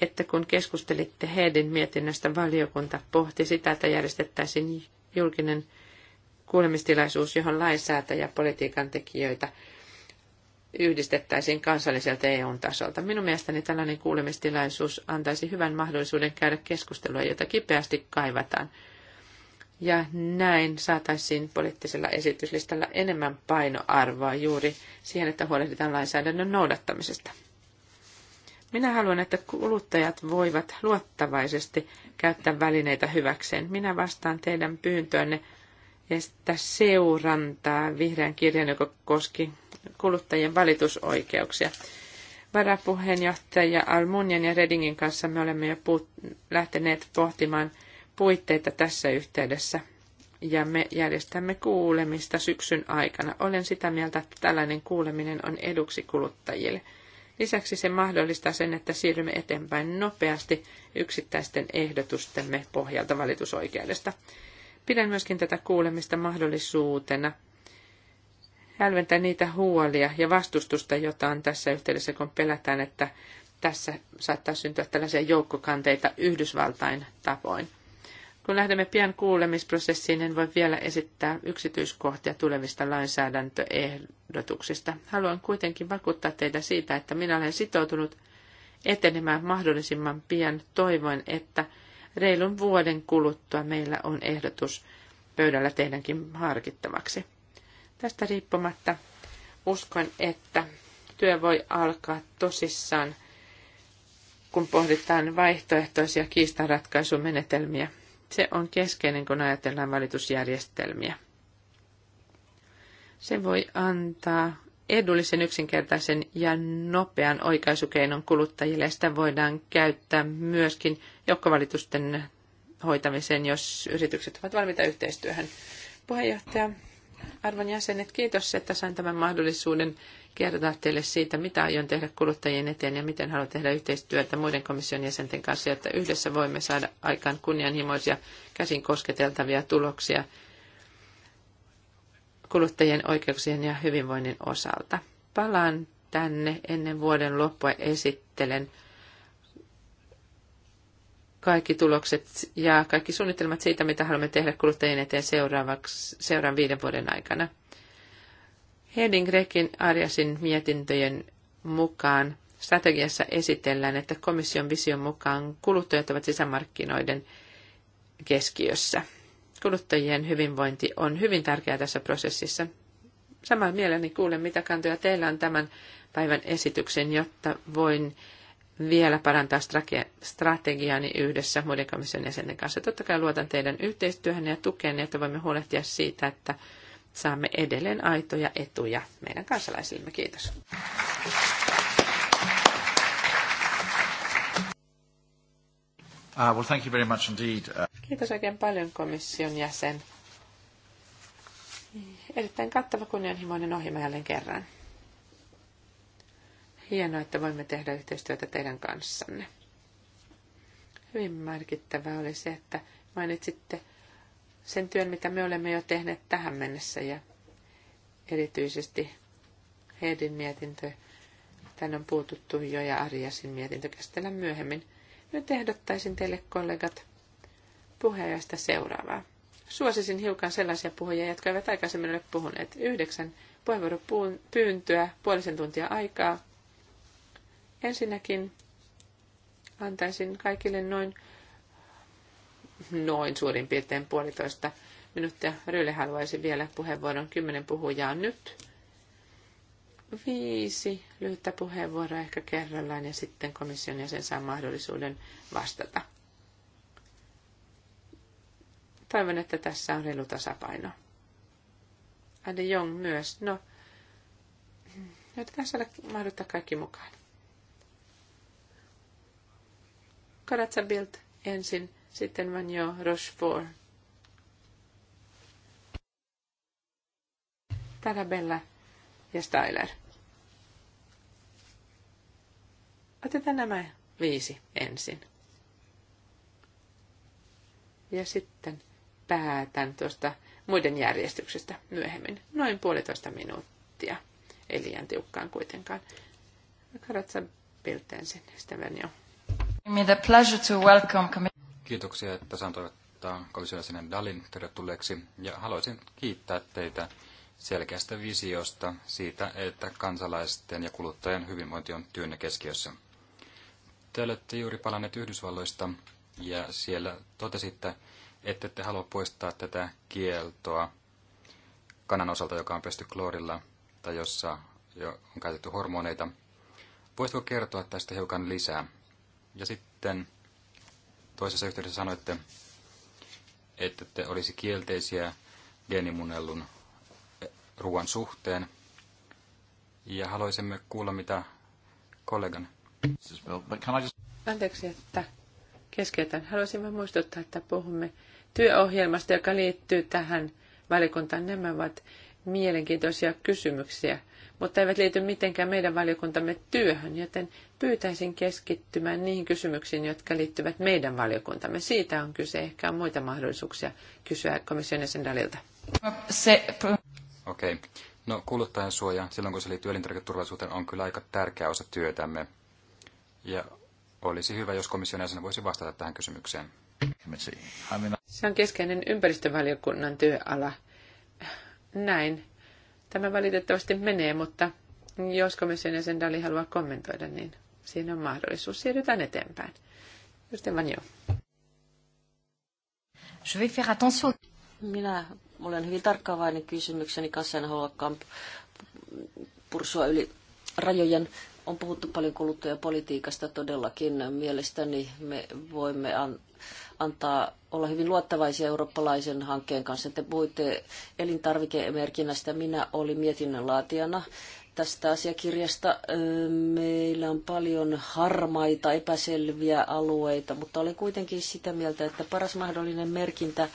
että kun keskustelitte Heidin mietinnöstä, valiokunta pohti sitä, että järjestettäisiin julkinen kuulemistilaisuus, johon lainsäätäjä politiikan tekijöitä yhdistettäisiin kansalliselta EU-tasolta. Minun mielestäni tällainen kuulemistilaisuus antaisi hyvän mahdollisuuden käydä keskustelua, jota kipeästi kaivataan – ja näin saataisiin poliittisella esityslistalla enemmän painoarvoa juuri siihen, että huolehditaan lainsäädännön noudattamisesta. Minä haluan, että kuluttajat voivat luottavaisesti käyttää välineitä hyväkseen. Minä vastaan teidän pyyntöönne että seurantaa vihreän kirjan, joka koski kuluttajien valitusoikeuksia. Varapuheenjohtaja Almunian ja Redingin kanssa me olemme jo puut- lähteneet pohtimaan – puitteita tässä yhteydessä ja me järjestämme kuulemista syksyn aikana. Olen sitä mieltä, että tällainen kuuleminen on eduksi kuluttajille. Lisäksi se mahdollistaa sen, että siirrymme eteenpäin nopeasti yksittäisten ehdotustemme pohjalta valitusoikeudesta. Pidän myöskin tätä kuulemista mahdollisuutena hälventää niitä huolia ja vastustusta, jota on tässä yhteydessä, kun pelätään, että tässä saattaa syntyä tällaisia joukkokanteita Yhdysvaltain tavoin. Kun lähdemme pian kuulemisprosessiin, en voi vielä esittää yksityiskohtia tulevista lainsäädäntöehdotuksista. Haluan kuitenkin vakuuttaa teitä siitä, että minä olen sitoutunut etenemään mahdollisimman pian toivoen, että reilun vuoden kuluttua meillä on ehdotus pöydällä teidänkin harkittavaksi. Tästä riippumatta uskon, että työ voi alkaa tosissaan, kun pohditaan vaihtoehtoisia kiistanratkaisumenetelmiä se on keskeinen, kun ajatellaan valitusjärjestelmiä. Se voi antaa edullisen, yksinkertaisen ja nopean oikaisukeinon kuluttajille. Sitä voidaan käyttää myöskin joukkovalitusten hoitamiseen, jos yritykset ovat valmiita yhteistyöhön. Puheenjohtaja, arvon jäsenet, kiitos, että sain tämän mahdollisuuden kertoa teille siitä, mitä aion tehdä kuluttajien eteen ja miten haluan tehdä yhteistyötä muiden komission jäsenten kanssa, jotta yhdessä voimme saada aikaan kunnianhimoisia käsin kosketeltavia tuloksia kuluttajien oikeuksien ja hyvinvoinnin osalta. Palaan tänne ennen vuoden loppua esittelen kaikki tulokset ja kaikki suunnitelmat siitä, mitä haluamme tehdä kuluttajien eteen seuraavaksi, seuraavan viiden vuoden aikana. Hedin Rekin Arjasin mietintöjen mukaan strategiassa esitellään, että komission vision mukaan kuluttajat ovat sisämarkkinoiden keskiössä. Kuluttajien hyvinvointi on hyvin tärkeää tässä prosessissa. Samalla mielelläni kuulen, mitä kantoja teillä on tämän päivän esityksen, jotta voin vielä parantaa strategiani yhdessä muiden komission jäsenten kanssa. Totta kai luotan teidän yhteistyöhön ja tukeen, että voimme huolehtia siitä, että saamme edelleen aitoja etuja meidän kansalaisillemme. Kiitos. Uh, well, thank you very much indeed. Uh... Kiitos oikein paljon komission jäsen. Erittäin kattava kunnianhimoinen ohjelma jälleen kerran. Hienoa, että voimme tehdä yhteistyötä teidän kanssanne. Hyvin merkittävää oli se, että mainitsitte sen työn, mitä me olemme jo tehneet tähän mennessä ja erityisesti Heidin mietintö, tänne on puututtu jo ja Arjasin mietintö käsitellä myöhemmin. Nyt ehdottaisin teille kollegat puheenjohtajasta seuraavaa. Suosisin hiukan sellaisia puhujia, jotka eivät aikaisemmin ole puhuneet. Yhdeksän puheenvuoropyyntöä, puolisen tuntia aikaa. Ensinnäkin antaisin kaikille noin noin suurin piirtein puolitoista minuuttia. Ryyle haluaisi vielä puheenvuoron. Kymmenen puhujaa nyt. Viisi lyhyttä puheenvuoroa ehkä kerrallaan ja sitten komission jäsen saa mahdollisuuden vastata. Toivon, että tässä on reilu tasapaino. Ade Jong myös. No, yritetään saada mahdollista kaikki mukaan. Karatsa Bild ensin sitten Manjo Rochefort. Tarabella ja Styler. Otetaan nämä viisi ensin. Ja sitten päätän tuosta muiden järjestyksestä myöhemmin. Noin puolitoista minuuttia. Ei liian tiukkaan kuitenkaan. Karatsa Biltensin, jo. Me the pleasure to welcome Kiitoksia, että saan toivottaa komissiojäsenen Dalin tervetulleeksi ja haluaisin kiittää teitä selkeästä visiosta siitä, että kansalaisten ja kuluttajien hyvinvointi on työnne keskiössä. Te olette juuri palanneet Yhdysvalloista ja siellä totesitte, että te halua poistaa tätä kieltoa kanan osalta, joka on pesty kloorilla tai jossa jo on käytetty hormoneita. Voisitko kertoa tästä hiukan lisää? Ja sitten toisessa yhteydessä sanoitte, että te olisi kielteisiä geenimunnellun eh, ruoan suhteen. Ja haluaisimme kuulla, mitä kollegan. Anteeksi, että keskeytän. Haluaisin vain muistuttaa, että puhumme työohjelmasta, joka liittyy tähän valikuntaan. Nämä ovat mielenkiintoisia kysymyksiä mutta eivät liity mitenkään meidän valiokuntamme työhön, joten pyytäisin keskittymään niihin kysymyksiin, jotka liittyvät meidän valiokuntamme. Siitä on kyse. Ehkä on muita mahdollisuuksia kysyä komission jäsen Dalilta. Okei. No kuluttajan suoja, silloin kun se liittyy elintarviketurvallisuuteen, on kyllä aika tärkeä osa työtämme. Ja olisi hyvä, jos komission jäsen voisi vastata tähän kysymykseen. Se on keskeinen ympäristövaliokunnan työala. Näin Tämä valitettavasti menee, mutta jos komission jäsen Dali haluaa kommentoida, niin siinä on mahdollisuus. Siirrytään eteenpäin. Sitten vaan joo. Je vais faire attention. Minä olen hyvin tarkkaavainen kysymykseni kanssa, en haluakaan pursua yli rajojen. On puhuttu paljon kuluttajapolitiikasta todellakin. Mielestäni me voimme an- antaa olla hyvin luottavaisia eurooppalaisen hankkeen kanssa. Te puhuitte elintarvikemerkinnästä. Minä olin mietinnön laatijana tästä asiakirjasta. Öö, meillä on paljon harmaita, epäselviä alueita, mutta olen kuitenkin sitä mieltä, että paras mahdollinen merkintä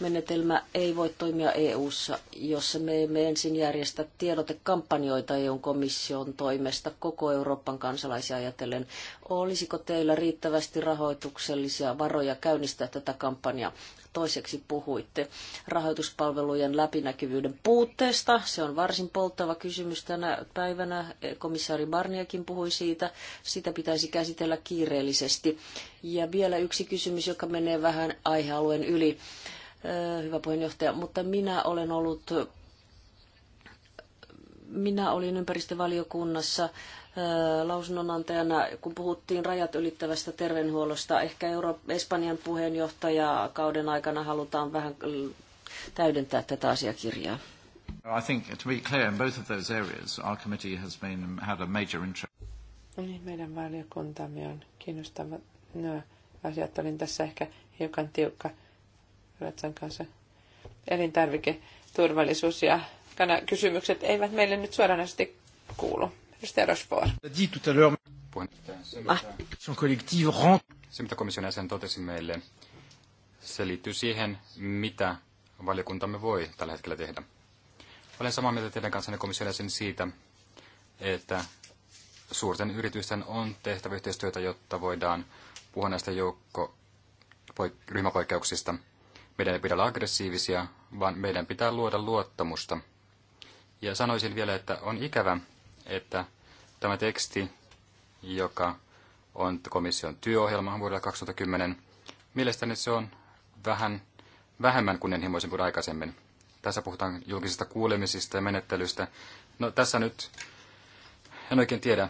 menetelmä ei voi toimia EU-ssa, jos me emme ensin järjestä tiedotekampanjoita EU-komission toimesta koko Euroopan kansalaisia ajatellen. Olisiko teillä riittävästi rahoituksellisia varoja käynnistää tätä kampanjaa? Toiseksi puhuitte rahoituspalvelujen läpinäkyvyyden puutteesta. Se on varsin polttava kysymys tänä päivänä. Komissaari Barniakin puhui siitä. Sitä pitäisi käsitellä kiireellisesti. Ja vielä yksi kysymys, joka menee vähän aihealueen yli. Äh, hyvä puheenjohtaja, mutta minä olen ollut, minä olin ympäristövaliokunnassa äh, lausunnonantajana, kun puhuttiin rajat ylittävästä terveydenhuollosta. Ehkä Euro- Espanjan kauden aikana halutaan vähän täydentää tätä asiakirjaa. I think to be clear, in both of those areas, our committee has been, had a major interest. No niin, meidän valiokuntamme on kiinnostava. No, asiat olin tässä ehkä hiukan tiukka Ratsan kanssa. Elintarviketurvallisuus ja kysymykset eivät meille nyt suoranaisesti kuulu. Edustaja Rospoor. Se, mitä komission jäsen totesi meille, se liittyy siihen, mitä valiokuntamme voi tällä hetkellä tehdä. Olen samaa mieltä teidän kanssanne komission jäsen siitä, että suurten yritysten on tehtävä yhteistyötä, jotta voidaan puhua näistä joukko ryhmäpoikkeuksista – meidän ei pidä olla aggressiivisia, vaan meidän pitää luoda luottamusta. Ja sanoisin vielä, että on ikävä, että tämä teksti, joka on komission työohjelma vuodelle 2010, mielestäni se on vähän vähemmän kunnianhimoisempi kuin aikaisemmin. Tässä puhutaan julkisista kuulemisista ja menettelystä. No tässä nyt, en oikein tiedä,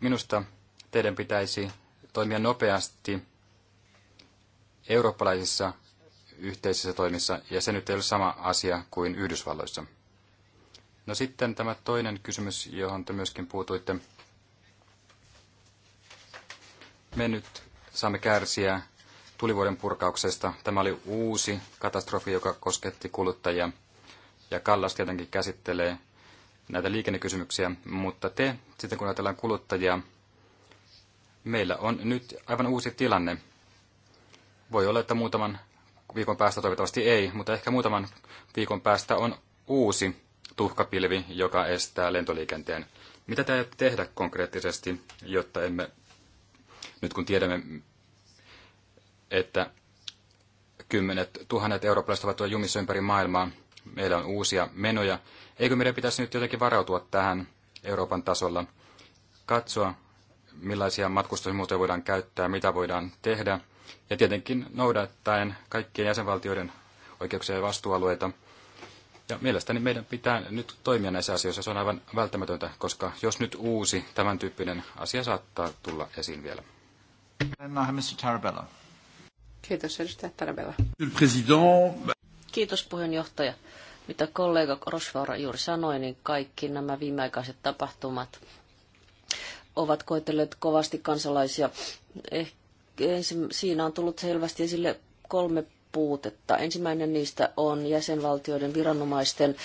minusta teidän pitäisi toimia nopeasti eurooppalaisissa yhteisissä toimissa, ja se nyt ei ole sama asia kuin Yhdysvalloissa. No sitten tämä toinen kysymys, johon te myöskin puutuitte. Me nyt saamme kärsiä tulivuoden purkauksesta. Tämä oli uusi katastrofi, joka kosketti kuluttajia. Ja Kallas tietenkin käsittelee näitä liikennekysymyksiä, mutta te, sitten kun ajatellaan kuluttajia, meillä on nyt aivan uusi tilanne. Voi olla, että muutaman viikon päästä toivottavasti ei, mutta ehkä muutaman viikon päästä on uusi tuhkapilvi, joka estää lentoliikenteen. Mitä te aiotte tehdä konkreettisesti, jotta emme, nyt kun tiedämme, että kymmenet tuhannet eurooppalaiset ovat tuolla jumissa ympäri maailmaa, meillä on uusia menoja. Eikö meidän pitäisi nyt jotenkin varautua tähän Euroopan tasolla, katsoa millaisia matkustusmuotoja voidaan käyttää, mitä voidaan tehdä, ja tietenkin noudattaen kaikkien jäsenvaltioiden oikeuksia ja vastuualueita. Ja mielestäni meidän pitää nyt toimia näissä asioissa, se on aivan välttämätöntä, koska jos nyt uusi tämän tyyppinen asia saattaa tulla esiin vielä. Kiitos, edustaja Tarabella. Kiitos, puheenjohtaja. Mitä kollega Rosvaura juuri sanoi, niin kaikki nämä viimeaikaiset tapahtumat ovat koetelleet kovasti kansalaisia. Ehkä siinä on tullut selvästi esille kolme puutetta. Ensimmäinen niistä on jäsenvaltioiden viranomaisten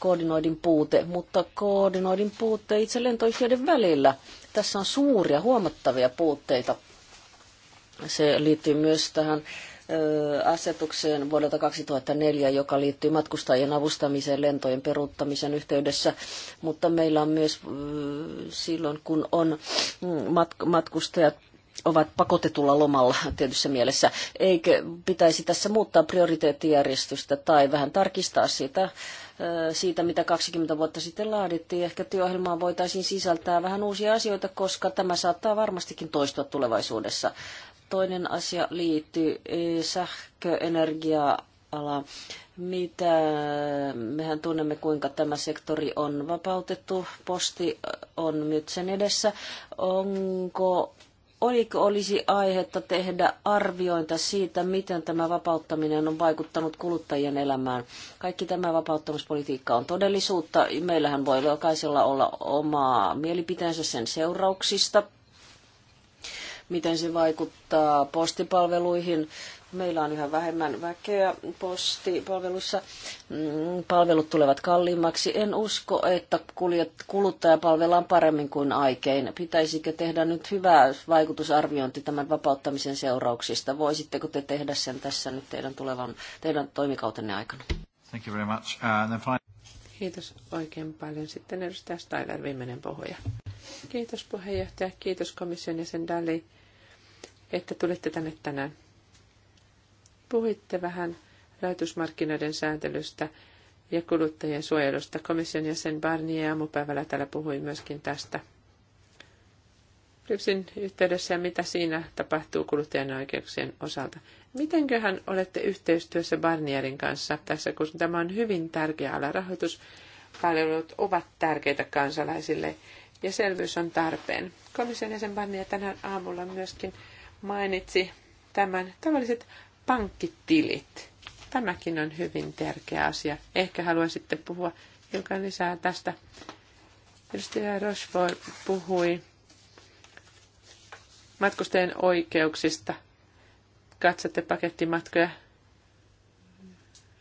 koordinoidin puute, mutta koordinoidin puute itse lentoyhtiöiden välillä. Tässä on suuria, huomattavia puutteita. Se liittyy myös tähän asetukseen vuodelta 2004, joka liittyy matkustajien avustamiseen lentojen peruuttamisen yhteydessä, mutta meillä on myös silloin, kun on mm, matkustajat ovat pakotetulla lomalla tietyssä mielessä. Eikö pitäisi tässä muuttaa prioriteettijärjestystä tai vähän tarkistaa sitä, siitä, mitä 20 vuotta sitten laadittiin. Ehkä työohjelmaan voitaisiin sisältää vähän uusia asioita, koska tämä saattaa varmastikin toistua tulevaisuudessa. Toinen asia liittyy sähköenergia ala. Mitä, mehän tunnemme, kuinka tämä sektori on vapautettu. Posti on nyt sen edessä. Onko oliko olisi aihetta tehdä arviointa siitä, miten tämä vapauttaminen on vaikuttanut kuluttajien elämään? Kaikki tämä vapauttamispolitiikka on todellisuutta. Meillähän voi jokaisella olla omaa mielipiteensä sen seurauksista, miten se vaikuttaa postipalveluihin, meillä on yhä vähemmän väkeä postipalveluissa. Mm, palvelut tulevat kalliimmaksi. En usko, että kuluttaja palvellaan paremmin kuin aikein. Pitäisikö tehdä nyt hyvä vaikutusarviointi tämän vapauttamisen seurauksista? Voisitteko te tehdä sen tässä nyt teidän, tulevan, teidän toimikautenne aikana? Thank you very much. Uh, then Kiitos oikein paljon. Sitten edustaja Steiner, viimeinen puhuja. Kiitos puheenjohtaja, kiitos komission jäsen Dali, että tulitte tänne tänään. Puhuitte vähän rahoitusmarkkinoiden sääntelystä ja kuluttajien suojelusta. Komission jäsen Barnier aamupäivällä täällä puhui myöskin tästä. Ripsin yhteydessä ja mitä siinä tapahtuu kuluttajan oikeuksien osalta. Mitenköhän olette yhteistyössä Barnierin kanssa tässä, koska tämä on hyvin tärkeä ala. Rahoituspalvelut ovat tärkeitä kansalaisille ja selvyys on tarpeen. Komission jäsen Barnier tänään aamulla myöskin mainitsi tämän. Tavalliset pankkitilit. Tämäkin on hyvin tärkeä asia. Ehkä haluaisitte puhua hiukan lisää tästä. Edustaja Rochefort puhui matkustajien oikeuksista. Katsotte pakettimatkoja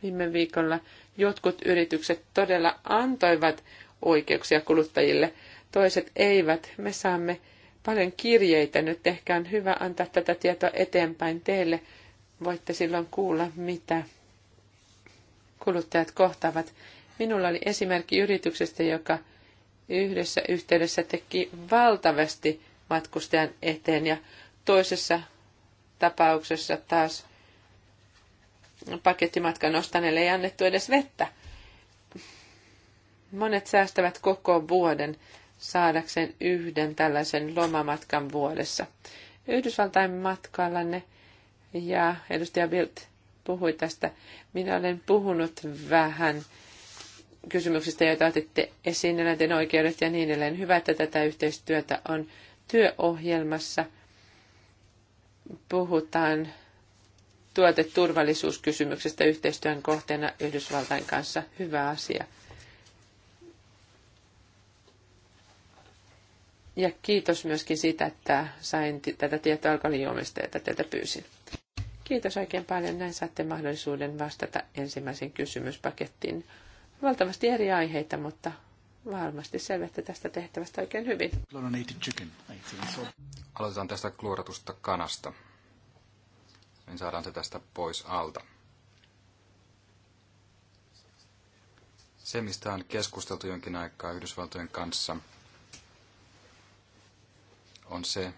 viime viikolla. Jotkut yritykset todella antoivat oikeuksia kuluttajille, toiset eivät. Me saamme paljon kirjeitä. Nyt ehkä on hyvä antaa tätä tietoa eteenpäin teille voitte silloin kuulla, mitä kuluttajat kohtaavat. Minulla oli esimerkki yrityksestä, joka yhdessä yhteydessä teki valtavasti matkustajan eteen ja toisessa tapauksessa taas pakettimatkan ostaneelle ei annettu edes vettä. Monet säästävät koko vuoden saadakseen yhden tällaisen lomamatkan vuodessa. Yhdysvaltain matkallanne ne ja edustaja Vilt puhui tästä. Minä olen puhunut vähän kysymyksistä, joita otitte esiin, eläinten oikeudet ja niin edelleen. Hyvä, että tätä yhteistyötä on työohjelmassa. Puhutaan tuoteturvallisuuskysymyksestä yhteistyön kohteena Yhdysvaltain kanssa. Hyvä asia. Ja kiitos myöskin siitä, että sain tätä tietoa alkoholijuomista, jota teiltä pyysin. Kiitos oikein paljon. Näin saatte mahdollisuuden vastata ensimmäisen kysymyspakettiin. Valtavasti eri aiheita, mutta varmasti selviätte tästä tehtävästä oikein hyvin. Aloitetaan tästä klooratusta kanasta. Niin saadaan se tästä pois alta. Se, mistä on keskusteltu jonkin aikaa Yhdysvaltojen kanssa – on se,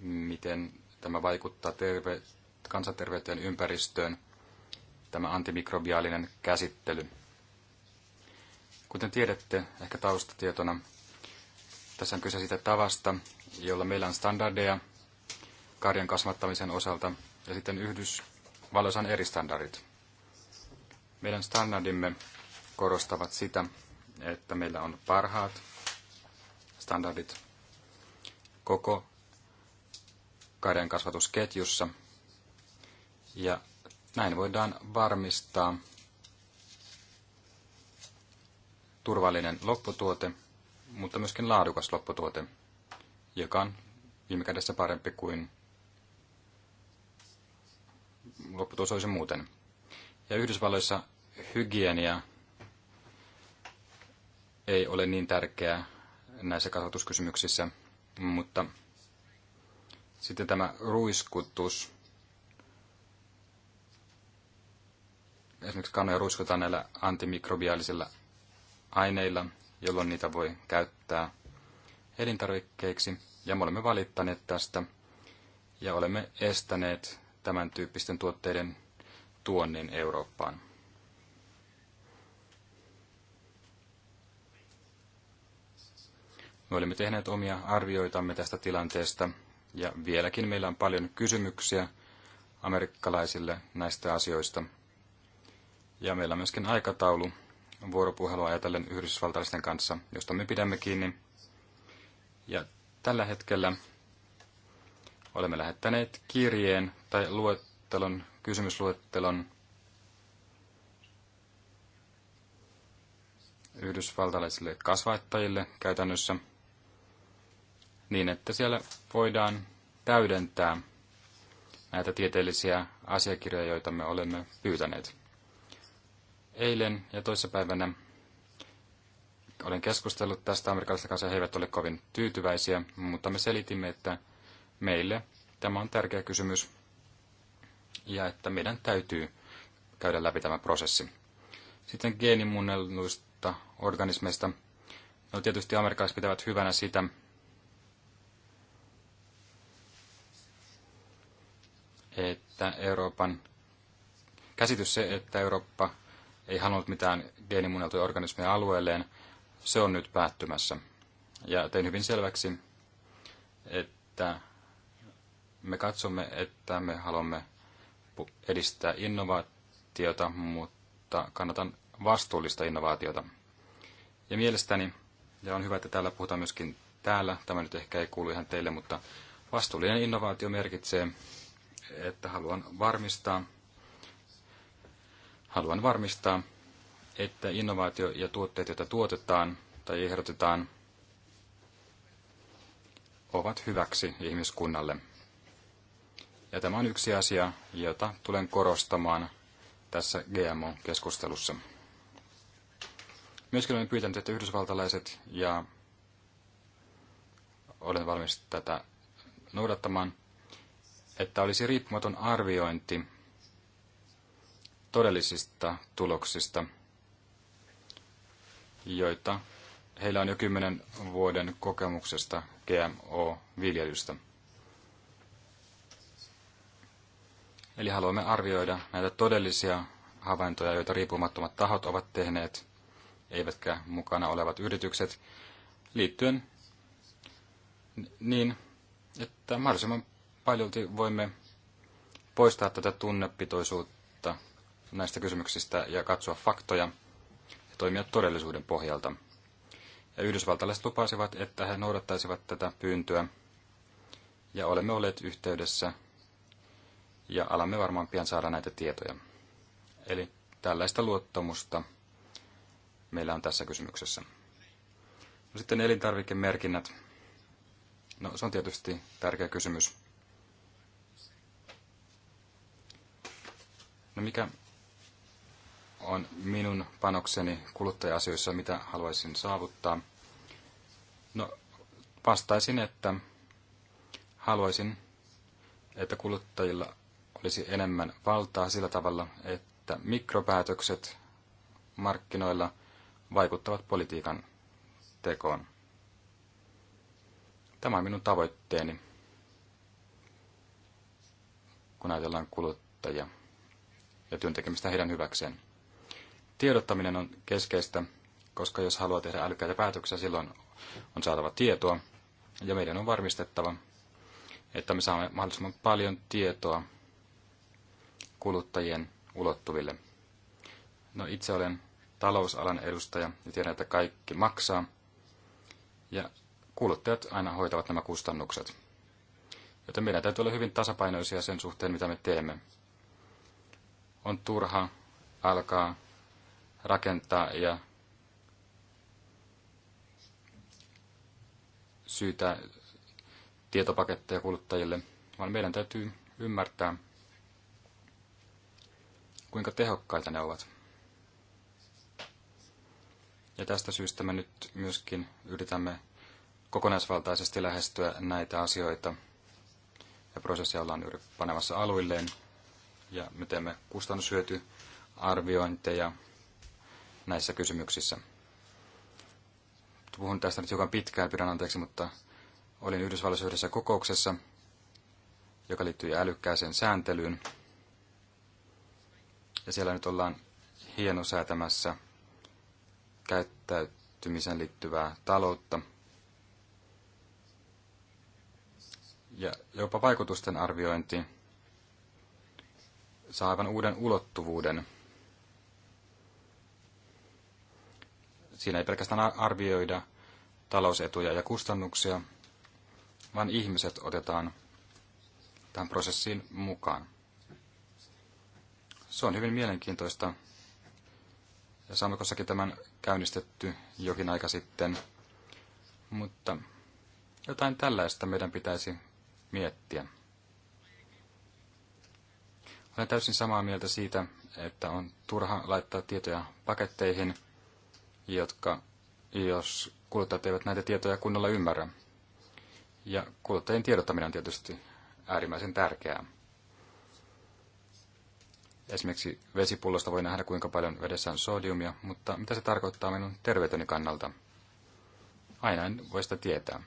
miten tämä vaikuttaa terve, kansanterveyteen ympäristöön, tämä antimikrobiaalinen käsittely. Kuten tiedätte, ehkä taustatietona, tässä on kyse siitä tavasta, jolla meillä on standardeja karjan kasvattamisen osalta, ja sitten Yhdysvalloissa on eri standardit. Meidän standardimme korostavat sitä, että meillä on parhaat standardit koko karjan kasvatusketjussa. Ja näin voidaan varmistaa turvallinen lopputuote, mutta myöskin laadukas lopputuote, joka on viime kädessä parempi kuin lopputuote olisi muuten. Ja Yhdysvalloissa hygienia ei ole niin tärkeää näissä kasvatuskysymyksissä. Mutta sitten tämä ruiskutus. Esimerkiksi kanoja ruiskutaan näillä antimikrobiaalisilla aineilla, jolloin niitä voi käyttää elintarvikkeiksi. Ja me olemme valittaneet tästä ja olemme estäneet tämän tyyppisten tuotteiden tuonnin Eurooppaan. Me olemme tehneet omia arvioitamme tästä tilanteesta ja vieläkin meillä on paljon kysymyksiä amerikkalaisille näistä asioista. Ja meillä on myöskin aikataulu vuoropuhelua ajatellen yhdysvaltalaisten kanssa, josta me pidämme kiinni. Ja tällä hetkellä olemme lähettäneet kirjeen tai luettelon, kysymysluettelon yhdysvaltalaisille kasvattajille käytännössä – niin, että siellä voidaan täydentää näitä tieteellisiä asiakirjoja, joita me olemme pyytäneet. Eilen ja toissapäivänä olen keskustellut tästä amerikkalaisesta kanssa, he eivät ole kovin tyytyväisiä, mutta me selitimme, että meille tämä on tärkeä kysymys ja että meidän täytyy käydä läpi tämä prosessi. Sitten geenimuunnelluista organismeista. No tietysti amerikkalaiset pitävät hyvänä sitä, että Euroopan käsitys se, että Eurooppa ei halunnut mitään geenimuunneltuja organismeja alueelleen, se on nyt päättymässä. Ja tein hyvin selväksi, että me katsomme, että me haluamme edistää innovaatiota, mutta kannatan vastuullista innovaatiota. Ja mielestäni, ja on hyvä, että täällä puhutaan myöskin täällä, tämä nyt ehkä ei kuulu ihan teille, mutta vastuullinen innovaatio merkitsee, että haluan varmistaa, haluan varmistaa, että innovaatio ja tuotteet, joita tuotetaan tai ehdotetaan, ovat hyväksi ihmiskunnalle. Ja tämä on yksi asia, jota tulen korostamaan tässä GMO-keskustelussa. Myöskin olen pyytänyt, että yhdysvaltalaiset ja olen valmis tätä noudattamaan – että olisi riippumaton arviointi todellisista tuloksista, joita heillä on jo kymmenen vuoden kokemuksesta GMO-viljelystä. Eli haluamme arvioida näitä todellisia havaintoja, joita riippumattomat tahot ovat tehneet, eivätkä mukana olevat yritykset, liittyen niin, että mahdollisimman paljolti voimme poistaa tätä tunnepitoisuutta näistä kysymyksistä ja katsoa faktoja ja toimia todellisuuden pohjalta. Ja yhdysvaltalaiset lupasivat, että he noudattaisivat tätä pyyntöä ja olemme olleet yhteydessä ja alamme varmaan pian saada näitä tietoja. Eli tällaista luottamusta meillä on tässä kysymyksessä. No sitten elintarvikemerkinnät. No se on tietysti tärkeä kysymys. No mikä on minun panokseni kuluttaja-asioissa, mitä haluaisin saavuttaa? No vastaisin, että haluaisin, että kuluttajilla olisi enemmän valtaa sillä tavalla, että mikropäätökset markkinoilla vaikuttavat politiikan tekoon. Tämä on minun tavoitteeni, kun ajatellaan kuluttajia ja työn tekemistä heidän hyväkseen. Tiedottaminen on keskeistä, koska jos haluaa tehdä älykkäitä päätöksiä, silloin on saatava tietoa, ja meidän on varmistettava, että me saamme mahdollisimman paljon tietoa kuluttajien ulottuville. No itse olen talousalan edustaja ja tiedän, että kaikki maksaa, ja kuluttajat aina hoitavat nämä kustannukset. Joten meidän täytyy olla hyvin tasapainoisia sen suhteen, mitä me teemme on turha alkaa rakentaa ja syytää tietopaketteja kuluttajille, vaan meidän täytyy ymmärtää, kuinka tehokkaita ne ovat. Ja tästä syystä me nyt myöskin yritämme kokonaisvaltaisesti lähestyä näitä asioita ja prosessia ollaan panemassa aluilleen ja me teemme kustannushyötyarviointeja näissä kysymyksissä. Puhun tästä nyt hiukan pitkään, pidän anteeksi, mutta olin Yhdysvalloissa yhdessä kokouksessa, joka liittyy älykkääseen sääntelyyn. Ja siellä nyt ollaan hieno säätämässä käyttäytymiseen liittyvää taloutta. Ja jopa vaikutusten arviointi saa aivan uuden ulottuvuuden. Siinä ei pelkästään arvioida talousetuja ja kustannuksia, vaan ihmiset otetaan tähän prosessiin mukaan. Se on hyvin mielenkiintoista. Ja Samokossakin tämän käynnistetty jokin aika sitten. Mutta jotain tällaista meidän pitäisi miettiä. Olen täysin samaa mieltä siitä, että on turha laittaa tietoja paketteihin, jotka, jos kuluttajat eivät näitä tietoja kunnolla ymmärrä. Ja kuluttajien tiedottaminen on tietysti äärimmäisen tärkeää. Esimerkiksi vesipullosta voi nähdä, kuinka paljon vedessä on sodiumia, mutta mitä se tarkoittaa minun terveyteni kannalta? Aina en voi sitä tietää.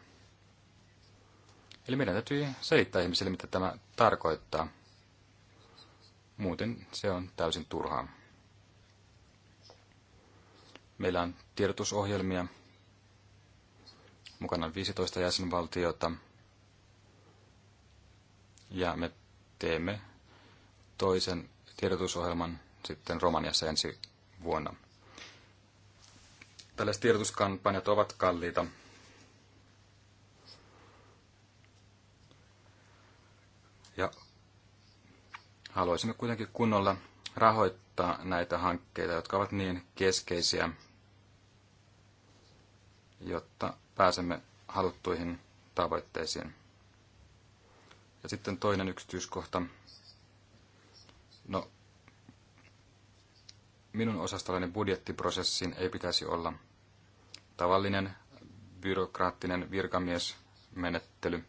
Eli meidän täytyy selittää ihmisille, mitä tämä tarkoittaa. Muuten se on täysin turhaa. Meillä on tiedotusohjelmia. Mukana on 15 jäsenvaltiota. Ja me teemme toisen tiedotusohjelman sitten Romaniassa ensi vuonna. Tällaiset tiedotuskampanjat ovat kalliita. Ja Haluaisimme kuitenkin kunnolla rahoittaa näitä hankkeita, jotka ovat niin keskeisiä, jotta pääsemme haluttuihin tavoitteisiin. Ja sitten toinen yksityiskohta. No, minun osastollani budjettiprosessin ei pitäisi olla tavallinen byrokraattinen virkamiesmenettely,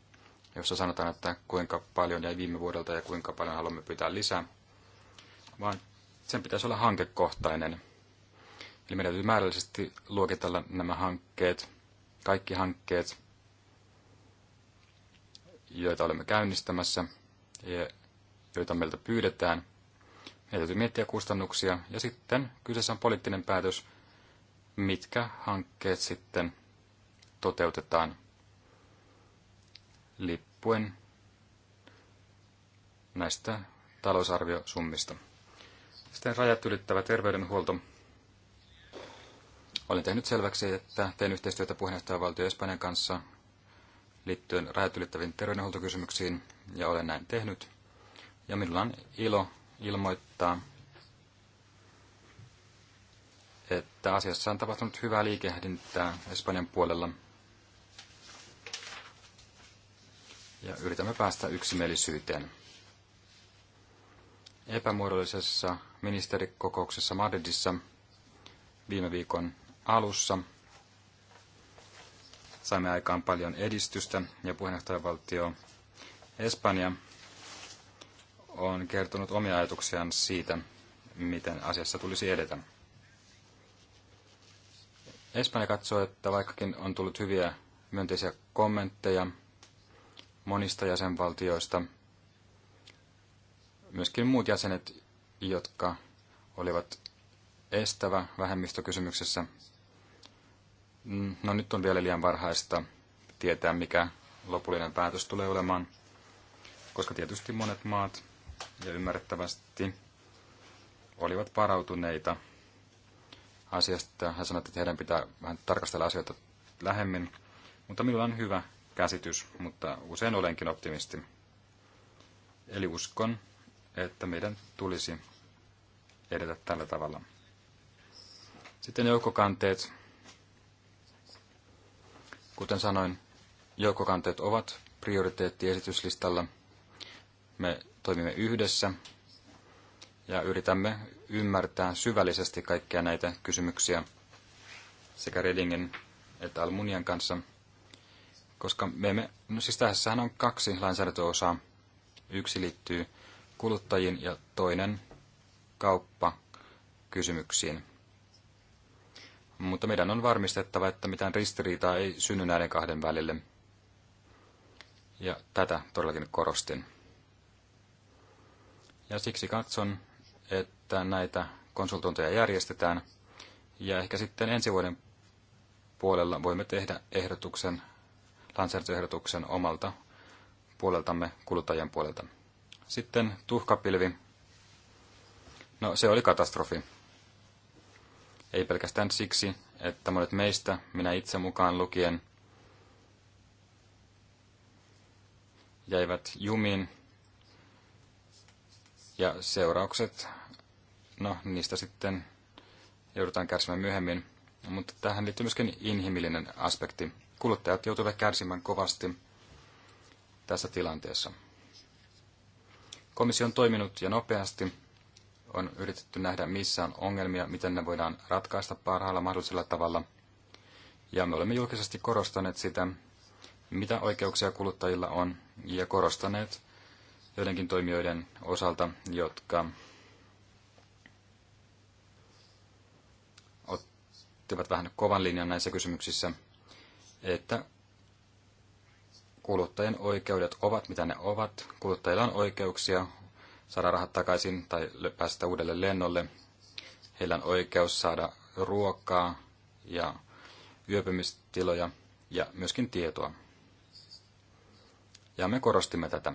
jossa sanotaan, että kuinka paljon jäi viime vuodelta ja kuinka paljon haluamme pyytää lisää, vaan sen pitäisi olla hankekohtainen. Eli meidän täytyy määrällisesti luokitella nämä hankkeet, kaikki hankkeet, joita olemme käynnistämässä ja joita meiltä pyydetään. Meidän täytyy miettiä kustannuksia ja sitten kyseessä on poliittinen päätös, mitkä hankkeet sitten toteutetaan lippuen näistä talousarviosummista. Sitten rajat ylittävä terveydenhuolto. Olen tehnyt selväksi, että teen yhteistyötä puheenjohtajavaltio Espanjan kanssa liittyen rajat ylittäviin terveydenhuoltokysymyksiin, ja olen näin tehnyt. Ja minulla on ilo ilmoittaa, että asiassa on tapahtunut hyvää liikehdintää Espanjan puolella – ja yritämme päästä yksimielisyyteen. Epämuodollisessa ministerikokouksessa Madridissa viime viikon alussa saimme aikaan paljon edistystä ja puheenjohtajavaltio Espanja on kertonut omia ajatuksiaan siitä, miten asiassa tulisi edetä. Espanja katsoo, että vaikkakin on tullut hyviä myönteisiä kommentteja monista jäsenvaltioista. Myöskin muut jäsenet, jotka olivat estävä vähemmistökysymyksessä. No nyt on vielä liian varhaista tietää, mikä lopullinen päätös tulee olemaan, koska tietysti monet maat ja ymmärrettävästi olivat varautuneita asiasta. Hän sanoi, että heidän pitää vähän tarkastella asioita lähemmin, mutta minulla on hyvä käsitys, mutta usein olenkin optimisti. Eli uskon, että meidän tulisi edetä tällä tavalla. Sitten joukkokanteet. Kuten sanoin, joukkokanteet ovat prioriteettiesityslistalla. Me toimimme yhdessä ja yritämme ymmärtää syvällisesti kaikkia näitä kysymyksiä sekä Redingen että Almunian kanssa – koska me emme, no siis tässähän on kaksi lainsäädäntöosaa. Yksi liittyy kuluttajiin ja toinen kauppakysymyksiin. Mutta meidän on varmistettava, että mitään ristiriitaa ei synny näiden kahden välille. Ja tätä todellakin korostin. Ja siksi katson, että näitä konsultointeja järjestetään. Ja ehkä sitten ensi vuoden puolella voimme tehdä ehdotuksen lainsäädäntöehdotuksen omalta puoleltamme kuluttajien puolelta. Sitten tuhkapilvi. No se oli katastrofi. Ei pelkästään siksi, että monet meistä, minä itse mukaan lukien, jäivät jumiin. Ja seuraukset, no niistä sitten joudutaan kärsimään myöhemmin. Mutta tähän liittyy myöskin inhimillinen aspekti. Kuluttajat joutuvat kärsimään kovasti tässä tilanteessa. Komissio on toiminut ja nopeasti. On yritetty nähdä, missä on ongelmia, miten ne voidaan ratkaista parhaalla mahdollisella tavalla. Ja me olemme julkisesti korostaneet sitä, mitä oikeuksia kuluttajilla on, ja korostaneet joidenkin toimijoiden osalta, jotka ottivat vähän kovan linjan näissä kysymyksissä, että kuluttajien oikeudet ovat mitä ne ovat. Kuluttajilla on oikeuksia saada rahat takaisin tai päästä uudelle lennolle. Heillä on oikeus saada ruokaa ja yöpymistiloja ja myöskin tietoa. Ja me korostimme tätä.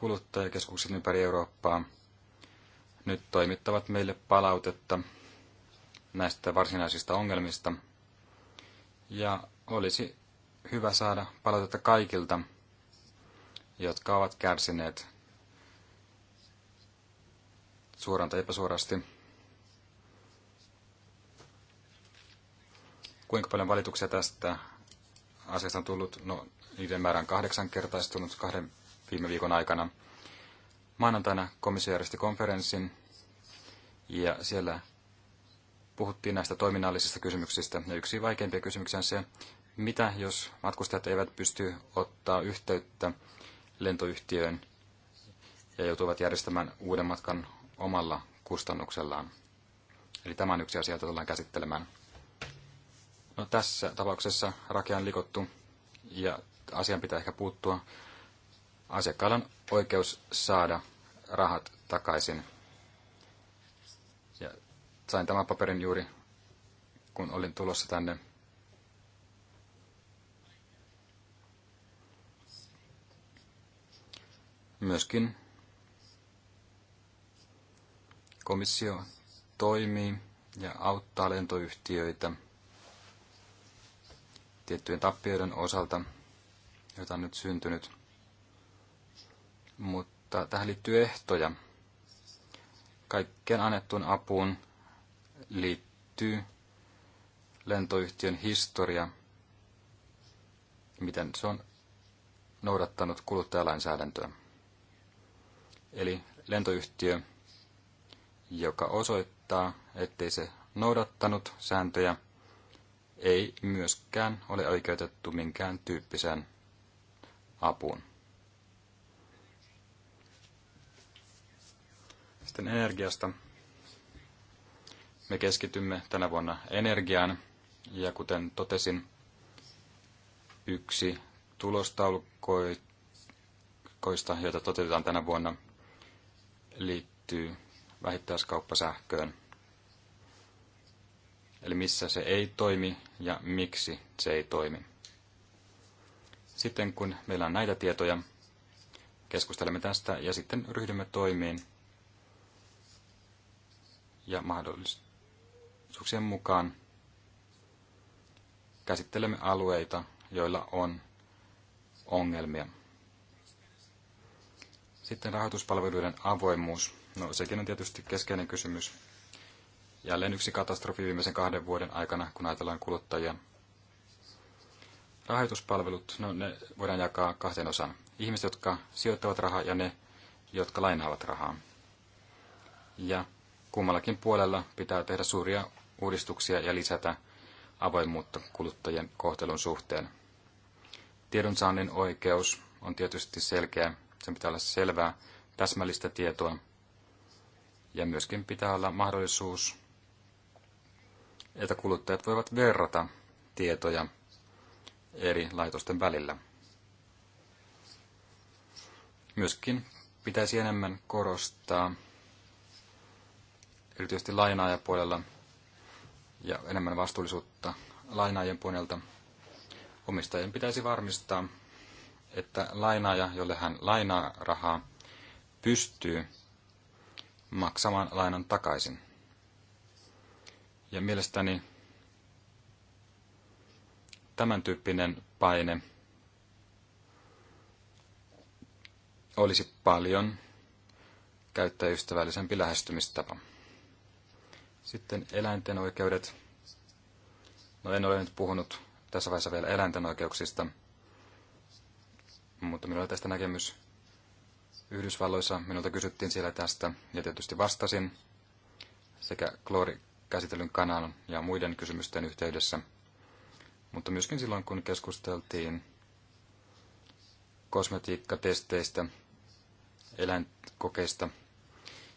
kuluttajakeskukset ympäri Eurooppaa nyt toimittavat meille palautetta näistä varsinaisista ongelmista. Ja olisi hyvä saada palautetta kaikilta, jotka ovat kärsineet suoraan tai epäsuorasti. Kuinka paljon valituksia tästä asiasta on tullut? No, niiden määrä on kahdeksankertaistunut kahden viime viikon aikana. Maanantaina komissio järjesti konferenssin ja siellä puhuttiin näistä toiminnallisista kysymyksistä. Ja yksi vaikeimpia kysymyksiä on se, mitä jos matkustajat eivät pysty ottaa yhteyttä lentoyhtiöön ja joutuvat järjestämään uuden matkan omalla kustannuksellaan. Eli tämä on yksi asia, jota tullaan käsittelemään. No, tässä tapauksessa rake on likottu ja asian pitää ehkä puuttua Asiakkaalla on oikeus saada rahat takaisin. Ja sain tämän paperin juuri, kun olin tulossa tänne. Myöskin komissio toimii ja auttaa lentoyhtiöitä tiettyjen tappioiden osalta, joita on nyt syntynyt – mutta tähän liittyy ehtoja. Kaikkeen annettuun apuun liittyy lentoyhtiön historia, miten se on noudattanut kuluttajalainsäädäntöä. Eli lentoyhtiö, joka osoittaa, ettei se noudattanut sääntöjä, ei myöskään ole oikeutettu minkään tyyppiseen apuun. Sitten energiasta. Me keskitymme tänä vuonna energiaan ja kuten totesin, yksi tulostaulukoista, joita toteutetaan tänä vuonna, liittyy vähittäiskauppasähköön. Eli missä se ei toimi ja miksi se ei toimi. Sitten kun meillä on näitä tietoja, keskustelemme tästä ja sitten ryhdymme toimiin ja mahdollisuuksien mukaan käsittelemme alueita, joilla on ongelmia. Sitten rahoituspalveluiden avoimuus. No sekin on tietysti keskeinen kysymys. Jälleen yksi katastrofi viimeisen kahden vuoden aikana, kun ajatellaan kuluttajia. Rahoituspalvelut, no ne voidaan jakaa kahteen osaan. Ihmiset, jotka sijoittavat rahaa ja ne, jotka lainaavat rahaa. Ja kummallakin puolella pitää tehdä suuria uudistuksia ja lisätä avoimuutta kuluttajien kohtelun suhteen. Tiedonsaannin oikeus on tietysti selkeä. Sen pitää olla selvää, täsmällistä tietoa. Ja myöskin pitää olla mahdollisuus, että kuluttajat voivat verrata tietoja eri laitosten välillä. Myöskin pitäisi enemmän korostaa erityisesti lainaajapuolella ja enemmän vastuullisuutta lainaajien puolelta. Omistajien pitäisi varmistaa, että lainaaja, jolle hän lainaa rahaa, pystyy maksamaan lainan takaisin. Ja mielestäni tämän tyyppinen paine olisi paljon käyttäjäystävällisempi lähestymistapa. Sitten eläinten oikeudet. No en ole nyt puhunut tässä vaiheessa vielä eläinten oikeuksista, mutta minulla oli tästä näkemys Yhdysvalloissa. Minulta kysyttiin siellä tästä ja tietysti vastasin sekä käsitellyn kanan ja muiden kysymysten yhteydessä. Mutta myöskin silloin, kun keskusteltiin kosmetiikkatesteistä, eläinkokeista,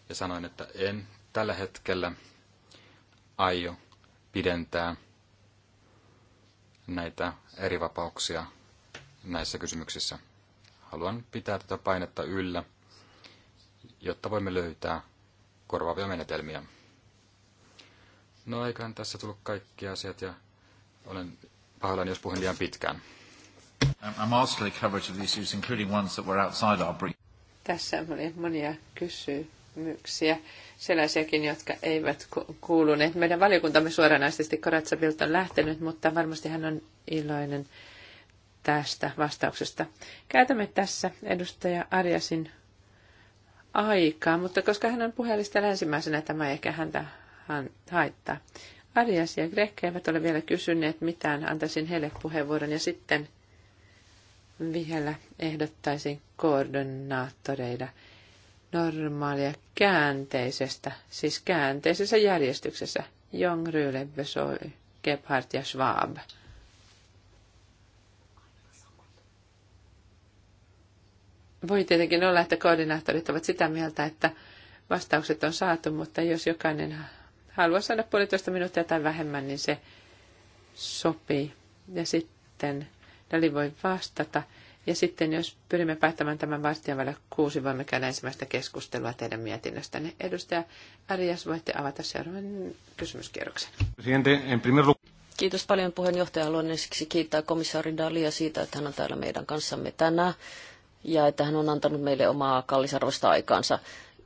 ja sanoin, että en tällä hetkellä aio pidentää näitä eri vapauksia näissä kysymyksissä. Haluan pitää tätä painetta yllä, jotta voimme löytää korvaavia menetelmiä. No eiköhän tässä tullut kaikki asiat ja olen pahoillani, jos puhun liian pitkään. Tässä oli monia kysymyksiä kysymyksiä, sellaisiakin, jotka eivät kuuluneet. Meidän valiokuntamme suoranaisesti Karatsavilta on lähtenyt, mutta varmasti hän on iloinen tästä vastauksesta. Käytämme tässä edustaja Arjasin aikaa, mutta koska hän on puhelista ensimmäisenä, tämä ei ehkä häntä haittaa. Arias ja Greg eivät ole vielä kysyneet mitään, antaisin heille puheenvuoron ja sitten vielä ehdottaisin koordinaattoreita normaalia käänteisestä, siis käänteisessä järjestyksessä. Jong Ryle, Besoi, Gebhardt ja Schwab. Voi tietenkin olla, että koordinaattorit ovat sitä mieltä, että vastaukset on saatu, mutta jos jokainen haluaa saada puolitoista minuuttia tai vähemmän, niin se sopii. Ja sitten Dali voi vastata ja sitten jos pyrimme päättämään tämän vartijavalle kuusi, voimme käydä ensimmäistä keskustelua teidän mietinnöstänne. Edustaja Arias, voitte avata seuraavan kysymyskierroksen. Kiitos paljon puheenjohtaja. Haluan ensiksi kiittää komissaari Dalia siitä, että hän on täällä meidän kanssamme tänään ja että hän on antanut meille omaa kallisarvoista aikaansa.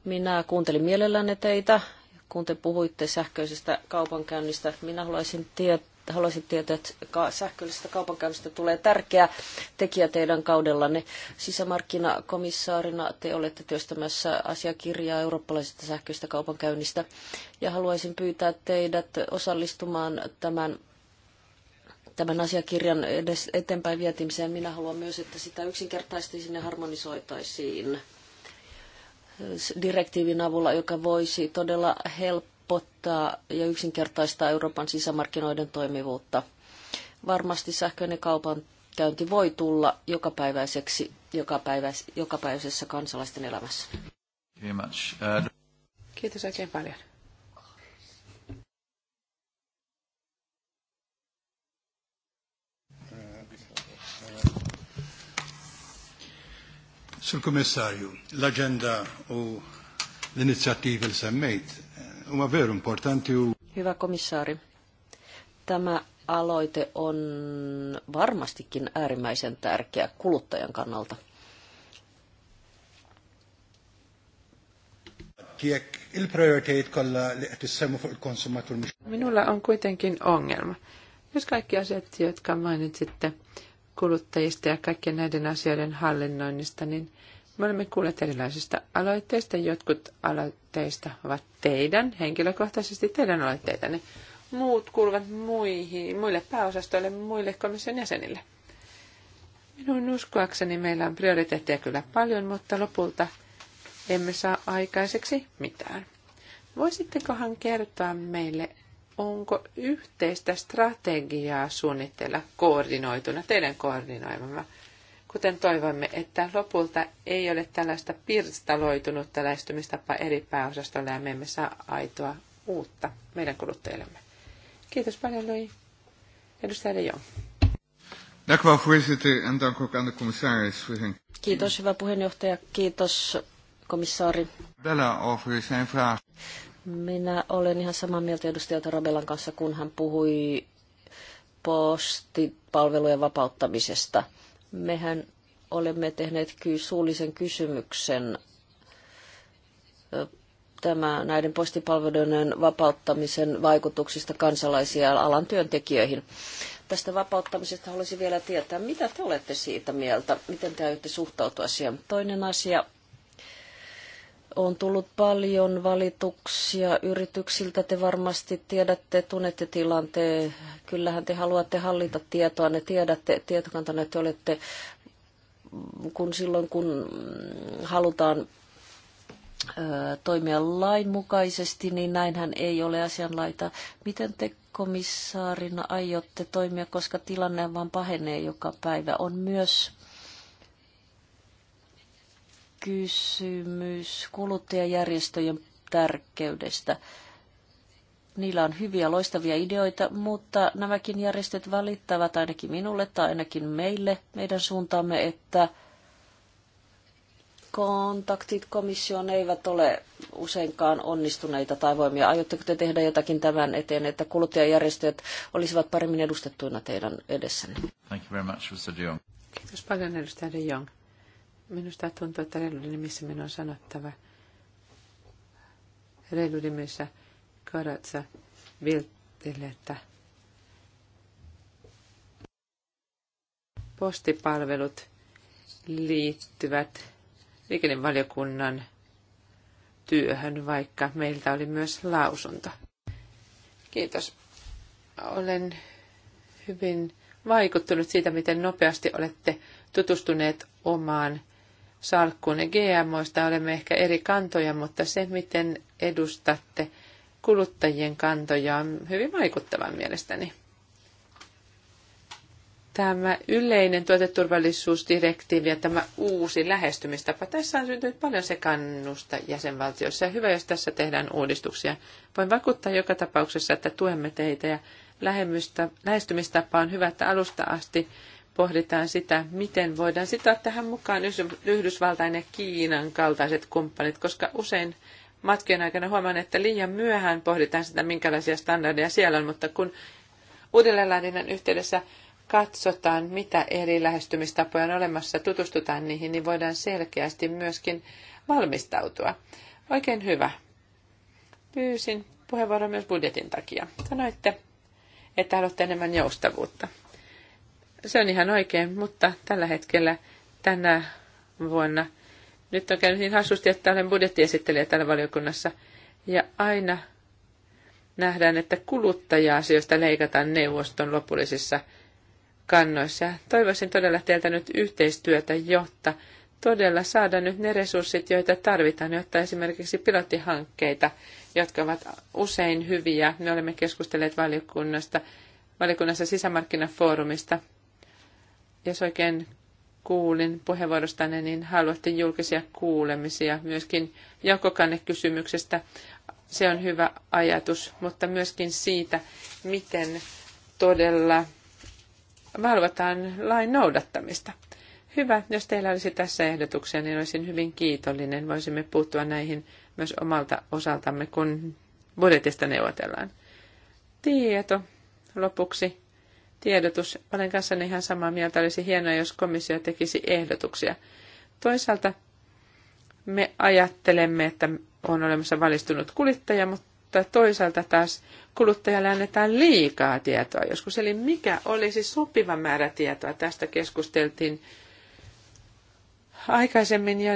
Minä kuuntelin mielelläni teitä, kun te puhuitte sähköisestä kaupankäynnistä. Minä haluaisin tietää, haluaisin tietää, että sähköisestä kaupankäynnistä tulee tärkeä tekijä teidän kaudellanne. Sisämarkkinakomissaarina te olette työstämässä asiakirjaa eurooppalaisesta sähköistä kaupankäynnistä ja haluaisin pyytää teidät osallistumaan tämän tämän asiakirjan edes eteenpäin vietimiseen. Minä haluan myös, että sitä yksinkertaisesti sinne harmonisoitaisiin direktiivin avulla, joka voisi todella help helpottaa ja yksinkertaistaa Euroopan sisämarkkinoiden toimivuutta. Varmasti sähköinen kaupan käynti voi tulla jokapäiväiseksi jokapäiväis, jokapäiväisessä kansalaisten elämässä. Uh, Kiitos oikein paljon. Sul commissario, l'agenda o l'iniziativa inizjattivi li Hyvä komissaari, tämä aloite on varmastikin äärimmäisen tärkeä kuluttajan kannalta. Minulla on kuitenkin ongelma. Jos kaikki asiat, jotka mainitsitte kuluttajista ja kaikkien näiden asioiden hallinnoinnista, niin me olemme kuulleet erilaisista aloitteista. Jotkut aloitteista ovat teidän, henkilökohtaisesti teidän aloitteitanne. Muut kuuluvat muihin, muille pääosastoille, muille komission jäsenille. Minun uskoakseni meillä on prioriteetteja kyllä paljon, mutta lopulta emme saa aikaiseksi mitään. Voisittekohan kertoa meille, onko yhteistä strategiaa suunnitteilla koordinoituna, teidän koordinoimamme kuten toivomme, että lopulta ei ole tällaista pirstaloitunutta lähestymistapaa eri pääosastolla ja me emme saa aitoa uutta meidän kuluttajillemme. Kiitos paljon, Lui. Edustaja De Jong. Kiitos, hyvä puheenjohtaja. Kiitos, komissaari. Minä olen ihan samaa mieltä edustaja Tarabellan kanssa, kun hän puhui postipalvelujen vapauttamisesta – Mehän olemme tehneet suullisen kysymyksen tämä, näiden postipalveluiden vapauttamisen vaikutuksista kansalaisia ja alan työntekijöihin. Tästä vapauttamisesta haluaisin vielä tietää, mitä te olette siitä mieltä, miten te aiotte suhtautua siihen. Toinen asia, on tullut paljon valituksia yrityksiltä. Te varmasti tiedätte, tunnette tilanteen. Kyllähän te haluatte hallita tietoa. Ne tiedätte tietokantana, että olette kun silloin, kun mm, halutaan toimia lainmukaisesti, niin näinhän ei ole asianlaita. Miten te komissaarina aiotte toimia, koska tilanne vaan pahenee joka päivä? On myös kysymys kuluttajajärjestöjen tärkeydestä. Niillä on hyviä, loistavia ideoita, mutta nämäkin järjestöt valittavat ainakin minulle tai ainakin meille, meidän suuntaamme, että kontaktit komissioon eivät ole useinkaan onnistuneita tai voimia. Aiotteko te tehdä jotakin tämän eteen, että kuluttajajärjestöt olisivat paremmin edustettuina teidän edessänne? Thank you very much, Mr. Kiitos paljon, edustaja De Jong. Minusta tuntuu, että reiluuden nimissä minun on sanottava. Reiluuden nimissä Karatsa Viltille, että postipalvelut liittyvät liikennevaliokunnan työhön, vaikka meiltä oli myös lausunto. Kiitos. Olen hyvin vaikuttunut siitä, miten nopeasti olette tutustuneet omaan salkkuun. GMOista olemme ehkä eri kantoja, mutta se, miten edustatte kuluttajien kantoja, on hyvin vaikuttava mielestäni. Tämä yleinen tuoteturvallisuusdirektiivi ja tämä uusi lähestymistapa. Tässä on syntynyt paljon sekannusta jäsenvaltioissa ja hyvä, jos tässä tehdään uudistuksia. Voin vakuuttaa joka tapauksessa, että tuemme teitä ja lähestymistapa on hyvä, että alusta asti pohditaan sitä, miten voidaan sitoa tähän mukaan Yhdysvaltain ja Kiinan kaltaiset kumppanit, koska usein matkien aikana huomaan, että liian myöhään pohditaan sitä, minkälaisia standardeja siellä on, mutta kun uudelleenlaadinnan yhteydessä katsotaan, mitä eri lähestymistapoja on olemassa, tutustutaan niihin, niin voidaan selkeästi myöskin valmistautua. Oikein hyvä. Pyysin puheenvuoron myös budjetin takia. Sanoitte, että haluatte enemmän joustavuutta. Se on ihan oikein, mutta tällä hetkellä tänä vuonna nyt on käynyt niin hassusti, että olen budjettiesittelijä täällä valiokunnassa ja aina nähdään, että kuluttaja-asioista leikataan neuvoston lopullisissa kannoissa. Toivoisin todella teiltä nyt yhteistyötä, jotta todella saada nyt ne resurssit, joita tarvitaan, jotta esimerkiksi pilottihankkeita, jotka ovat usein hyviä, me olemme keskustelleet valiokunnasta, valiokunnassa sisämarkkinafoorumista, jos oikein kuulin puheenvuorostanne, niin haluatte julkisia kuulemisia myöskin jakokannekysymyksestä. Se on hyvä ajatus, mutta myöskin siitä, miten todella valvotaan lain noudattamista. Hyvä, jos teillä olisi tässä ehdotuksia, niin olisin hyvin kiitollinen. Voisimme puuttua näihin myös omalta osaltamme, kun budjetista neuvotellaan. Tieto lopuksi tiedotus. Olen kanssanne ihan samaa mieltä. Olisi hienoa, jos komissio tekisi ehdotuksia. Toisaalta me ajattelemme, että on olemassa valistunut kuluttaja, mutta toisaalta taas kuluttajalle annetaan liikaa tietoa joskus. Eli mikä olisi sopiva määrä tietoa? Tästä keskusteltiin aikaisemmin ja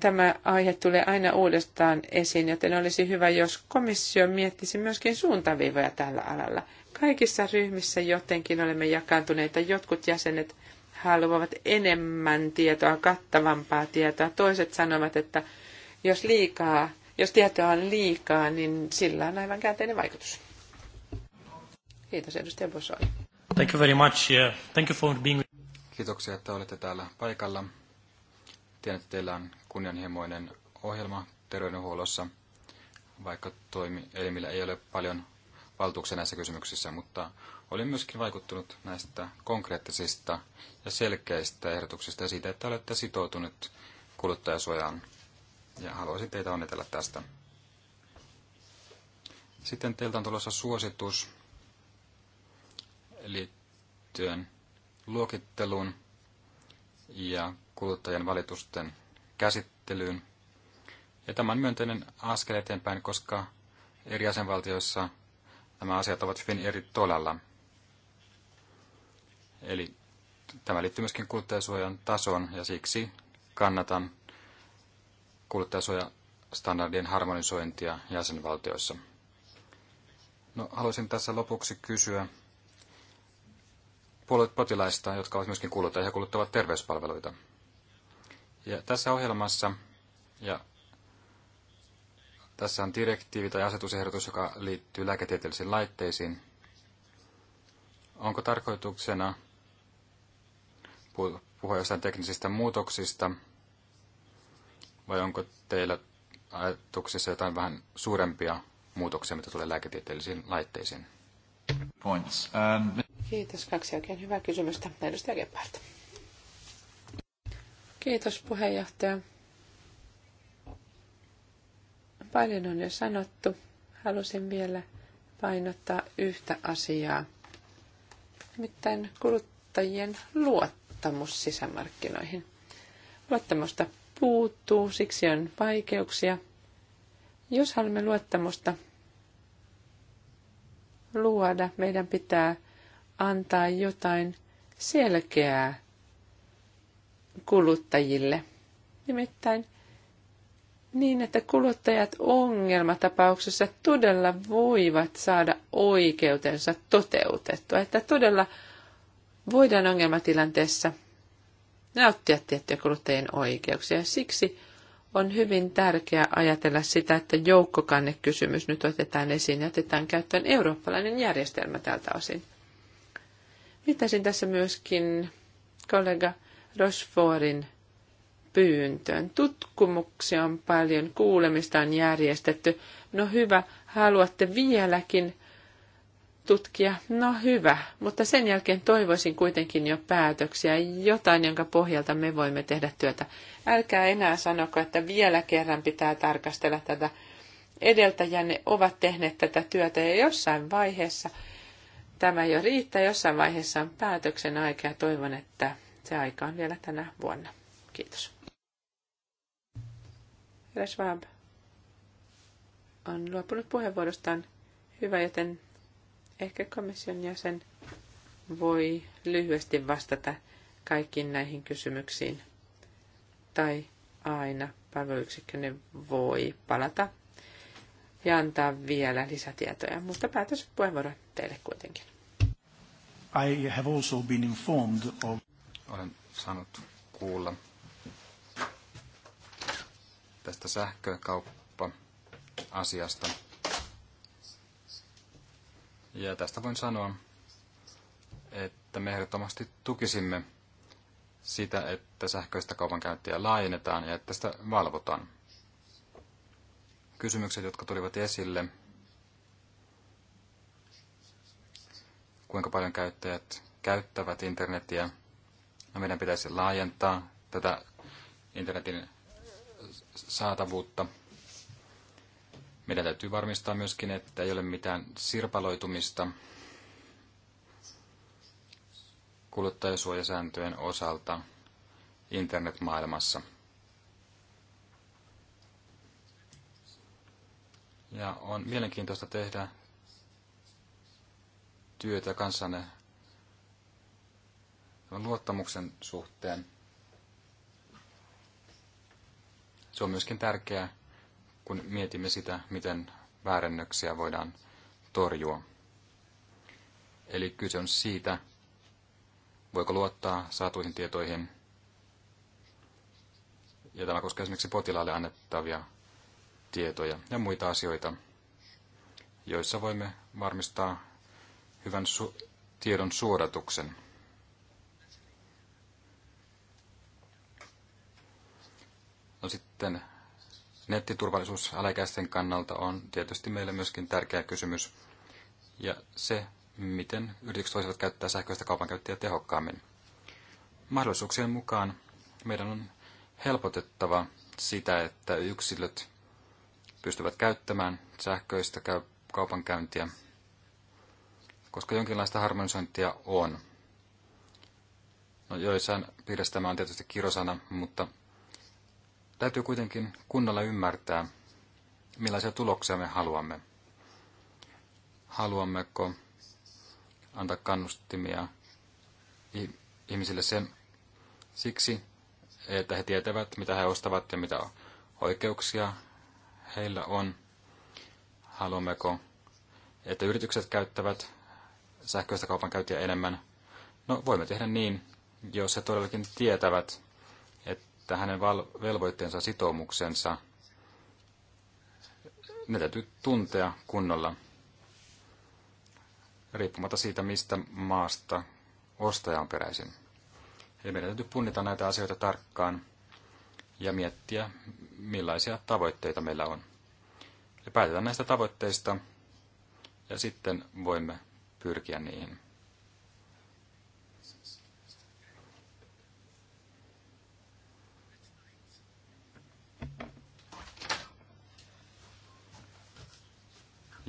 tämä aihe tulee aina uudestaan esiin, joten olisi hyvä, jos komissio miettisi myöskin suuntaviivoja tällä alalla – Kaikissa ryhmissä jotenkin olemme jakaantuneita. Jotkut jäsenet haluavat enemmän tietoa, kattavampaa tietoa. Toiset sanovat, että jos, liikaa, jos tietoa on liikaa, niin sillä on aivan käänteinen vaikutus. Kiitos edustaja Bosoi. Thank you very much. Uh, thank you for being... Kiitoksia, että olette täällä paikalla. Tiedän, että teillä on kunnianhimoinen ohjelma terveydenhuollossa, vaikka toimielimillä ei ole paljon valtuuksia näissä kysymyksissä, mutta olin myöskin vaikuttunut näistä konkreettisista ja selkeistä ehdotuksista ja siitä, että olette sitoutunut kuluttajasuojaan. Ja haluaisin teitä onnitella tästä. Sitten teiltä on tulossa suositus liittyen luokitteluun ja kuluttajien valitusten käsittelyyn. Ja tämä on myönteinen askel eteenpäin, koska eri jäsenvaltioissa nämä asiat ovat hyvin eri tolalla. Eli tämä liittyy myöskin kuluttajasuojan tason ja siksi kannatan kuluttajasuojastandardien harmonisointia jäsenvaltioissa. No, haluaisin tässä lopuksi kysyä puolet potilaista, jotka ovat myöskin kuluttajia ja kuluttavat terveyspalveluita. Ja tässä ohjelmassa ja tässä on direktiivi tai asetusehdotus, joka liittyy lääketieteellisiin laitteisiin. Onko tarkoituksena puhua jostain teknisistä muutoksista, vai onko teillä ajatuksissa jotain vähän suurempia muutoksia, mitä tulee lääketieteellisiin laitteisiin? Points. Um... Kiitos. Kaksi oikein hyvää kysymystä. Edustaja Gebhardt. Kiitos puheenjohtaja. Paljon on jo sanottu. Halusin vielä painottaa yhtä asiaa. Nimittäin kuluttajien luottamus sisämarkkinoihin. Luottamusta puuttuu, siksi on vaikeuksia. Jos haluamme luottamusta luoda, meidän pitää antaa jotain selkeää kuluttajille. Nimittäin niin, että kuluttajat ongelmatapauksessa todella voivat saada oikeutensa toteutettua, että todella voidaan ongelmatilanteessa nauttia tiettyjä kuluttajien oikeuksia. Siksi on hyvin tärkeää ajatella sitä, että joukkokannekysymys nyt otetaan esiin ja otetaan käyttöön eurooppalainen järjestelmä tältä osin. Viittasin tässä myöskin kollega Rochefortin pyyntöön. Tutkimuksia on paljon, kuulemista on järjestetty. No hyvä, haluatte vieläkin tutkia. No hyvä, mutta sen jälkeen toivoisin kuitenkin jo päätöksiä, jotain, jonka pohjalta me voimme tehdä työtä. Älkää enää sanoko, että vielä kerran pitää tarkastella tätä. Edeltäjänne ovat tehneet tätä työtä ja jossain vaiheessa tämä jo riittää, jossain vaiheessa on päätöksen aika ja toivon, että se aika on vielä tänä vuonna. Kiitos. Herra Schwab on luopunut puheenvuorostaan. Hyvä, joten ehkä komission jäsen voi lyhyesti vastata kaikkiin näihin kysymyksiin. Tai aina palveluyksikkönne voi palata ja antaa vielä lisätietoja, mutta puheenvuoro teille kuitenkin. I have also been informed of... Olen saanut kuulla tästä sähkökauppa-asiasta. Ja tästä voin sanoa, että me ehdottomasti tukisimme sitä, että sähköistä kaupankäyntiä laajennetaan ja että sitä valvotaan. Kysymykset, jotka tulivat esille, kuinka paljon käyttäjät käyttävät internetiä. No meidän pitäisi laajentaa tätä internetin saatavuutta. Meidän täytyy varmistaa myöskin, että ei ole mitään sirpaloitumista kuluttajasuojasääntöjen osalta internetmaailmassa. Ja on mielenkiintoista tehdä työtä kanssanne luottamuksen suhteen. Se on myöskin tärkeää, kun mietimme sitä, miten väärennöksiä voidaan torjua. Eli kyse on siitä, voiko luottaa saatuihin tietoihin. Ja tämä koskee esimerkiksi potilaalle annettavia tietoja ja muita asioita, joissa voimme varmistaa hyvän su- tiedon suodatuksen. No sitten nettiturvallisuus äläkäisten kannalta on tietysti meille myöskin tärkeä kysymys. Ja se, miten yritykset voisivat käyttää sähköistä kaupankäyttöä tehokkaammin. Mahdollisuuksien mukaan meidän on helpotettava sitä, että yksilöt pystyvät käyttämään sähköistä kaupankäyntiä, koska jonkinlaista harmonisointia on. No, joissain piirissä tämä on tietysti kirosana, mutta Täytyy kuitenkin kunnolla ymmärtää, millaisia tuloksia me haluamme. Haluammeko antaa kannustimia ihmisille sen siksi, että he tietävät, mitä he ostavat ja mitä oikeuksia heillä on. Haluammeko, että yritykset käyttävät sähköistä kaupan käyttäjä enemmän? No voimme tehdä niin, jos he todellakin tietävät, että hänen velvoitteensa sitoumuksensa, ne täytyy tuntea kunnolla, riippumatta siitä, mistä maasta ostaja on peräisin. Eli meidän täytyy punnita näitä asioita tarkkaan ja miettiä, millaisia tavoitteita meillä on. Ja päätetään näistä tavoitteista ja sitten voimme pyrkiä niihin.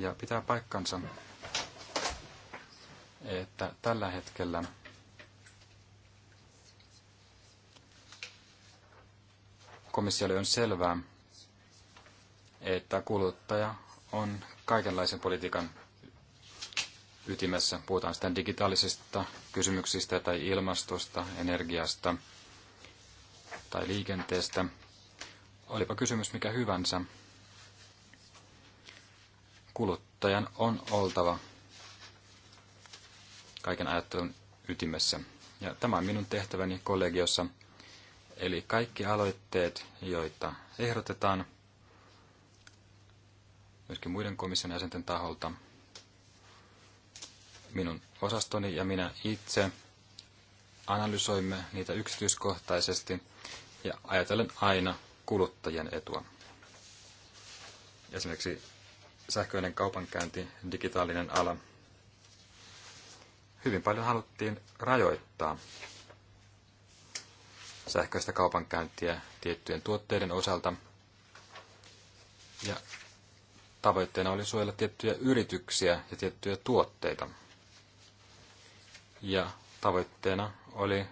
Ja pitää paikkansa, että tällä hetkellä komissiolle on selvää, että kuluttaja on kaikenlaisen politiikan ytimessä. Puhutaan sitten digitaalisista kysymyksistä tai ilmastosta, energiasta tai liikenteestä. Olipa kysymys mikä hyvänsä, kuluttajan on oltava kaiken ajattelun ytimessä. Ja tämä on minun tehtäväni kollegiossa. Eli kaikki aloitteet, joita ehdotetaan myöskin muiden komission jäsenten taholta, minun osastoni ja minä itse analysoimme niitä yksityiskohtaisesti ja ajatellen aina kuluttajien etua. Esimerkiksi sähköinen kaupankäynti, digitaalinen ala. Hyvin paljon haluttiin rajoittaa sähköistä kaupankäyntiä tiettyjen tuotteiden osalta. Ja tavoitteena oli suojella tiettyjä yrityksiä ja tiettyjä tuotteita. Ja tavoitteena oli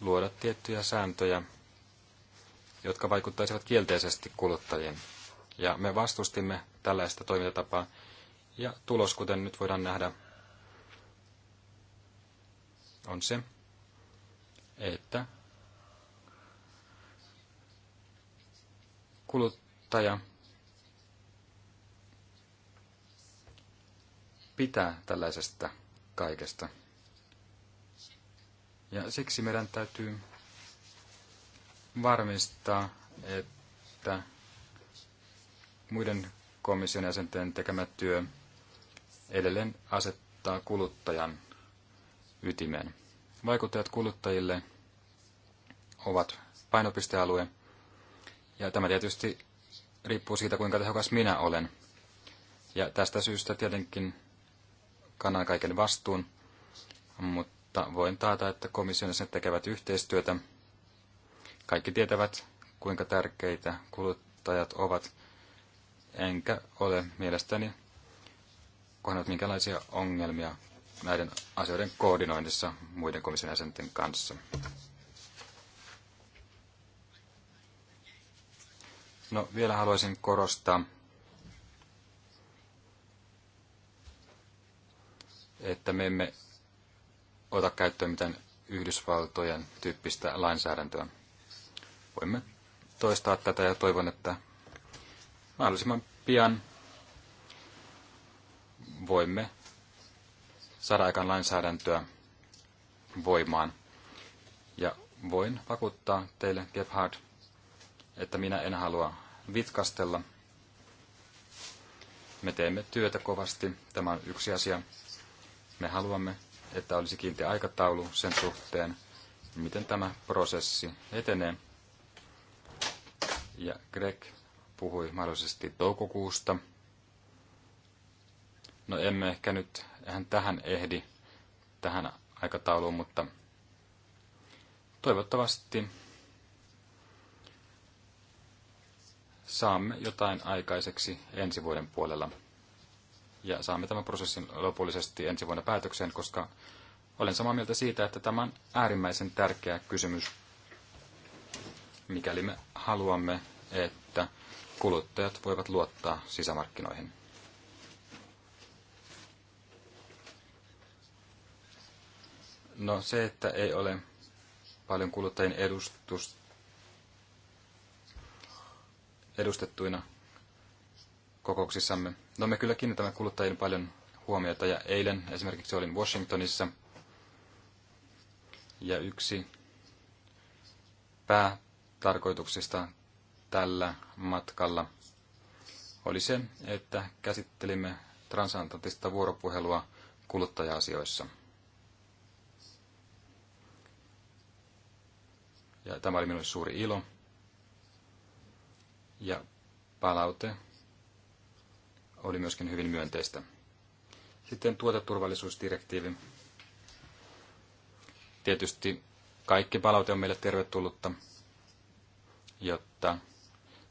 luoda tiettyjä sääntöjä, jotka vaikuttaisivat kielteisesti kuluttajien. Ja me vastustimme tällaista toimintatapaa. Ja tulos, kuten nyt voidaan nähdä, on se, että kuluttaja pitää tällaisesta kaikesta. Ja siksi meidän täytyy varmistaa, että muiden komission jäsenten tekemä työ edelleen asettaa kuluttajan ytimen. Vaikuttajat kuluttajille ovat painopistealue, ja tämä tietysti riippuu siitä, kuinka tehokas minä olen. Ja tästä syystä tietenkin kannan kaiken vastuun, mutta voin taata, että komission jäsenet tekevät yhteistyötä. Kaikki tietävät, kuinka tärkeitä kuluttajat ovat, enkä ole mielestäni kohdannut minkälaisia ongelmia näiden asioiden koordinoinnissa muiden komission jäsenten kanssa. No vielä haluaisin korostaa, että me emme ota käyttöön mitään Yhdysvaltojen tyyppistä lainsäädäntöä. Voimme toistaa tätä ja toivon, että mahdollisimman pian voimme saada aikaan lainsäädäntöä voimaan. Ja voin vakuuttaa teille, Gebhard, että minä en halua vitkastella. Me teemme työtä kovasti. Tämä on yksi asia. Me haluamme, että olisi kiinteä aikataulu sen suhteen, miten tämä prosessi etenee. Ja Greg puhui mahdollisesti toukokuusta. No emme ehkä nyt ihan tähän ehdi, tähän aikatauluun, mutta toivottavasti saamme jotain aikaiseksi ensi vuoden puolella. Ja saamme tämän prosessin lopullisesti ensi vuonna päätökseen, koska olen samaa mieltä siitä, että tämä on äärimmäisen tärkeä kysymys, mikäli me haluamme, että kuluttajat voivat luottaa sisämarkkinoihin. No se, että ei ole paljon kuluttajien edustus, edustettuina kokouksissamme. No me kyllä kiinnitämme kuluttajien paljon huomiota ja eilen esimerkiksi olin Washingtonissa ja yksi päätarkoituksista tällä matkalla oli se, että käsittelimme transatlanttista vuoropuhelua kuluttaja-asioissa. Ja tämä oli minulle suuri ilo. Ja palaute oli myöskin hyvin myönteistä. Sitten tuoteturvallisuusdirektiivi. Tietysti kaikki palaute on meille tervetullutta, jotta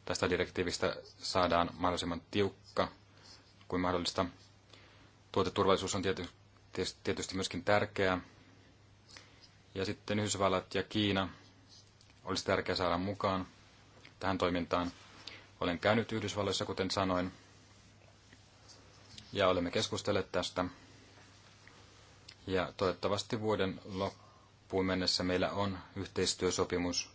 tästä direktiivistä saadaan mahdollisimman tiukka kuin mahdollista. Tuoteturvallisuus on tietysti myöskin tärkeää. Ja sitten Yhdysvallat ja Kiina olisi tärkeää saada mukaan tähän toimintaan. Olen käynyt Yhdysvalloissa, kuten sanoin, ja olemme keskustelleet tästä. Ja toivottavasti vuoden loppuun mennessä meillä on yhteistyösopimus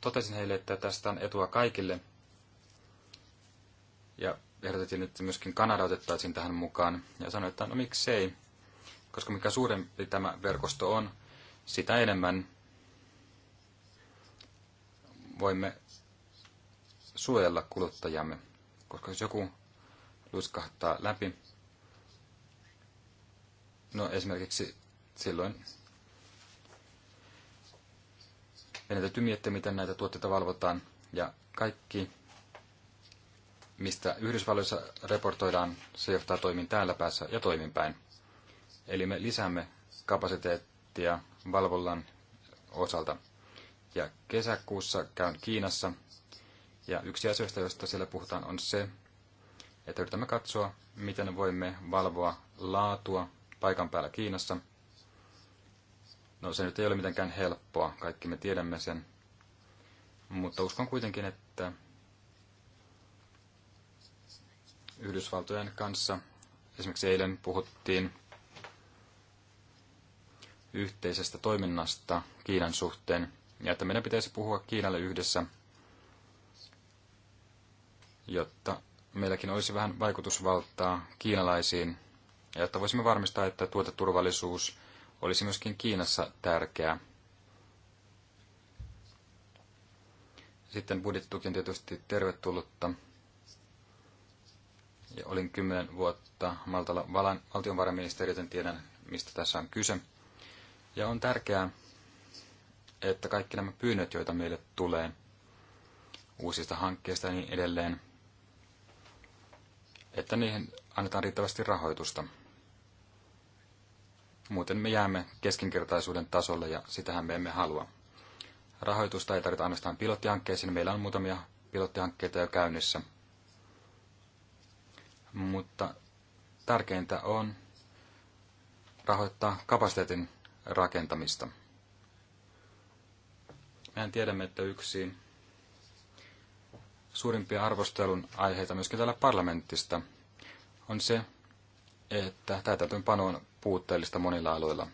totesin heille, että tästä on etua kaikille. Ja ehdotettiin, että myöskin Kanada otettaisiin tähän mukaan. Ja sanoin, että no miksei, koska mikä suurempi tämä verkosto on, sitä enemmän voimme suojella kuluttajamme. Koska jos joku luiskahtaa läpi, no esimerkiksi silloin Meidän täytyy miettiä, miten näitä tuotteita valvotaan. Ja kaikki, mistä Yhdysvalloissa reportoidaan, se johtaa toimin täällä päässä ja toiminpäin. Eli me lisäämme kapasiteettia valvollan osalta. Ja kesäkuussa käyn Kiinassa. Ja yksi asioista, josta siellä puhutaan, on se, että yritämme katsoa, miten voimme valvoa laatua paikan päällä Kiinassa – No se nyt ei ole mitenkään helppoa, kaikki me tiedämme sen. Mutta uskon kuitenkin, että Yhdysvaltojen kanssa esimerkiksi eilen puhuttiin yhteisestä toiminnasta Kiinan suhteen, ja että meidän pitäisi puhua Kiinalle yhdessä, jotta meilläkin olisi vähän vaikutusvaltaa kiinalaisiin, ja että voisimme varmistaa, että tuoteturvallisuus olisi myöskin Kiinassa tärkeää. Sitten budjettituki on tietysti tervetullutta. Ja olin kymmenen vuotta Maltalla valan, valtionvarainministeri, joten tiedän, mistä tässä on kyse. Ja on tärkeää, että kaikki nämä pyynnöt, joita meille tulee uusista hankkeista ja niin edelleen, että niihin annetaan riittävästi rahoitusta. Muuten me jäämme keskinkertaisuuden tasolle ja sitähän me emme halua. Rahoitusta ei tarvita ainoastaan pilottihankkeisiin. Meillä on muutamia pilottihankkeita jo käynnissä. Mutta tärkeintä on rahoittaa kapasiteetin rakentamista. Mehän tiedämme, että yksi suurimpia arvostelun aiheita myöskin täällä parlamentista on se, että täytäntöönpano on puutteellista monilla aloilla.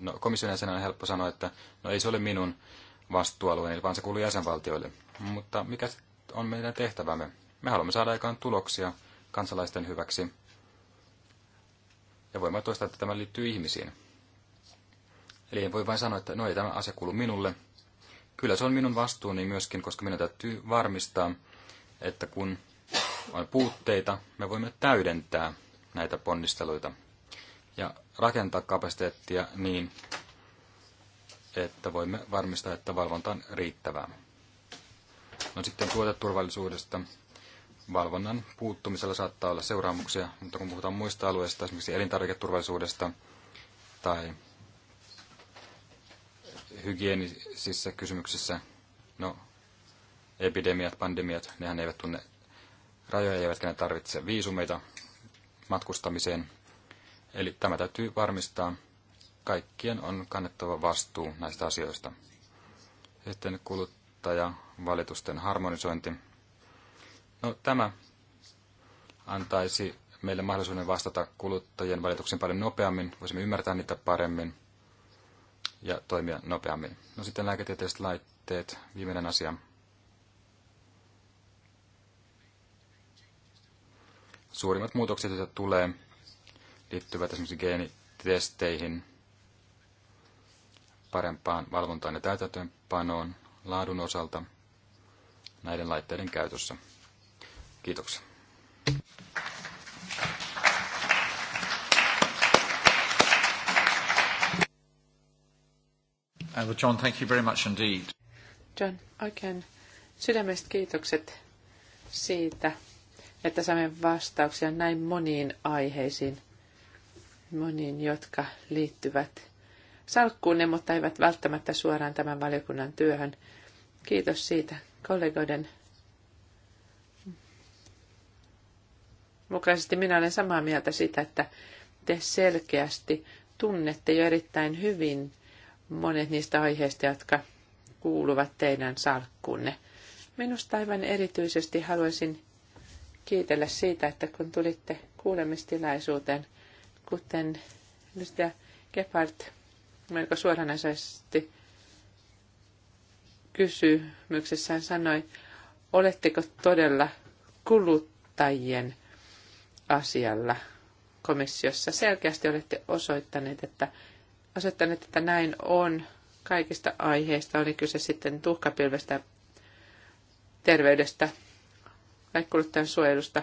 No, komission jäsenä on helppo sanoa, että no ei se ole minun vastuualueeni, vaan se kuuluu jäsenvaltioille. Mutta mikä on meidän tehtävämme? Me haluamme saada aikaan tuloksia kansalaisten hyväksi. Ja voimme toistaa, että tämä liittyy ihmisiin. Eli en voi vain sanoa, että no ei tämä asia kuulu minulle. Kyllä se on minun vastuuni myöskin, koska minun täytyy varmistaa, että kun on puutteita, me voimme täydentää näitä ponnisteluita ja rakentaa kapasiteettia niin, että voimme varmistaa, että valvonta on riittävää. No sitten tuoteturvallisuudesta. Valvonnan puuttumisella saattaa olla seuraamuksia, mutta kun puhutaan muista alueista, esimerkiksi elintarviketurvallisuudesta tai hygienisissä kysymyksissä, no epidemiat, pandemiat, nehän eivät tunne rajoja, eivätkä ne tarvitse viisumeita matkustamiseen. Eli tämä täytyy varmistaa. Kaikkien on kannettava vastuu näistä asioista. Sitten kuluttajavalitusten harmonisointi. No, tämä antaisi meille mahdollisuuden vastata kuluttajien valituksiin paljon nopeammin, voisimme ymmärtää niitä paremmin ja toimia nopeammin. No sitten lääketieteelliset laitteet, viimeinen asia. Suurimmat muutokset, joita tulee, liittyvät esimerkiksi geenitesteihin, parempaan valvontaan ja täytäntöönpanoon laadun osalta näiden laitteiden käytössä. Kiitoksia. Uh, John, thank you very much indeed. John, oikein sydämestä kiitokset siitä, että saimme vastauksia näin moniin aiheisiin moniin, jotka liittyvät salkkuunne, mutta eivät välttämättä suoraan tämän valiokunnan työhön. Kiitos siitä kollegoiden mukaisesti. Minä olen samaa mieltä siitä, että te selkeästi tunnette jo erittäin hyvin monet niistä aiheista, jotka kuuluvat teidän salkkuunne. Minusta aivan erityisesti haluaisin kiitellä siitä, että kun tulitte kuulemistilaisuuteen, kuten edustaja Gephardt melko suoranaisesti kysymyksessään sanoi, oletteko todella kuluttajien asialla komissiossa? Selkeästi olette osoittaneet, että, osoittaneet, että näin on kaikista aiheista, oli kyse sitten tuhkapilvestä, terveydestä tai kuluttajan suojelusta.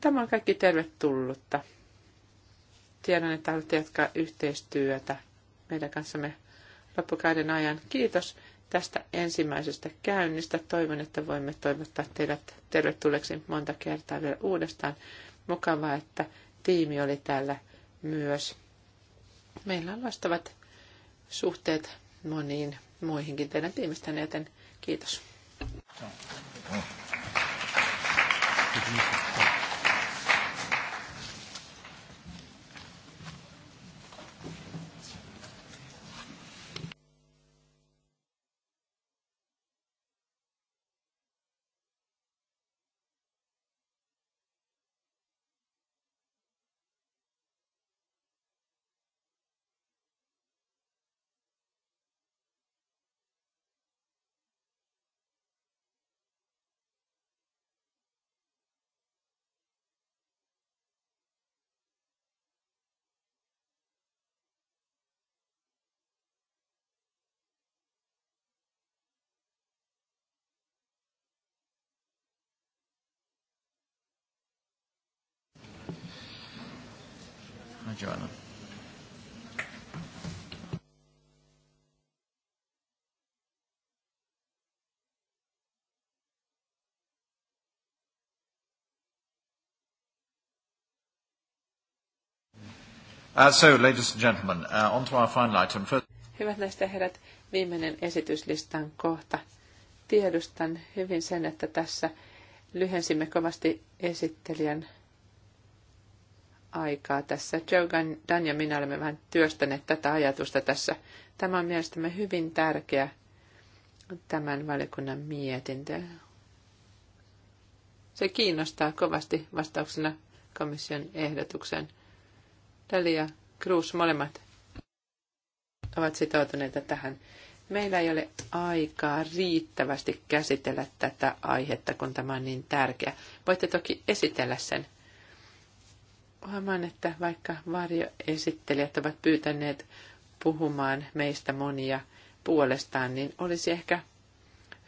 Tämä on kaikki tervetullutta. Tiedän, että haluatte jatkaa yhteistyötä meidän kanssamme loppukauden ajan. Kiitos tästä ensimmäisestä käynnistä. Toivon, että voimme toivottaa teidät tervetulleeksi monta kertaa vielä uudestaan. Mukavaa, että tiimi oli täällä myös. Meillä on loistavat suhteet moniin muihinkin teidän tiimistänne, joten kiitos. Kiitos. Joanna. Uh, so, ladies and gentlemen, uh, on to our final item. First... Hyvät naiset ja herrat, viimeinen esityslistan kohta. Tiedustan hyvin sen, että tässä lyhensimme kovasti esittelijän aikaa tässä. Jogan, Dan ja minä olemme vähän työstäneet tätä ajatusta tässä. Tämä on mielestämme hyvin tärkeä tämän valikunnan mietintö. Se kiinnostaa kovasti vastauksena komission ehdotuksen. Dali ja Cruz molemmat ovat sitoutuneita tähän. Meillä ei ole aikaa riittävästi käsitellä tätä aihetta, kun tämä on niin tärkeä. Voitte toki esitellä sen Huomaan, että vaikka varjoesittelijät ovat pyytäneet puhumaan meistä monia puolestaan, niin olisi ehkä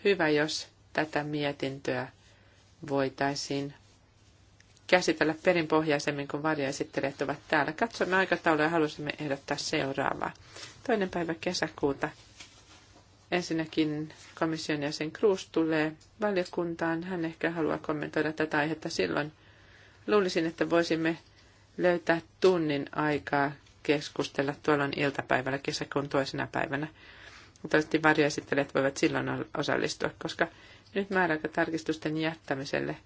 hyvä, jos tätä mietintöä voitaisiin käsitellä perinpohjaisemmin, kun varjoesittelijät ovat täällä. Katsomme aikataulua ja halusimme ehdottaa seuraavaa. Toinen päivä kesäkuuta ensinnäkin komission jäsen Cruz tulee valiokuntaan. Hän ehkä haluaa kommentoida tätä aihetta silloin. Luulisin, että voisimme löytää tunnin aikaa keskustella tuolloin iltapäivällä kesäkuun toisena päivänä. Toivottavasti varjoesittelijät voivat silloin osallistua, koska nyt määräaika tarkistusten jättämiselle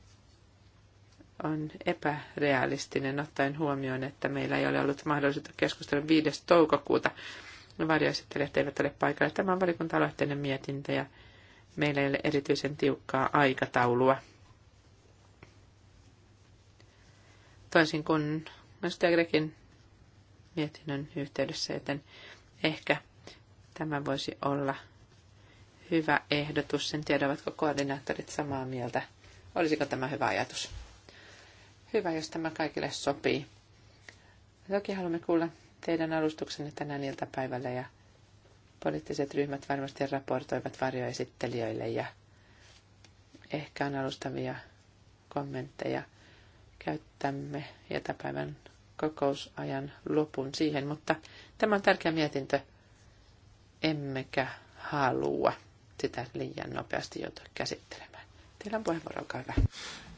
on epärealistinen ottaen huomioon, että meillä ei ole ollut mahdollisuutta keskustella 5. toukokuuta. Varjoesittelijät eivät ole paikalla. Tämä on valikunta mietintö ja meillä ei ole erityisen tiukkaa aikataulua. Toisin kuin Edustaja Grekin mietinnön yhteydessä, joten ehkä tämä voisi olla hyvä ehdotus. sen tiedä, ovatko koordinaattorit samaa mieltä. Olisiko tämä hyvä ajatus? Hyvä, jos tämä kaikille sopii. Toki haluamme kuulla teidän alustuksenne tänään iltapäivällä ja poliittiset ryhmät varmasti raportoivat varjoesittelijöille ja ehkä on alustavia kommentteja käyttämme iltapäivän kokousajan lopun siihen, mutta tämä on tärkeä mietintö. Emmekä halua sitä liian nopeasti joutua käsittelemään. Teillä on puheenvuoro, olkaa hyvä.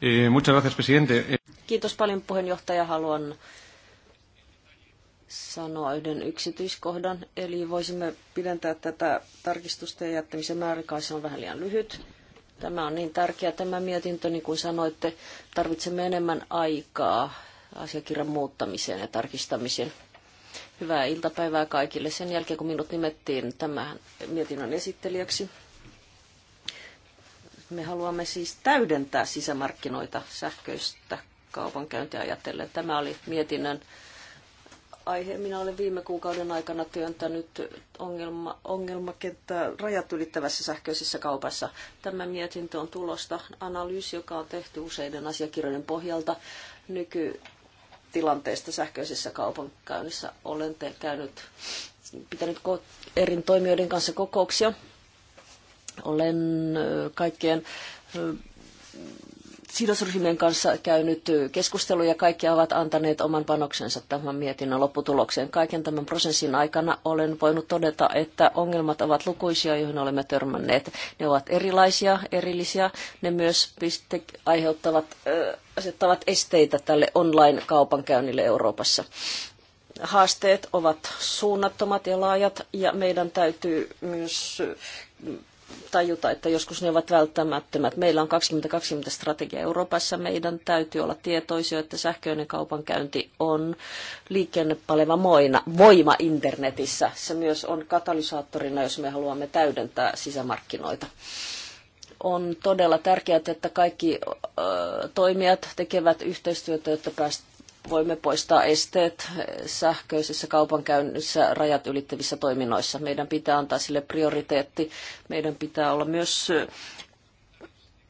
Eh, muchas gracias, presidente. Kiitos paljon puheenjohtaja. Haluan sanoa yhden yksityiskohdan. Eli voisimme pidentää tätä tarkistusten jättämisen määräaikaa, se on vähän liian lyhyt. Tämä on niin tärkeä tämä mietintö, niin kuin sanoitte, tarvitsemme enemmän aikaa asiakirjan muuttamiseen ja tarkistamiseen. Hyvää iltapäivää kaikille. Sen jälkeen, kun minut nimettiin tämän mietinnön esittelijäksi, me haluamme siis täydentää sisämarkkinoita sähköistä kaupankäyntiä ajatellen. Tämä oli mietinnön aihe. Minä olen viime kuukauden aikana työntänyt ongelma, ongelmakenttää rajat ylittävässä sähköisessä kaupassa. Tämä mietintö on tulosta analyysi, joka on tehty useiden asiakirjojen pohjalta nyky tilanteesta sähköisessä kaupankäynnissä. Olen te käynyt, pitänyt eri toimijoiden kanssa kokouksia. Olen kaikkien sidosryhmien kanssa käynyt keskustelu ja kaikki ovat antaneet oman panoksensa tämän mietinnön lopputulokseen. Kaiken tämän prosessin aikana olen voinut todeta, että ongelmat ovat lukuisia, joihin olemme törmänneet. Ne ovat erilaisia, erillisiä. Ne myös piste- aiheuttavat, äh, asettavat esteitä tälle online-kaupankäynnille Euroopassa haasteet ovat suunnattomat ja laajat ja meidän täytyy myös tajuta, että joskus ne ovat välttämättömät. Meillä on 2020 strategia Euroopassa. Meidän täytyy olla tietoisia, että sähköinen kaupankäynti on liikennepaleva moina, voima internetissä. Se myös on katalysaattorina, jos me haluamme täydentää sisämarkkinoita. On todella tärkeää, että kaikki toimijat tekevät yhteistyötä, jotta voimme poistaa esteet sähköisessä kaupankäynnissä rajat ylittävissä toiminnoissa. Meidän pitää antaa sille prioriteetti. Meidän pitää olla myös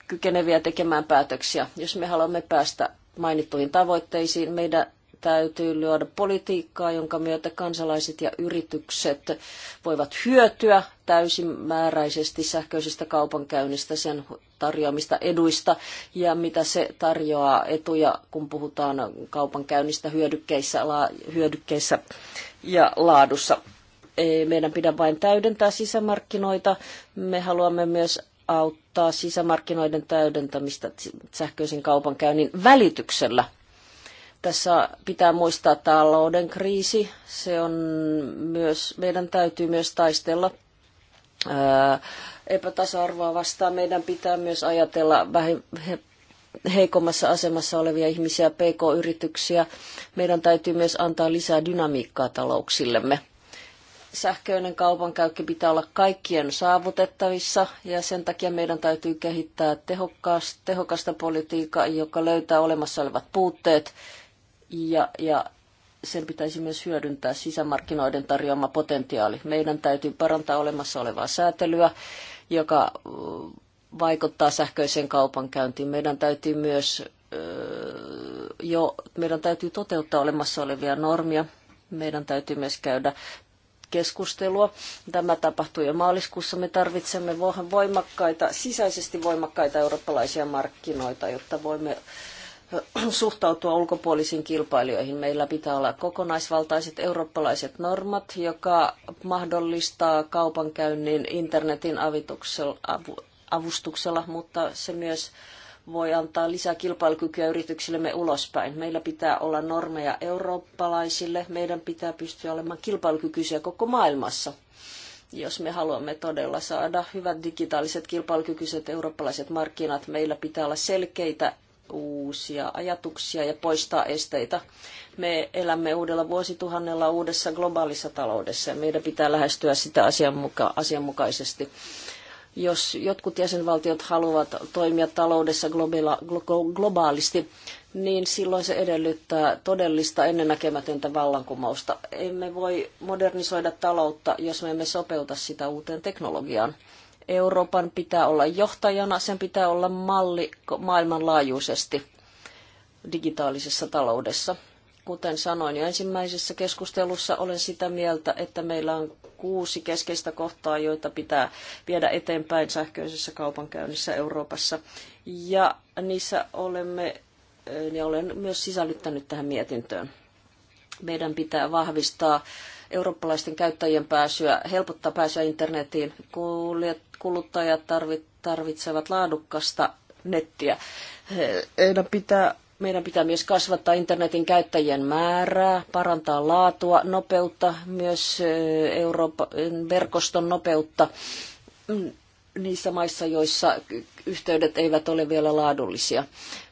kykeneviä tekemään päätöksiä. Jos me haluamme päästä mainittuihin tavoitteisiin, meidän täytyy luoda politiikkaa, jonka myötä kansalaiset ja yritykset voivat hyötyä täysimääräisesti sähköisestä kaupankäynnistä, sen tarjoamista eduista ja mitä se tarjoaa etuja, kun puhutaan kaupankäynnistä hyödykkeissä, hyödykkeissä ja laadussa. Ei meidän pidä vain täydentää sisämarkkinoita, me haluamme myös auttaa sisämarkkinoiden täydentämistä sähköisen kaupankäynnin välityksellä – tässä pitää muistaa talouden kriisi. Se on myös, meidän täytyy myös taistella epätasa-arvoa vastaan. Meidän pitää myös ajatella vähän heikommassa asemassa olevia ihmisiä, pk-yrityksiä. Meidän täytyy myös antaa lisää dynamiikkaa talouksillemme. Sähköinen kaupankäykki pitää olla kaikkien saavutettavissa ja sen takia meidän täytyy kehittää tehokasta politiikkaa, joka löytää olemassa olevat puutteet ja, ja sen pitäisi myös hyödyntää sisämarkkinoiden tarjoama potentiaali. Meidän täytyy parantaa olemassa olevaa säätelyä, joka vaikuttaa sähköiseen kaupankäyntiin. Meidän täytyy myös jo, meidän täytyy toteuttaa olemassa olevia normia. Meidän täytyy myös käydä keskustelua. Tämä tapahtuu jo maaliskuussa. Me tarvitsemme voimakkaita, sisäisesti voimakkaita eurooppalaisia markkinoita, jotta voimme suhtautua ulkopuolisiin kilpailijoihin. Meillä pitää olla kokonaisvaltaiset eurooppalaiset normat, joka mahdollistaa kaupankäynnin internetin avustuksella, mutta se myös voi antaa lisää kilpailukykyä yrityksillemme ulospäin. Meillä pitää olla normeja eurooppalaisille, meidän pitää pystyä olemaan kilpailukykyisiä koko maailmassa jos me haluamme todella saada hyvät digitaaliset kilpailukykyiset eurooppalaiset markkinat, meillä pitää olla selkeitä uusia ajatuksia ja poistaa esteitä. Me elämme uudella vuosituhannella uudessa globaalissa taloudessa ja meidän pitää lähestyä sitä asianmuka- asianmukaisesti. Jos jotkut jäsenvaltiot haluavat toimia taloudessa globaalisti, niin silloin se edellyttää todellista ennennäkemätöntä vallankumousta. Emme voi modernisoida taloutta, jos me emme sopeuta sitä uuteen teknologiaan. Euroopan pitää olla johtajana, sen pitää olla malli maailmanlaajuisesti digitaalisessa taloudessa. Kuten sanoin jo ensimmäisessä keskustelussa, olen sitä mieltä, että meillä on kuusi keskeistä kohtaa, joita pitää viedä eteenpäin sähköisessä kaupankäynnissä Euroopassa. Ja niissä olemme, ja olen myös sisällyttänyt tähän mietintöön. Meidän pitää vahvistaa eurooppalaisten käyttäjien pääsyä, helpottaa pääsyä internetiin. Kuluttajat tarvitsevat laadukasta nettiä. Meidän pitää, meidän pitää myös kasvattaa internetin käyttäjien määrää, parantaa laatua, nopeutta, myös eh, Euroopan verkoston nopeutta mm, niissä maissa, joissa yhteydet eivät ole vielä laadullisia.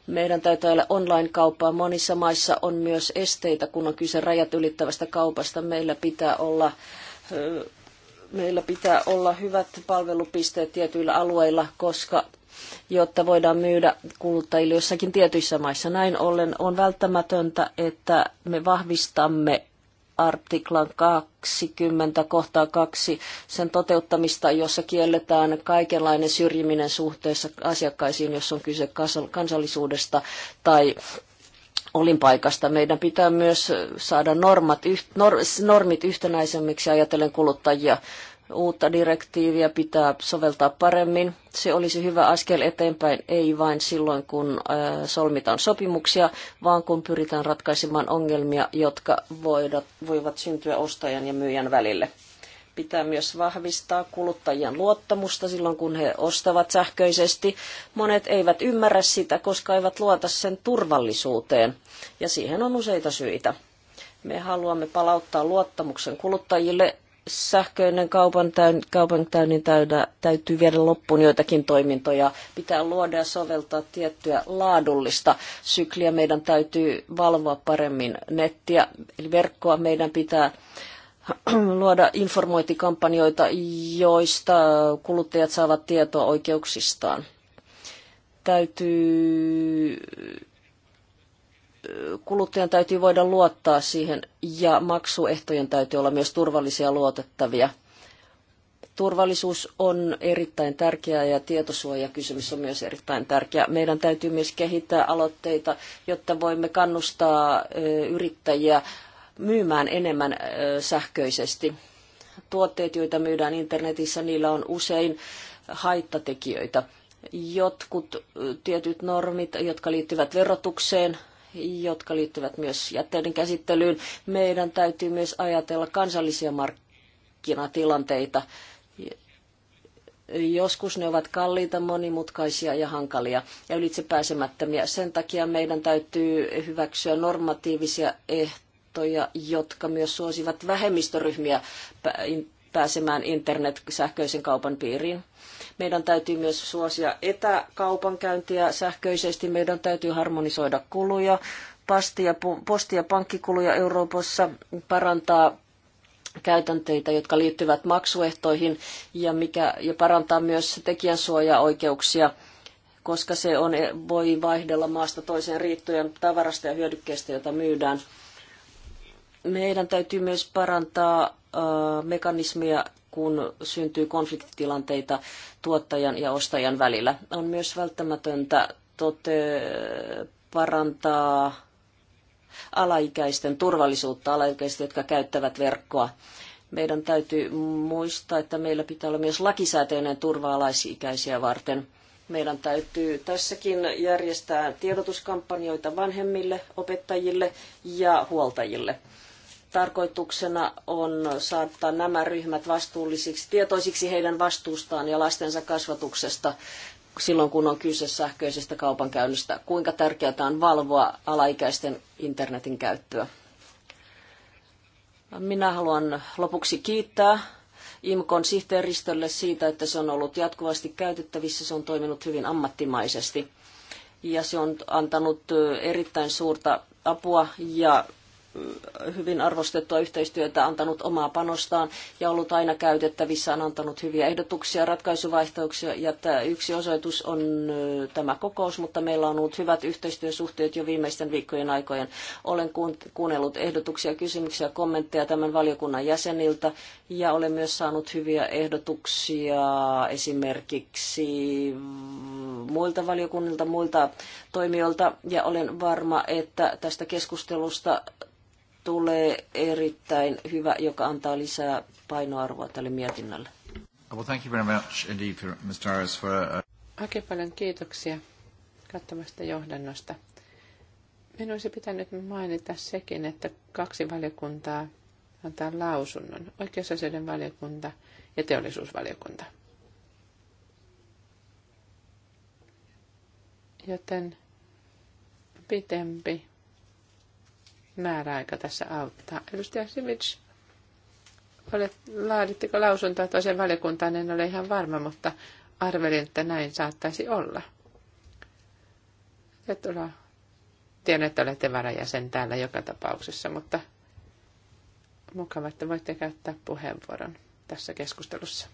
Meidän täytyy olla online-kauppaa. Monissa maissa on myös esteitä, kun on kyse rajat ylittävästä kaupasta. Meillä pitää olla meillä pitää olla hyvät palvelupisteet tietyillä alueilla, koska jotta voidaan myydä kuluttajille jossakin tietyissä maissa. Näin ollen on välttämätöntä, että me vahvistamme artiklan 20 kohtaa 2 sen toteuttamista, jossa kielletään kaikenlainen syrjiminen suhteessa asiakkaisiin, jos on kyse kansallisuudesta tai olinpaikasta. Meidän pitää myös saada normat, normit yhtenäisemmiksi ajatellen kuluttajia uutta direktiiviä pitää soveltaa paremmin. Se olisi hyvä askel eteenpäin, ei vain silloin, kun solmitaan sopimuksia, vaan kun pyritään ratkaisemaan ongelmia, jotka voivat syntyä ostajan ja myyjän välille. Pitää myös vahvistaa kuluttajien luottamusta silloin, kun he ostavat sähköisesti. Monet eivät ymmärrä sitä, koska eivät luota sen turvallisuuteen, ja siihen on useita syitä. Me haluamme palauttaa luottamuksen kuluttajille sähköinen kaupan, täyn, kaupan täynnin täydä, täytyy viedä loppuun joitakin toimintoja. Pitää luoda ja soveltaa tiettyä laadullista sykliä. Meidän täytyy valvoa paremmin nettiä, eli verkkoa. Meidän pitää luoda informointikampanjoita, joista kuluttajat saavat tietoa oikeuksistaan. Täytyy kuluttajan täytyy voida luottaa siihen ja maksuehtojen täytyy olla myös turvallisia ja luotettavia. Turvallisuus on erittäin tärkeää ja tietosuojakysymys on myös erittäin tärkeä. Meidän täytyy myös kehittää aloitteita, jotta voimme kannustaa yrittäjiä myymään enemmän sähköisesti. Tuotteet, joita myydään internetissä, niillä on usein haittatekijöitä. Jotkut tietyt normit, jotka liittyvät verotukseen, jotka liittyvät myös jätteiden käsittelyyn. Meidän täytyy myös ajatella kansallisia markkinatilanteita. Joskus ne ovat kalliita, monimutkaisia ja hankalia ja ylitsepääsemättömiä. Sen takia meidän täytyy hyväksyä normatiivisia ehtoja, jotka myös suosivat vähemmistöryhmiä pääsemään internet-sähköisen kaupan piiriin. Meidän täytyy myös suosia etäkaupankäyntiä sähköisesti. Meidän täytyy harmonisoida kuluja, posti- ja pankkikuluja Euroopassa, parantaa käytänteitä, jotka liittyvät maksuehtoihin ja, mikä, ja parantaa myös tekijänsuojaoikeuksia, koska se on, voi vaihdella maasta toiseen riittyen tavarasta ja hyödykkeestä, jota myydään. Meidän täytyy myös parantaa mekanismia kun syntyy konfliktitilanteita tuottajan ja ostajan välillä. On myös välttämätöntä tote, parantaa alaikäisten turvallisuutta, alaikäiset, jotka käyttävät verkkoa. Meidän täytyy muistaa, että meillä pitää olla myös lakisääteinen turva alaisikäisiä varten. Meidän täytyy tässäkin järjestää tiedotuskampanjoita vanhemmille, opettajille ja huoltajille. Tarkoituksena on saattaa nämä ryhmät vastuullisiksi, tietoisiksi heidän vastuustaan ja lastensa kasvatuksesta silloin, kun on kyse sähköisestä kaupankäynnistä. Kuinka tärkeää on valvoa alaikäisten internetin käyttöä? Minä haluan lopuksi kiittää IMKon sihteeristölle siitä, että se on ollut jatkuvasti käytettävissä, se on toiminut hyvin ammattimaisesti ja se on antanut erittäin suurta apua ja hyvin arvostettua yhteistyötä, antanut omaa panostaan ja ollut aina käytettävissä, on antanut hyviä ehdotuksia, ratkaisuvaihtoehtoja. Ja yksi osoitus on tämä kokous, mutta meillä on ollut hyvät yhteistyösuhteet jo viimeisten viikkojen aikojen. Olen kuunnellut ehdotuksia, kysymyksiä, kommentteja tämän valiokunnan jäseniltä ja olen myös saanut hyviä ehdotuksia esimerkiksi muilta valiokunnilta, muilta toimijoilta ja olen varma, että tästä keskustelusta tulee erittäin hyvä, joka antaa lisää painoarvoa tälle mietinnölle. Well, thank you very much indeed, Mr. Harris, for a... Uh, Oikein paljon kiitoksia kattavasta johdannosta. Minun olisi pitänyt mainita sekin, että kaksi valiokuntaa antaa lausunnon. Oikeusasioiden valiokunta ja teollisuusvaliokunta. Joten pitempi määräaika tässä auttaa. Edustaja Simits, laaditteko lausuntoa toisen valiokuntaan? En ole ihan varma, mutta arvelin, että näin saattaisi olla. ole. Tiedän, että olette varajäsen täällä joka tapauksessa, mutta mukava, että voitte käyttää puheenvuoron tässä keskustelussa.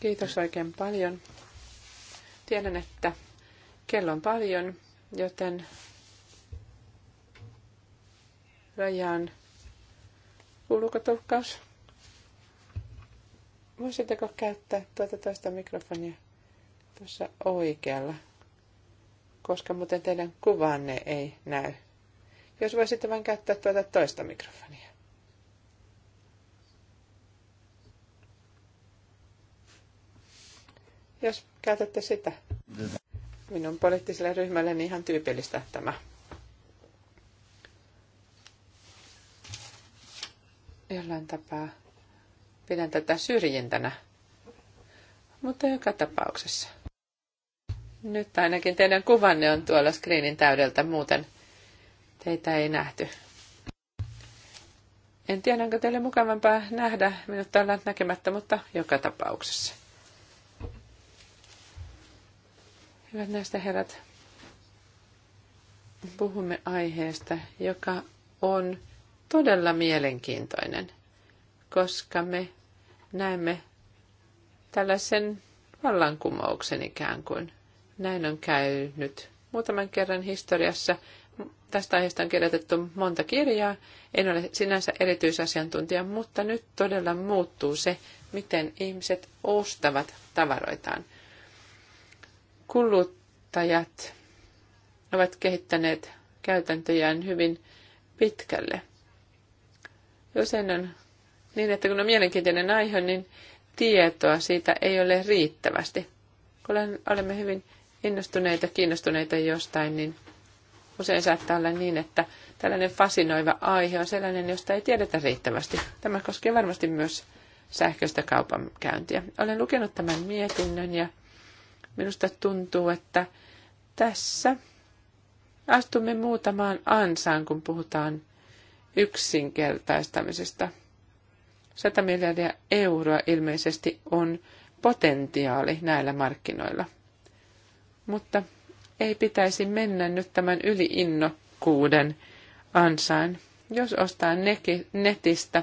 Kiitos oikein paljon. Tiedän, että kello on paljon, joten rajaan. Kuuluuko tulkkaus? Voisitteko käyttää tuota toista mikrofonia tuossa oikealla? Koska muuten teidän kuvanne ei näy. Jos voisitte vain käyttää tuota toista mikrofonia. Jos käytätte sitä. Minun poliittiselle ryhmälle niin ihan tyypillistä tämä. jollain tapaa pidän tätä syrjintänä. Mutta joka tapauksessa. Nyt ainakin teidän kuvanne on tuolla screenin täydeltä, muuten teitä ei nähty. En tiedä, onko teille mukavampaa nähdä minut tällä näkemättä, mutta joka tapauksessa. Hyvät näistä herrat, puhumme aiheesta, joka on todella mielenkiintoinen, koska me näemme tällaisen vallankumouksen ikään kuin. Näin on käynyt muutaman kerran historiassa. Tästä aiheesta on kirjoitettu monta kirjaa. En ole sinänsä erityisasiantuntija, mutta nyt todella muuttuu se, miten ihmiset ostavat tavaroitaan. Kuluttajat ovat kehittäneet käytäntöjään hyvin pitkälle – jos on niin, että kun on mielenkiintoinen aihe, niin tietoa siitä ei ole riittävästi. Kun olemme hyvin innostuneita, kiinnostuneita jostain, niin usein saattaa olla niin, että tällainen fasinoiva aihe on sellainen, josta ei tiedetä riittävästi. Tämä koskee varmasti myös sähköistä kaupankäyntiä. Olen lukenut tämän mietinnön ja minusta tuntuu, että tässä astumme muutamaan ansaan, kun puhutaan yksinkertaistamisesta. 100 miljardia euroa ilmeisesti on potentiaali näillä markkinoilla. Mutta ei pitäisi mennä nyt tämän yliinnokkuuden ansain. Jos ostaa neki, netistä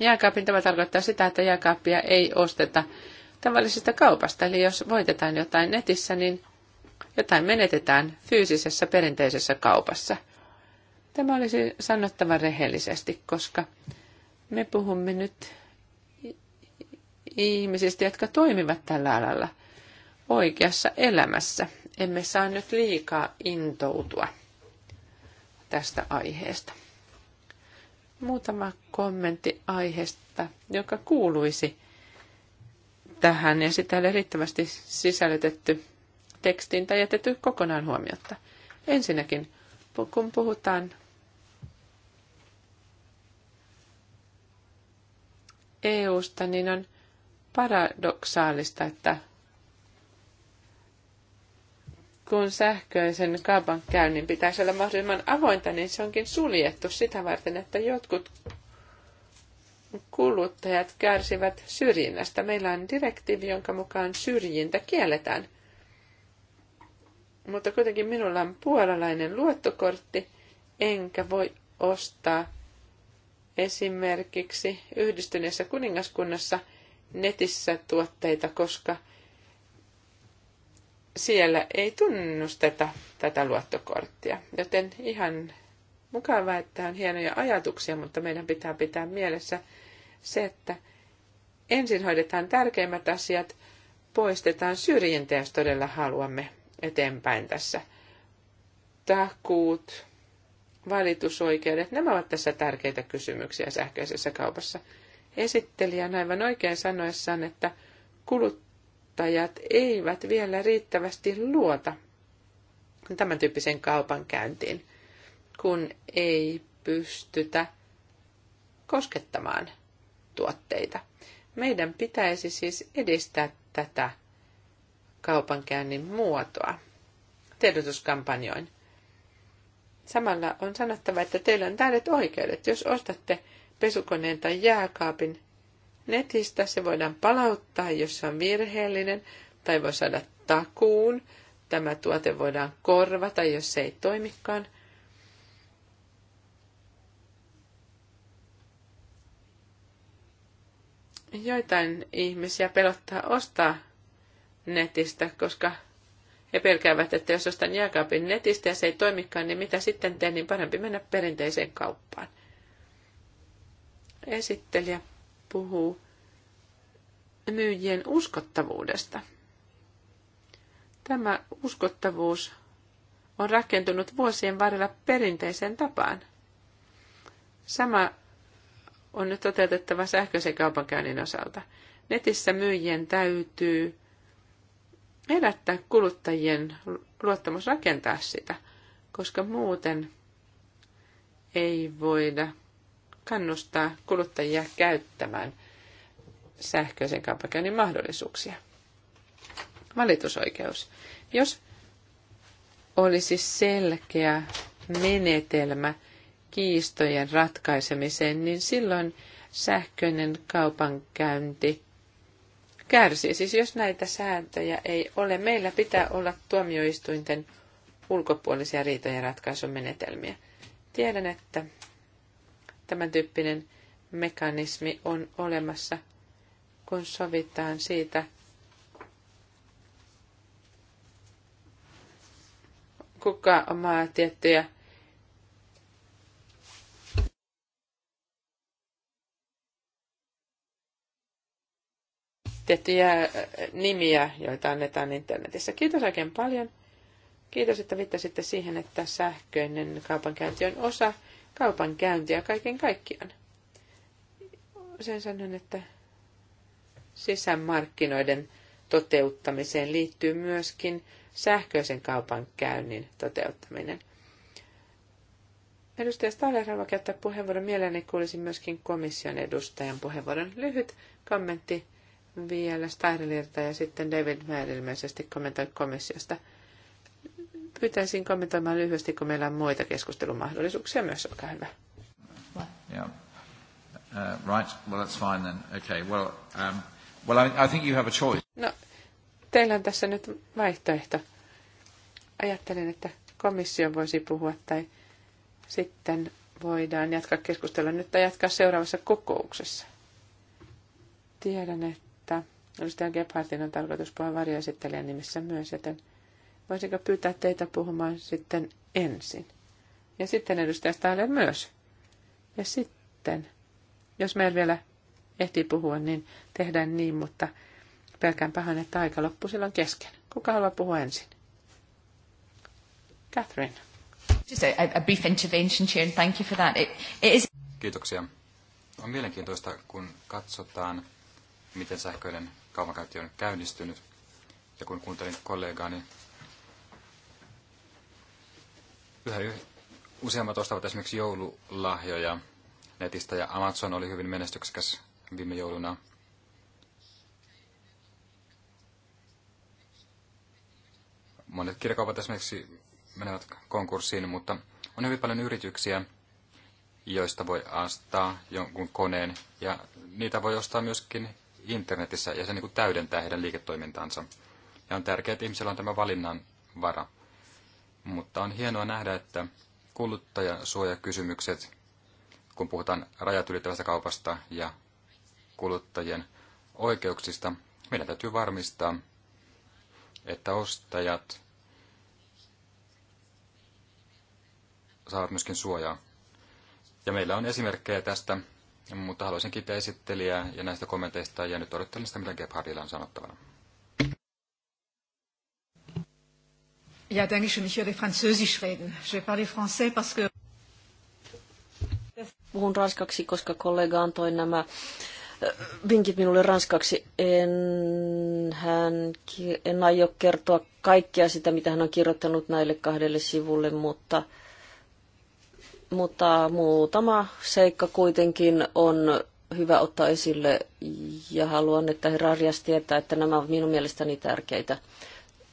jääkaapin, tämä tarkoittaa sitä, että jääkaappia ei osteta tavallisesta kaupasta. Eli jos voitetaan jotain netissä, niin jotain menetetään fyysisessä perinteisessä kaupassa – Tämä olisi sanottava rehellisesti, koska me puhumme nyt ihmisistä, jotka toimivat tällä alalla oikeassa elämässä. Emme saa nyt liikaa intoutua tästä aiheesta. Muutama kommentti aiheesta, joka kuuluisi tähän ja sitä ei riittävästi sisällytetty tekstiin tai jätetty kokonaan huomiotta. Ensinnäkin, kun puhutaan EUsta, niin on paradoksaalista, että kun sähköisen kaupan käynnin pitäisi olla mahdollisimman avointa, niin se onkin suljettu sitä varten, että jotkut kuluttajat kärsivät syrjinnästä. Meillä on direktiivi, jonka mukaan syrjintä kielletään. Mutta kuitenkin minulla on puolalainen luottokortti, enkä voi ostaa esimerkiksi yhdistyneessä kuningaskunnassa netissä tuotteita, koska siellä ei tunnusteta tätä luottokorttia. Joten ihan mukavaa, että on hienoja ajatuksia, mutta meidän pitää pitää mielessä se, että ensin hoidetaan tärkeimmät asiat, poistetaan syrjintä, jos todella haluamme eteenpäin tässä. Takuut, valitusoikeudet, nämä ovat tässä tärkeitä kysymyksiä sähköisessä kaupassa. Esittelijä aivan oikein sanoessaan, että kuluttajat eivät vielä riittävästi luota tämän tyyppisen kaupan käyntiin, kun ei pystytä koskettamaan tuotteita. Meidän pitäisi siis edistää tätä kaupankäynnin muotoa tiedotuskampanjoin. Samalla on sanottava, että teillä on täydet oikeudet. Jos ostatte pesukoneen tai jääkaapin netistä, se voidaan palauttaa, jos se on virheellinen, tai voi saada takuun. Tämä tuote voidaan korvata, jos se ei toimikaan. Joitain ihmisiä pelottaa ostaa netistä, koska he pelkäävät, että jos ostan jääkaapin netistä ja se ei toimikaan, niin mitä sitten teen, niin parempi mennä perinteiseen kauppaan. Esittelijä puhuu myyjien uskottavuudesta. Tämä uskottavuus on rakentunut vuosien varrella perinteiseen tapaan. Sama on nyt toteutettava sähköisen kaupankäynnin osalta. Netissä myyjien täytyy elättää kuluttajien luottamus rakentaa sitä, koska muuten ei voida kannustaa kuluttajia käyttämään sähköisen kauppakäynnin mahdollisuuksia. Valitusoikeus. Jos olisi selkeä menetelmä kiistojen ratkaisemiseen, niin silloin sähköinen kaupankäynti kärsii. Siis jos näitä sääntöjä ei ole, meillä pitää olla tuomioistuinten ulkopuolisia riitojen ratkaisumenetelmiä. Tiedän, että tämän tyyppinen mekanismi on olemassa, kun sovitaan siitä, kuka omaa tiettyjä tiettyjä äh, nimiä, joita annetaan internetissä. Kiitos oikein paljon. Kiitos, että viittasitte siihen, että sähköinen kaupankäynti on osa kaupankäyntiä kaiken kaikkiaan. Sen sanon, että sisämarkkinoiden toteuttamiseen liittyy myöskin sähköisen kaupankäynnin toteuttaminen. Edustaja Staller haluaa käyttää puheenvuoron. Mielelläni kuulisin myöskin komission edustajan puheenvuoron. Lyhyt kommentti vielä Stahdililta ja sitten David Mayer ilmeisesti kommentoi komissiosta. Pyytäisin kommentoimaan lyhyesti, kun meillä on muita keskustelumahdollisuuksia myös. Olkaa hyvä. No, teillä on tässä nyt vaihtoehto. Ajattelin, että komissio voisi puhua tai sitten voidaan jatkaa keskustelua nyt tai jatkaa seuraavassa kokouksessa. Tiedän, että että edustaja Gebhardin on tarkoitus puhua varjoesittelijän nimissä myös, joten voisinko pyytää teitä puhumaan sitten ensin. Ja sitten edustaja Stahler myös. Ja sitten, jos meillä vielä ehtii puhua, niin tehdään niin, mutta pelkään pahan, että aika loppuu silloin kesken. Kuka haluaa puhua ensin? Catherine. Just a, a brief intervention, and thank you for that. It, it is... Kiitoksia. On mielenkiintoista, kun katsotaan miten sähköinen kaupankäynti on käynnistynyt. Ja kun kuuntelin kollegaani, niin yhä useammat ostavat esimerkiksi joululahjoja netistä ja Amazon oli hyvin menestyksekäs viime jouluna. Monet kirjakaupat esimerkiksi menevät konkurssiin, mutta on hyvin paljon yrityksiä, joista voi astaa jonkun koneen ja niitä voi ostaa myöskin internetissä ja se niin kuin täydentää heidän liiketoimintaansa. Ja on tärkeää, että ihmisellä on tämä valinnan vara. Mutta on hienoa nähdä, että kuluttajasuojakysymykset, kun puhutaan rajat ylittävästä kaupasta ja kuluttajien oikeuksista, meidän täytyy varmistaa, että ostajat saavat myöskin suojaa. Ja meillä on esimerkkejä tästä mutta haluaisin kiittää esittelijää ja näistä kommenteista ja nyt odottelen sitä, mitä Gebhardilla on sanottavana. Ja, danke schön. Ich werde französisch reden. Je parle français parce que... Puhun ranskaksi, koska kollega antoi nämä äh, vinkit minulle ranskaksi. En, hän, en aio kertoa kaikkea sitä, mitä hän on kirjoittanut näille kahdelle sivulle, mutta mutta muutama seikka kuitenkin on hyvä ottaa esille ja haluan, että herra Arjas tietää, että nämä ovat minun mielestäni tärkeitä.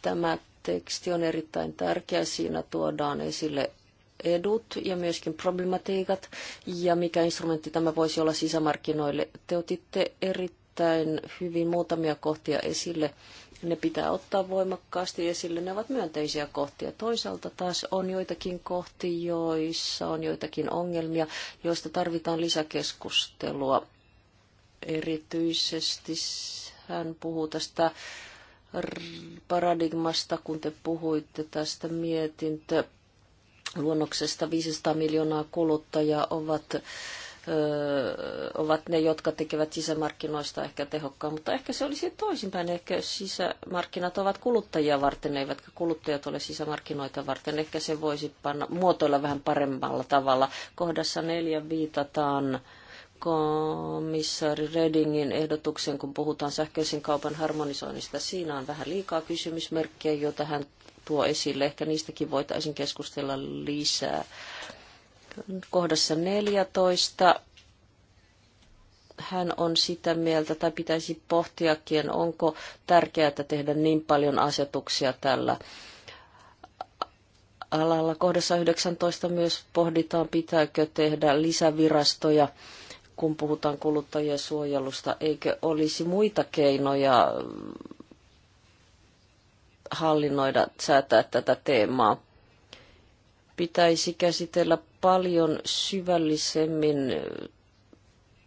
Tämä teksti on erittäin tärkeä. Siinä tuodaan esille edut ja myöskin problematiikat ja mikä instrumentti tämä voisi olla sisämarkkinoille. Te otitte erittäin hyvin muutamia kohtia esille ne pitää ottaa voimakkaasti esille. Ne ovat myönteisiä kohtia. Toisaalta taas on joitakin kohti, joissa on joitakin ongelmia, joista tarvitaan lisäkeskustelua. Erityisesti hän puhuu tästä paradigmasta, kun te puhuitte tästä mietintö luonnoksesta 500 miljoonaa kuluttajaa ovat ovat ne, jotka tekevät sisämarkkinoista ehkä tehokkaan, mutta ehkä se olisi toisinpäin. Ehkä sisämarkkinat ovat kuluttajia varten, eivätkä kuluttajat ole sisämarkkinoita varten. Ehkä se voisi panna, muotoilla vähän paremmalla tavalla. Kohdassa neljä viitataan komissaari Redingin ehdotuksen, kun puhutaan sähköisen kaupan harmonisoinnista. Siinä on vähän liikaa kysymysmerkkejä, joita hän tuo esille. Ehkä niistäkin voitaisiin keskustella lisää kohdassa 14 hän on sitä mieltä, tai pitäisi pohtiakin, onko tärkeää tehdä niin paljon asetuksia tällä alalla. Kohdassa 19 myös pohditaan, pitääkö tehdä lisävirastoja, kun puhutaan kuluttajien suojelusta. Eikö olisi muita keinoja hallinnoida, säätää tätä teemaa pitäisi käsitellä paljon syvällisemmin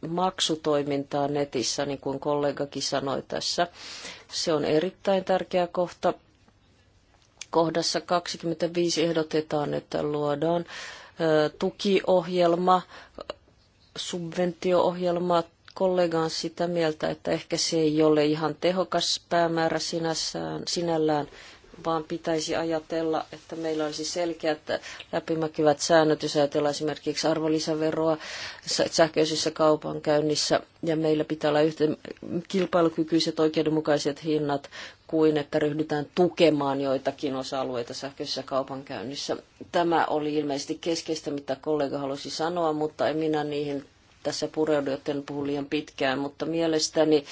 maksutoimintaa netissä, niin kuin kollegakin sanoi tässä. Se on erittäin tärkeä kohta. Kohdassa 25 ehdotetaan, että luodaan tukiohjelma, subventioohjelma. Kollega on sitä mieltä, että ehkä se ei ole ihan tehokas päämäärä sinässään, sinällään, vaan pitäisi ajatella, että meillä olisi selkeät läpimäkyvät säännöt, jos ajatellaan esimerkiksi arvonlisäveroa sähköisessä kaupankäynnissä, ja meillä pitää olla yhtä kilpailukykyiset oikeudenmukaiset hinnat kuin että ryhdytään tukemaan joitakin osa-alueita sähköisessä kaupankäynnissä. Tämä oli ilmeisesti keskeistä, mitä kollega halusi sanoa, mutta en minä niihin tässä pureudu, joten puhu liian pitkään, mutta mielestäni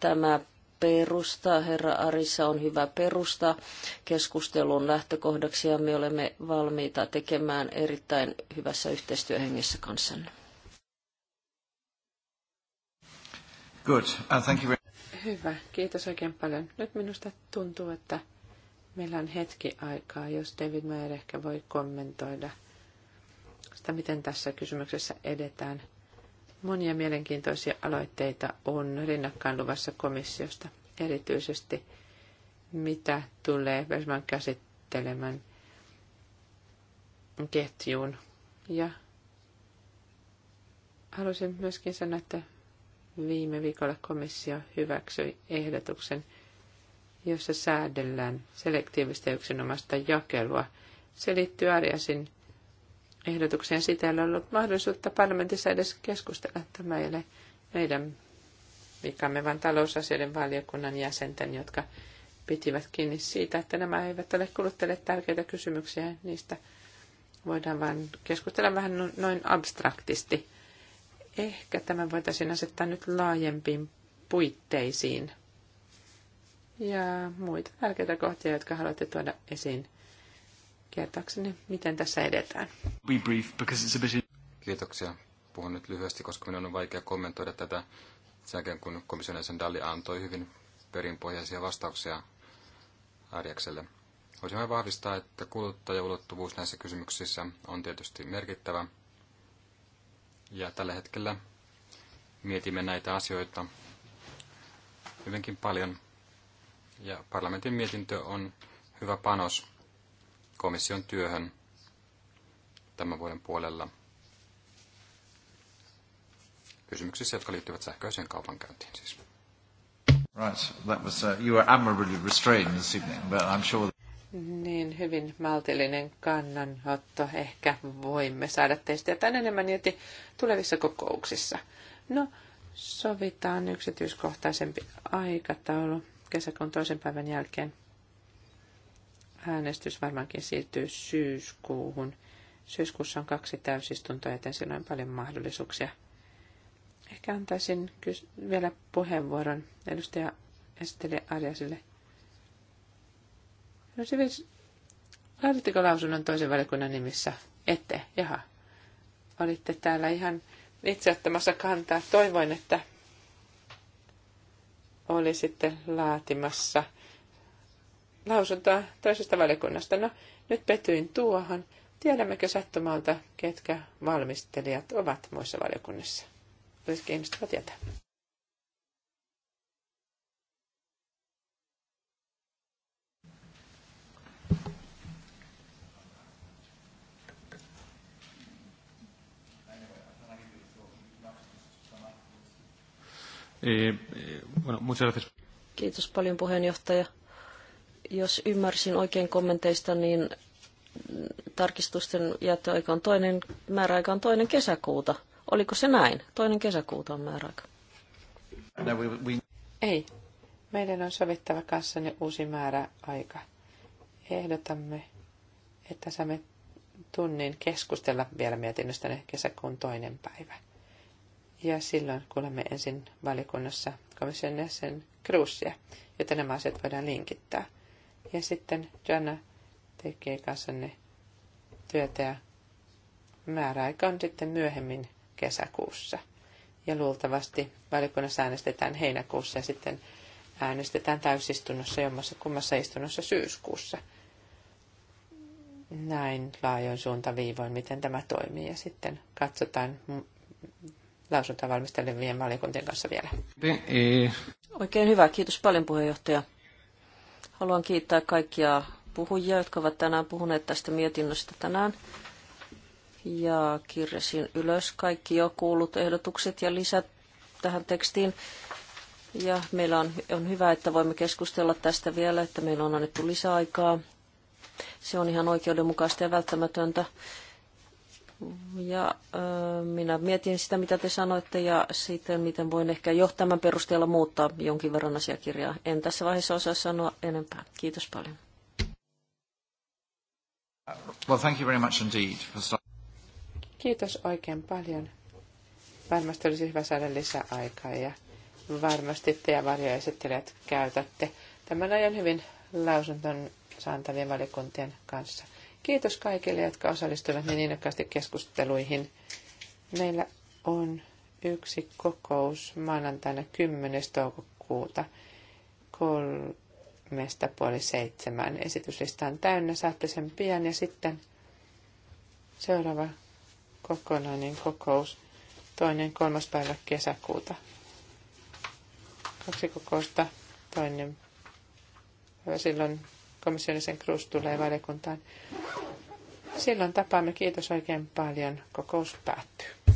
tämä perusta, herra Arissa on hyvä perusta keskustelun lähtökohdaksi ja me olemme valmiita tekemään erittäin hyvässä yhteistyöhengessä kanssanne. Good. Uh, thank you very... Hyvä, kiitos oikein paljon. Nyt minusta tuntuu, että meillä on hetki aikaa, jos David Mayer ehkä voi kommentoida sitä, miten tässä kysymyksessä edetään – Monia mielenkiintoisia aloitteita on rinnakkain luvassa komissiosta, erityisesti mitä tulee Vesman käsittelemän ketjuun. Ja haluaisin myöskin sanoa, että viime viikolla komissio hyväksyi ehdotuksen, jossa säädellään selektiivistä yksinomaista jakelua. Se liittyy Ariasin ehdotukseen. Sitä ei ole ollut mahdollisuutta parlamentissa edes keskustella. Tämä ei ole meidän vikamme, vaan talousasioiden valiokunnan jäsenten, jotka pitivät kiinni siitä, että nämä eivät ole kuluttajille tärkeitä kysymyksiä. Niistä voidaan vain keskustella vähän no-, noin abstraktisti. Ehkä tämä voitaisiin asettaa nyt laajempiin puitteisiin. Ja muita tärkeitä kohtia, jotka haluatte tuoda esiin kertaakseni, miten tässä edetään. Be brief, because it's a bit... Kiitoksia. Puhun nyt lyhyesti, koska minun on vaikea kommentoida tätä sen jälkeen, kun komission jäsen Dalli antoi hyvin perinpohjaisia vastauksia Arjakselle. Voisin vain vahvistaa, että kuluttajaulottuvuus näissä kysymyksissä on tietysti merkittävä. Ja tällä hetkellä mietimme näitä asioita hyvinkin paljon. Ja parlamentin mietintö on hyvä panos komission työhön tämän vuoden puolella kysymyksissä, jotka liittyvät sähköiseen kaupankäyntiin siis. Right, that was, uh, you were admirably restrained this evening, but I'm sure... Niin, hyvin maltillinen kannanotto. Ehkä voimme saada teistä jotain enemmän irti tulevissa kokouksissa. No, sovitaan yksityiskohtaisempi aikataulu kesäkuun toisen päivän jälkeen äänestys varmaankin siirtyy syyskuuhun. Syyskuussa on kaksi täysistuntoa, joten siellä on paljon mahdollisuuksia. Ehkä antaisin vielä puheenvuoron edustaja Estelle Arjasille. No se Laaditteko lausunnon toisen valiokunnan nimissä? Ette, jaha. Olitte täällä ihan itse ottamassa kantaa. Toivoin, että olisitte laatimassa – lausuntoa toisesta valiokunnasta. No, nyt petyin tuohon. Tiedämmekö sattumalta, ketkä valmistelijat ovat muissa valiokunnissa? Olisi kiinnostava tietää. Eh, eh, Kiitos paljon puheenjohtaja. Jos ymmärsin oikein kommenteista, niin tarkistusten jättöaika on toinen, määräaika on toinen kesäkuuta. Oliko se näin? Toinen kesäkuuta on määräaika. No, we, we... Ei. Meidän on sovittava kanssanne uusi määräaika. Ehdotamme, että saamme tunnin keskustella vielä mietinnöstäne kesäkuun toinen päivä. Ja silloin kuulemme ensin valikunnassa komission jäsen Kruusia, joten nämä asiat voidaan linkittää. Ja sitten Jana tekee ne työtä ja määräaika on sitten myöhemmin kesäkuussa. Ja luultavasti valiokunnassa äänestetään heinäkuussa ja sitten äänestetään täysistunnossa jommassa kummassa istunnossa syyskuussa. Näin laajoin suuntaviivoin, miten tämä toimii. Ja sitten katsotaan lausuntavalmistelevien valmistelevien valiokuntien kanssa vielä. Oikein hyvä, kiitos paljon puheenjohtaja. Haluan kiittää kaikkia puhujia, jotka ovat tänään puhuneet tästä mietinnöstä tänään. Ja kirjasin ylös kaikki jo kuullut ehdotukset ja lisät tähän tekstiin. Ja meillä on, on hyvä, että voimme keskustella tästä vielä, että meillä on annettu lisäaikaa. Se on ihan oikeudenmukaista ja välttämätöntä. Ja minä mietin sitä, mitä te sanoitte, ja sitten miten voin ehkä jo tämän perusteella muuttaa jonkin verran asiakirjaa. En tässä vaiheessa osaa sanoa enempää. Kiitos paljon. Well, thank you very much indeed for... Kiitos oikein paljon. Varmasti olisi hyvä saada lisää aikaa ja varmasti te ja varjoesittelijät käytätte tämän ajan hyvin lausunton saantavien valikuntien kanssa. Kiitos kaikille, jotka osallistuivat niin innokkaasti keskusteluihin. Meillä on yksi kokous maanantaina 10. toukokuuta kolmesta puoli seitsemän. Esityslista on täynnä, saatte sen pian ja sitten seuraava kokonainen kokous toinen kolmas päivä kesäkuuta. Kaksi kokousta, toinen päivä silloin komissionisen Cruz tulee valiokuntaan. Silloin tapaamme. Kiitos oikein paljon. Kokous päättyy.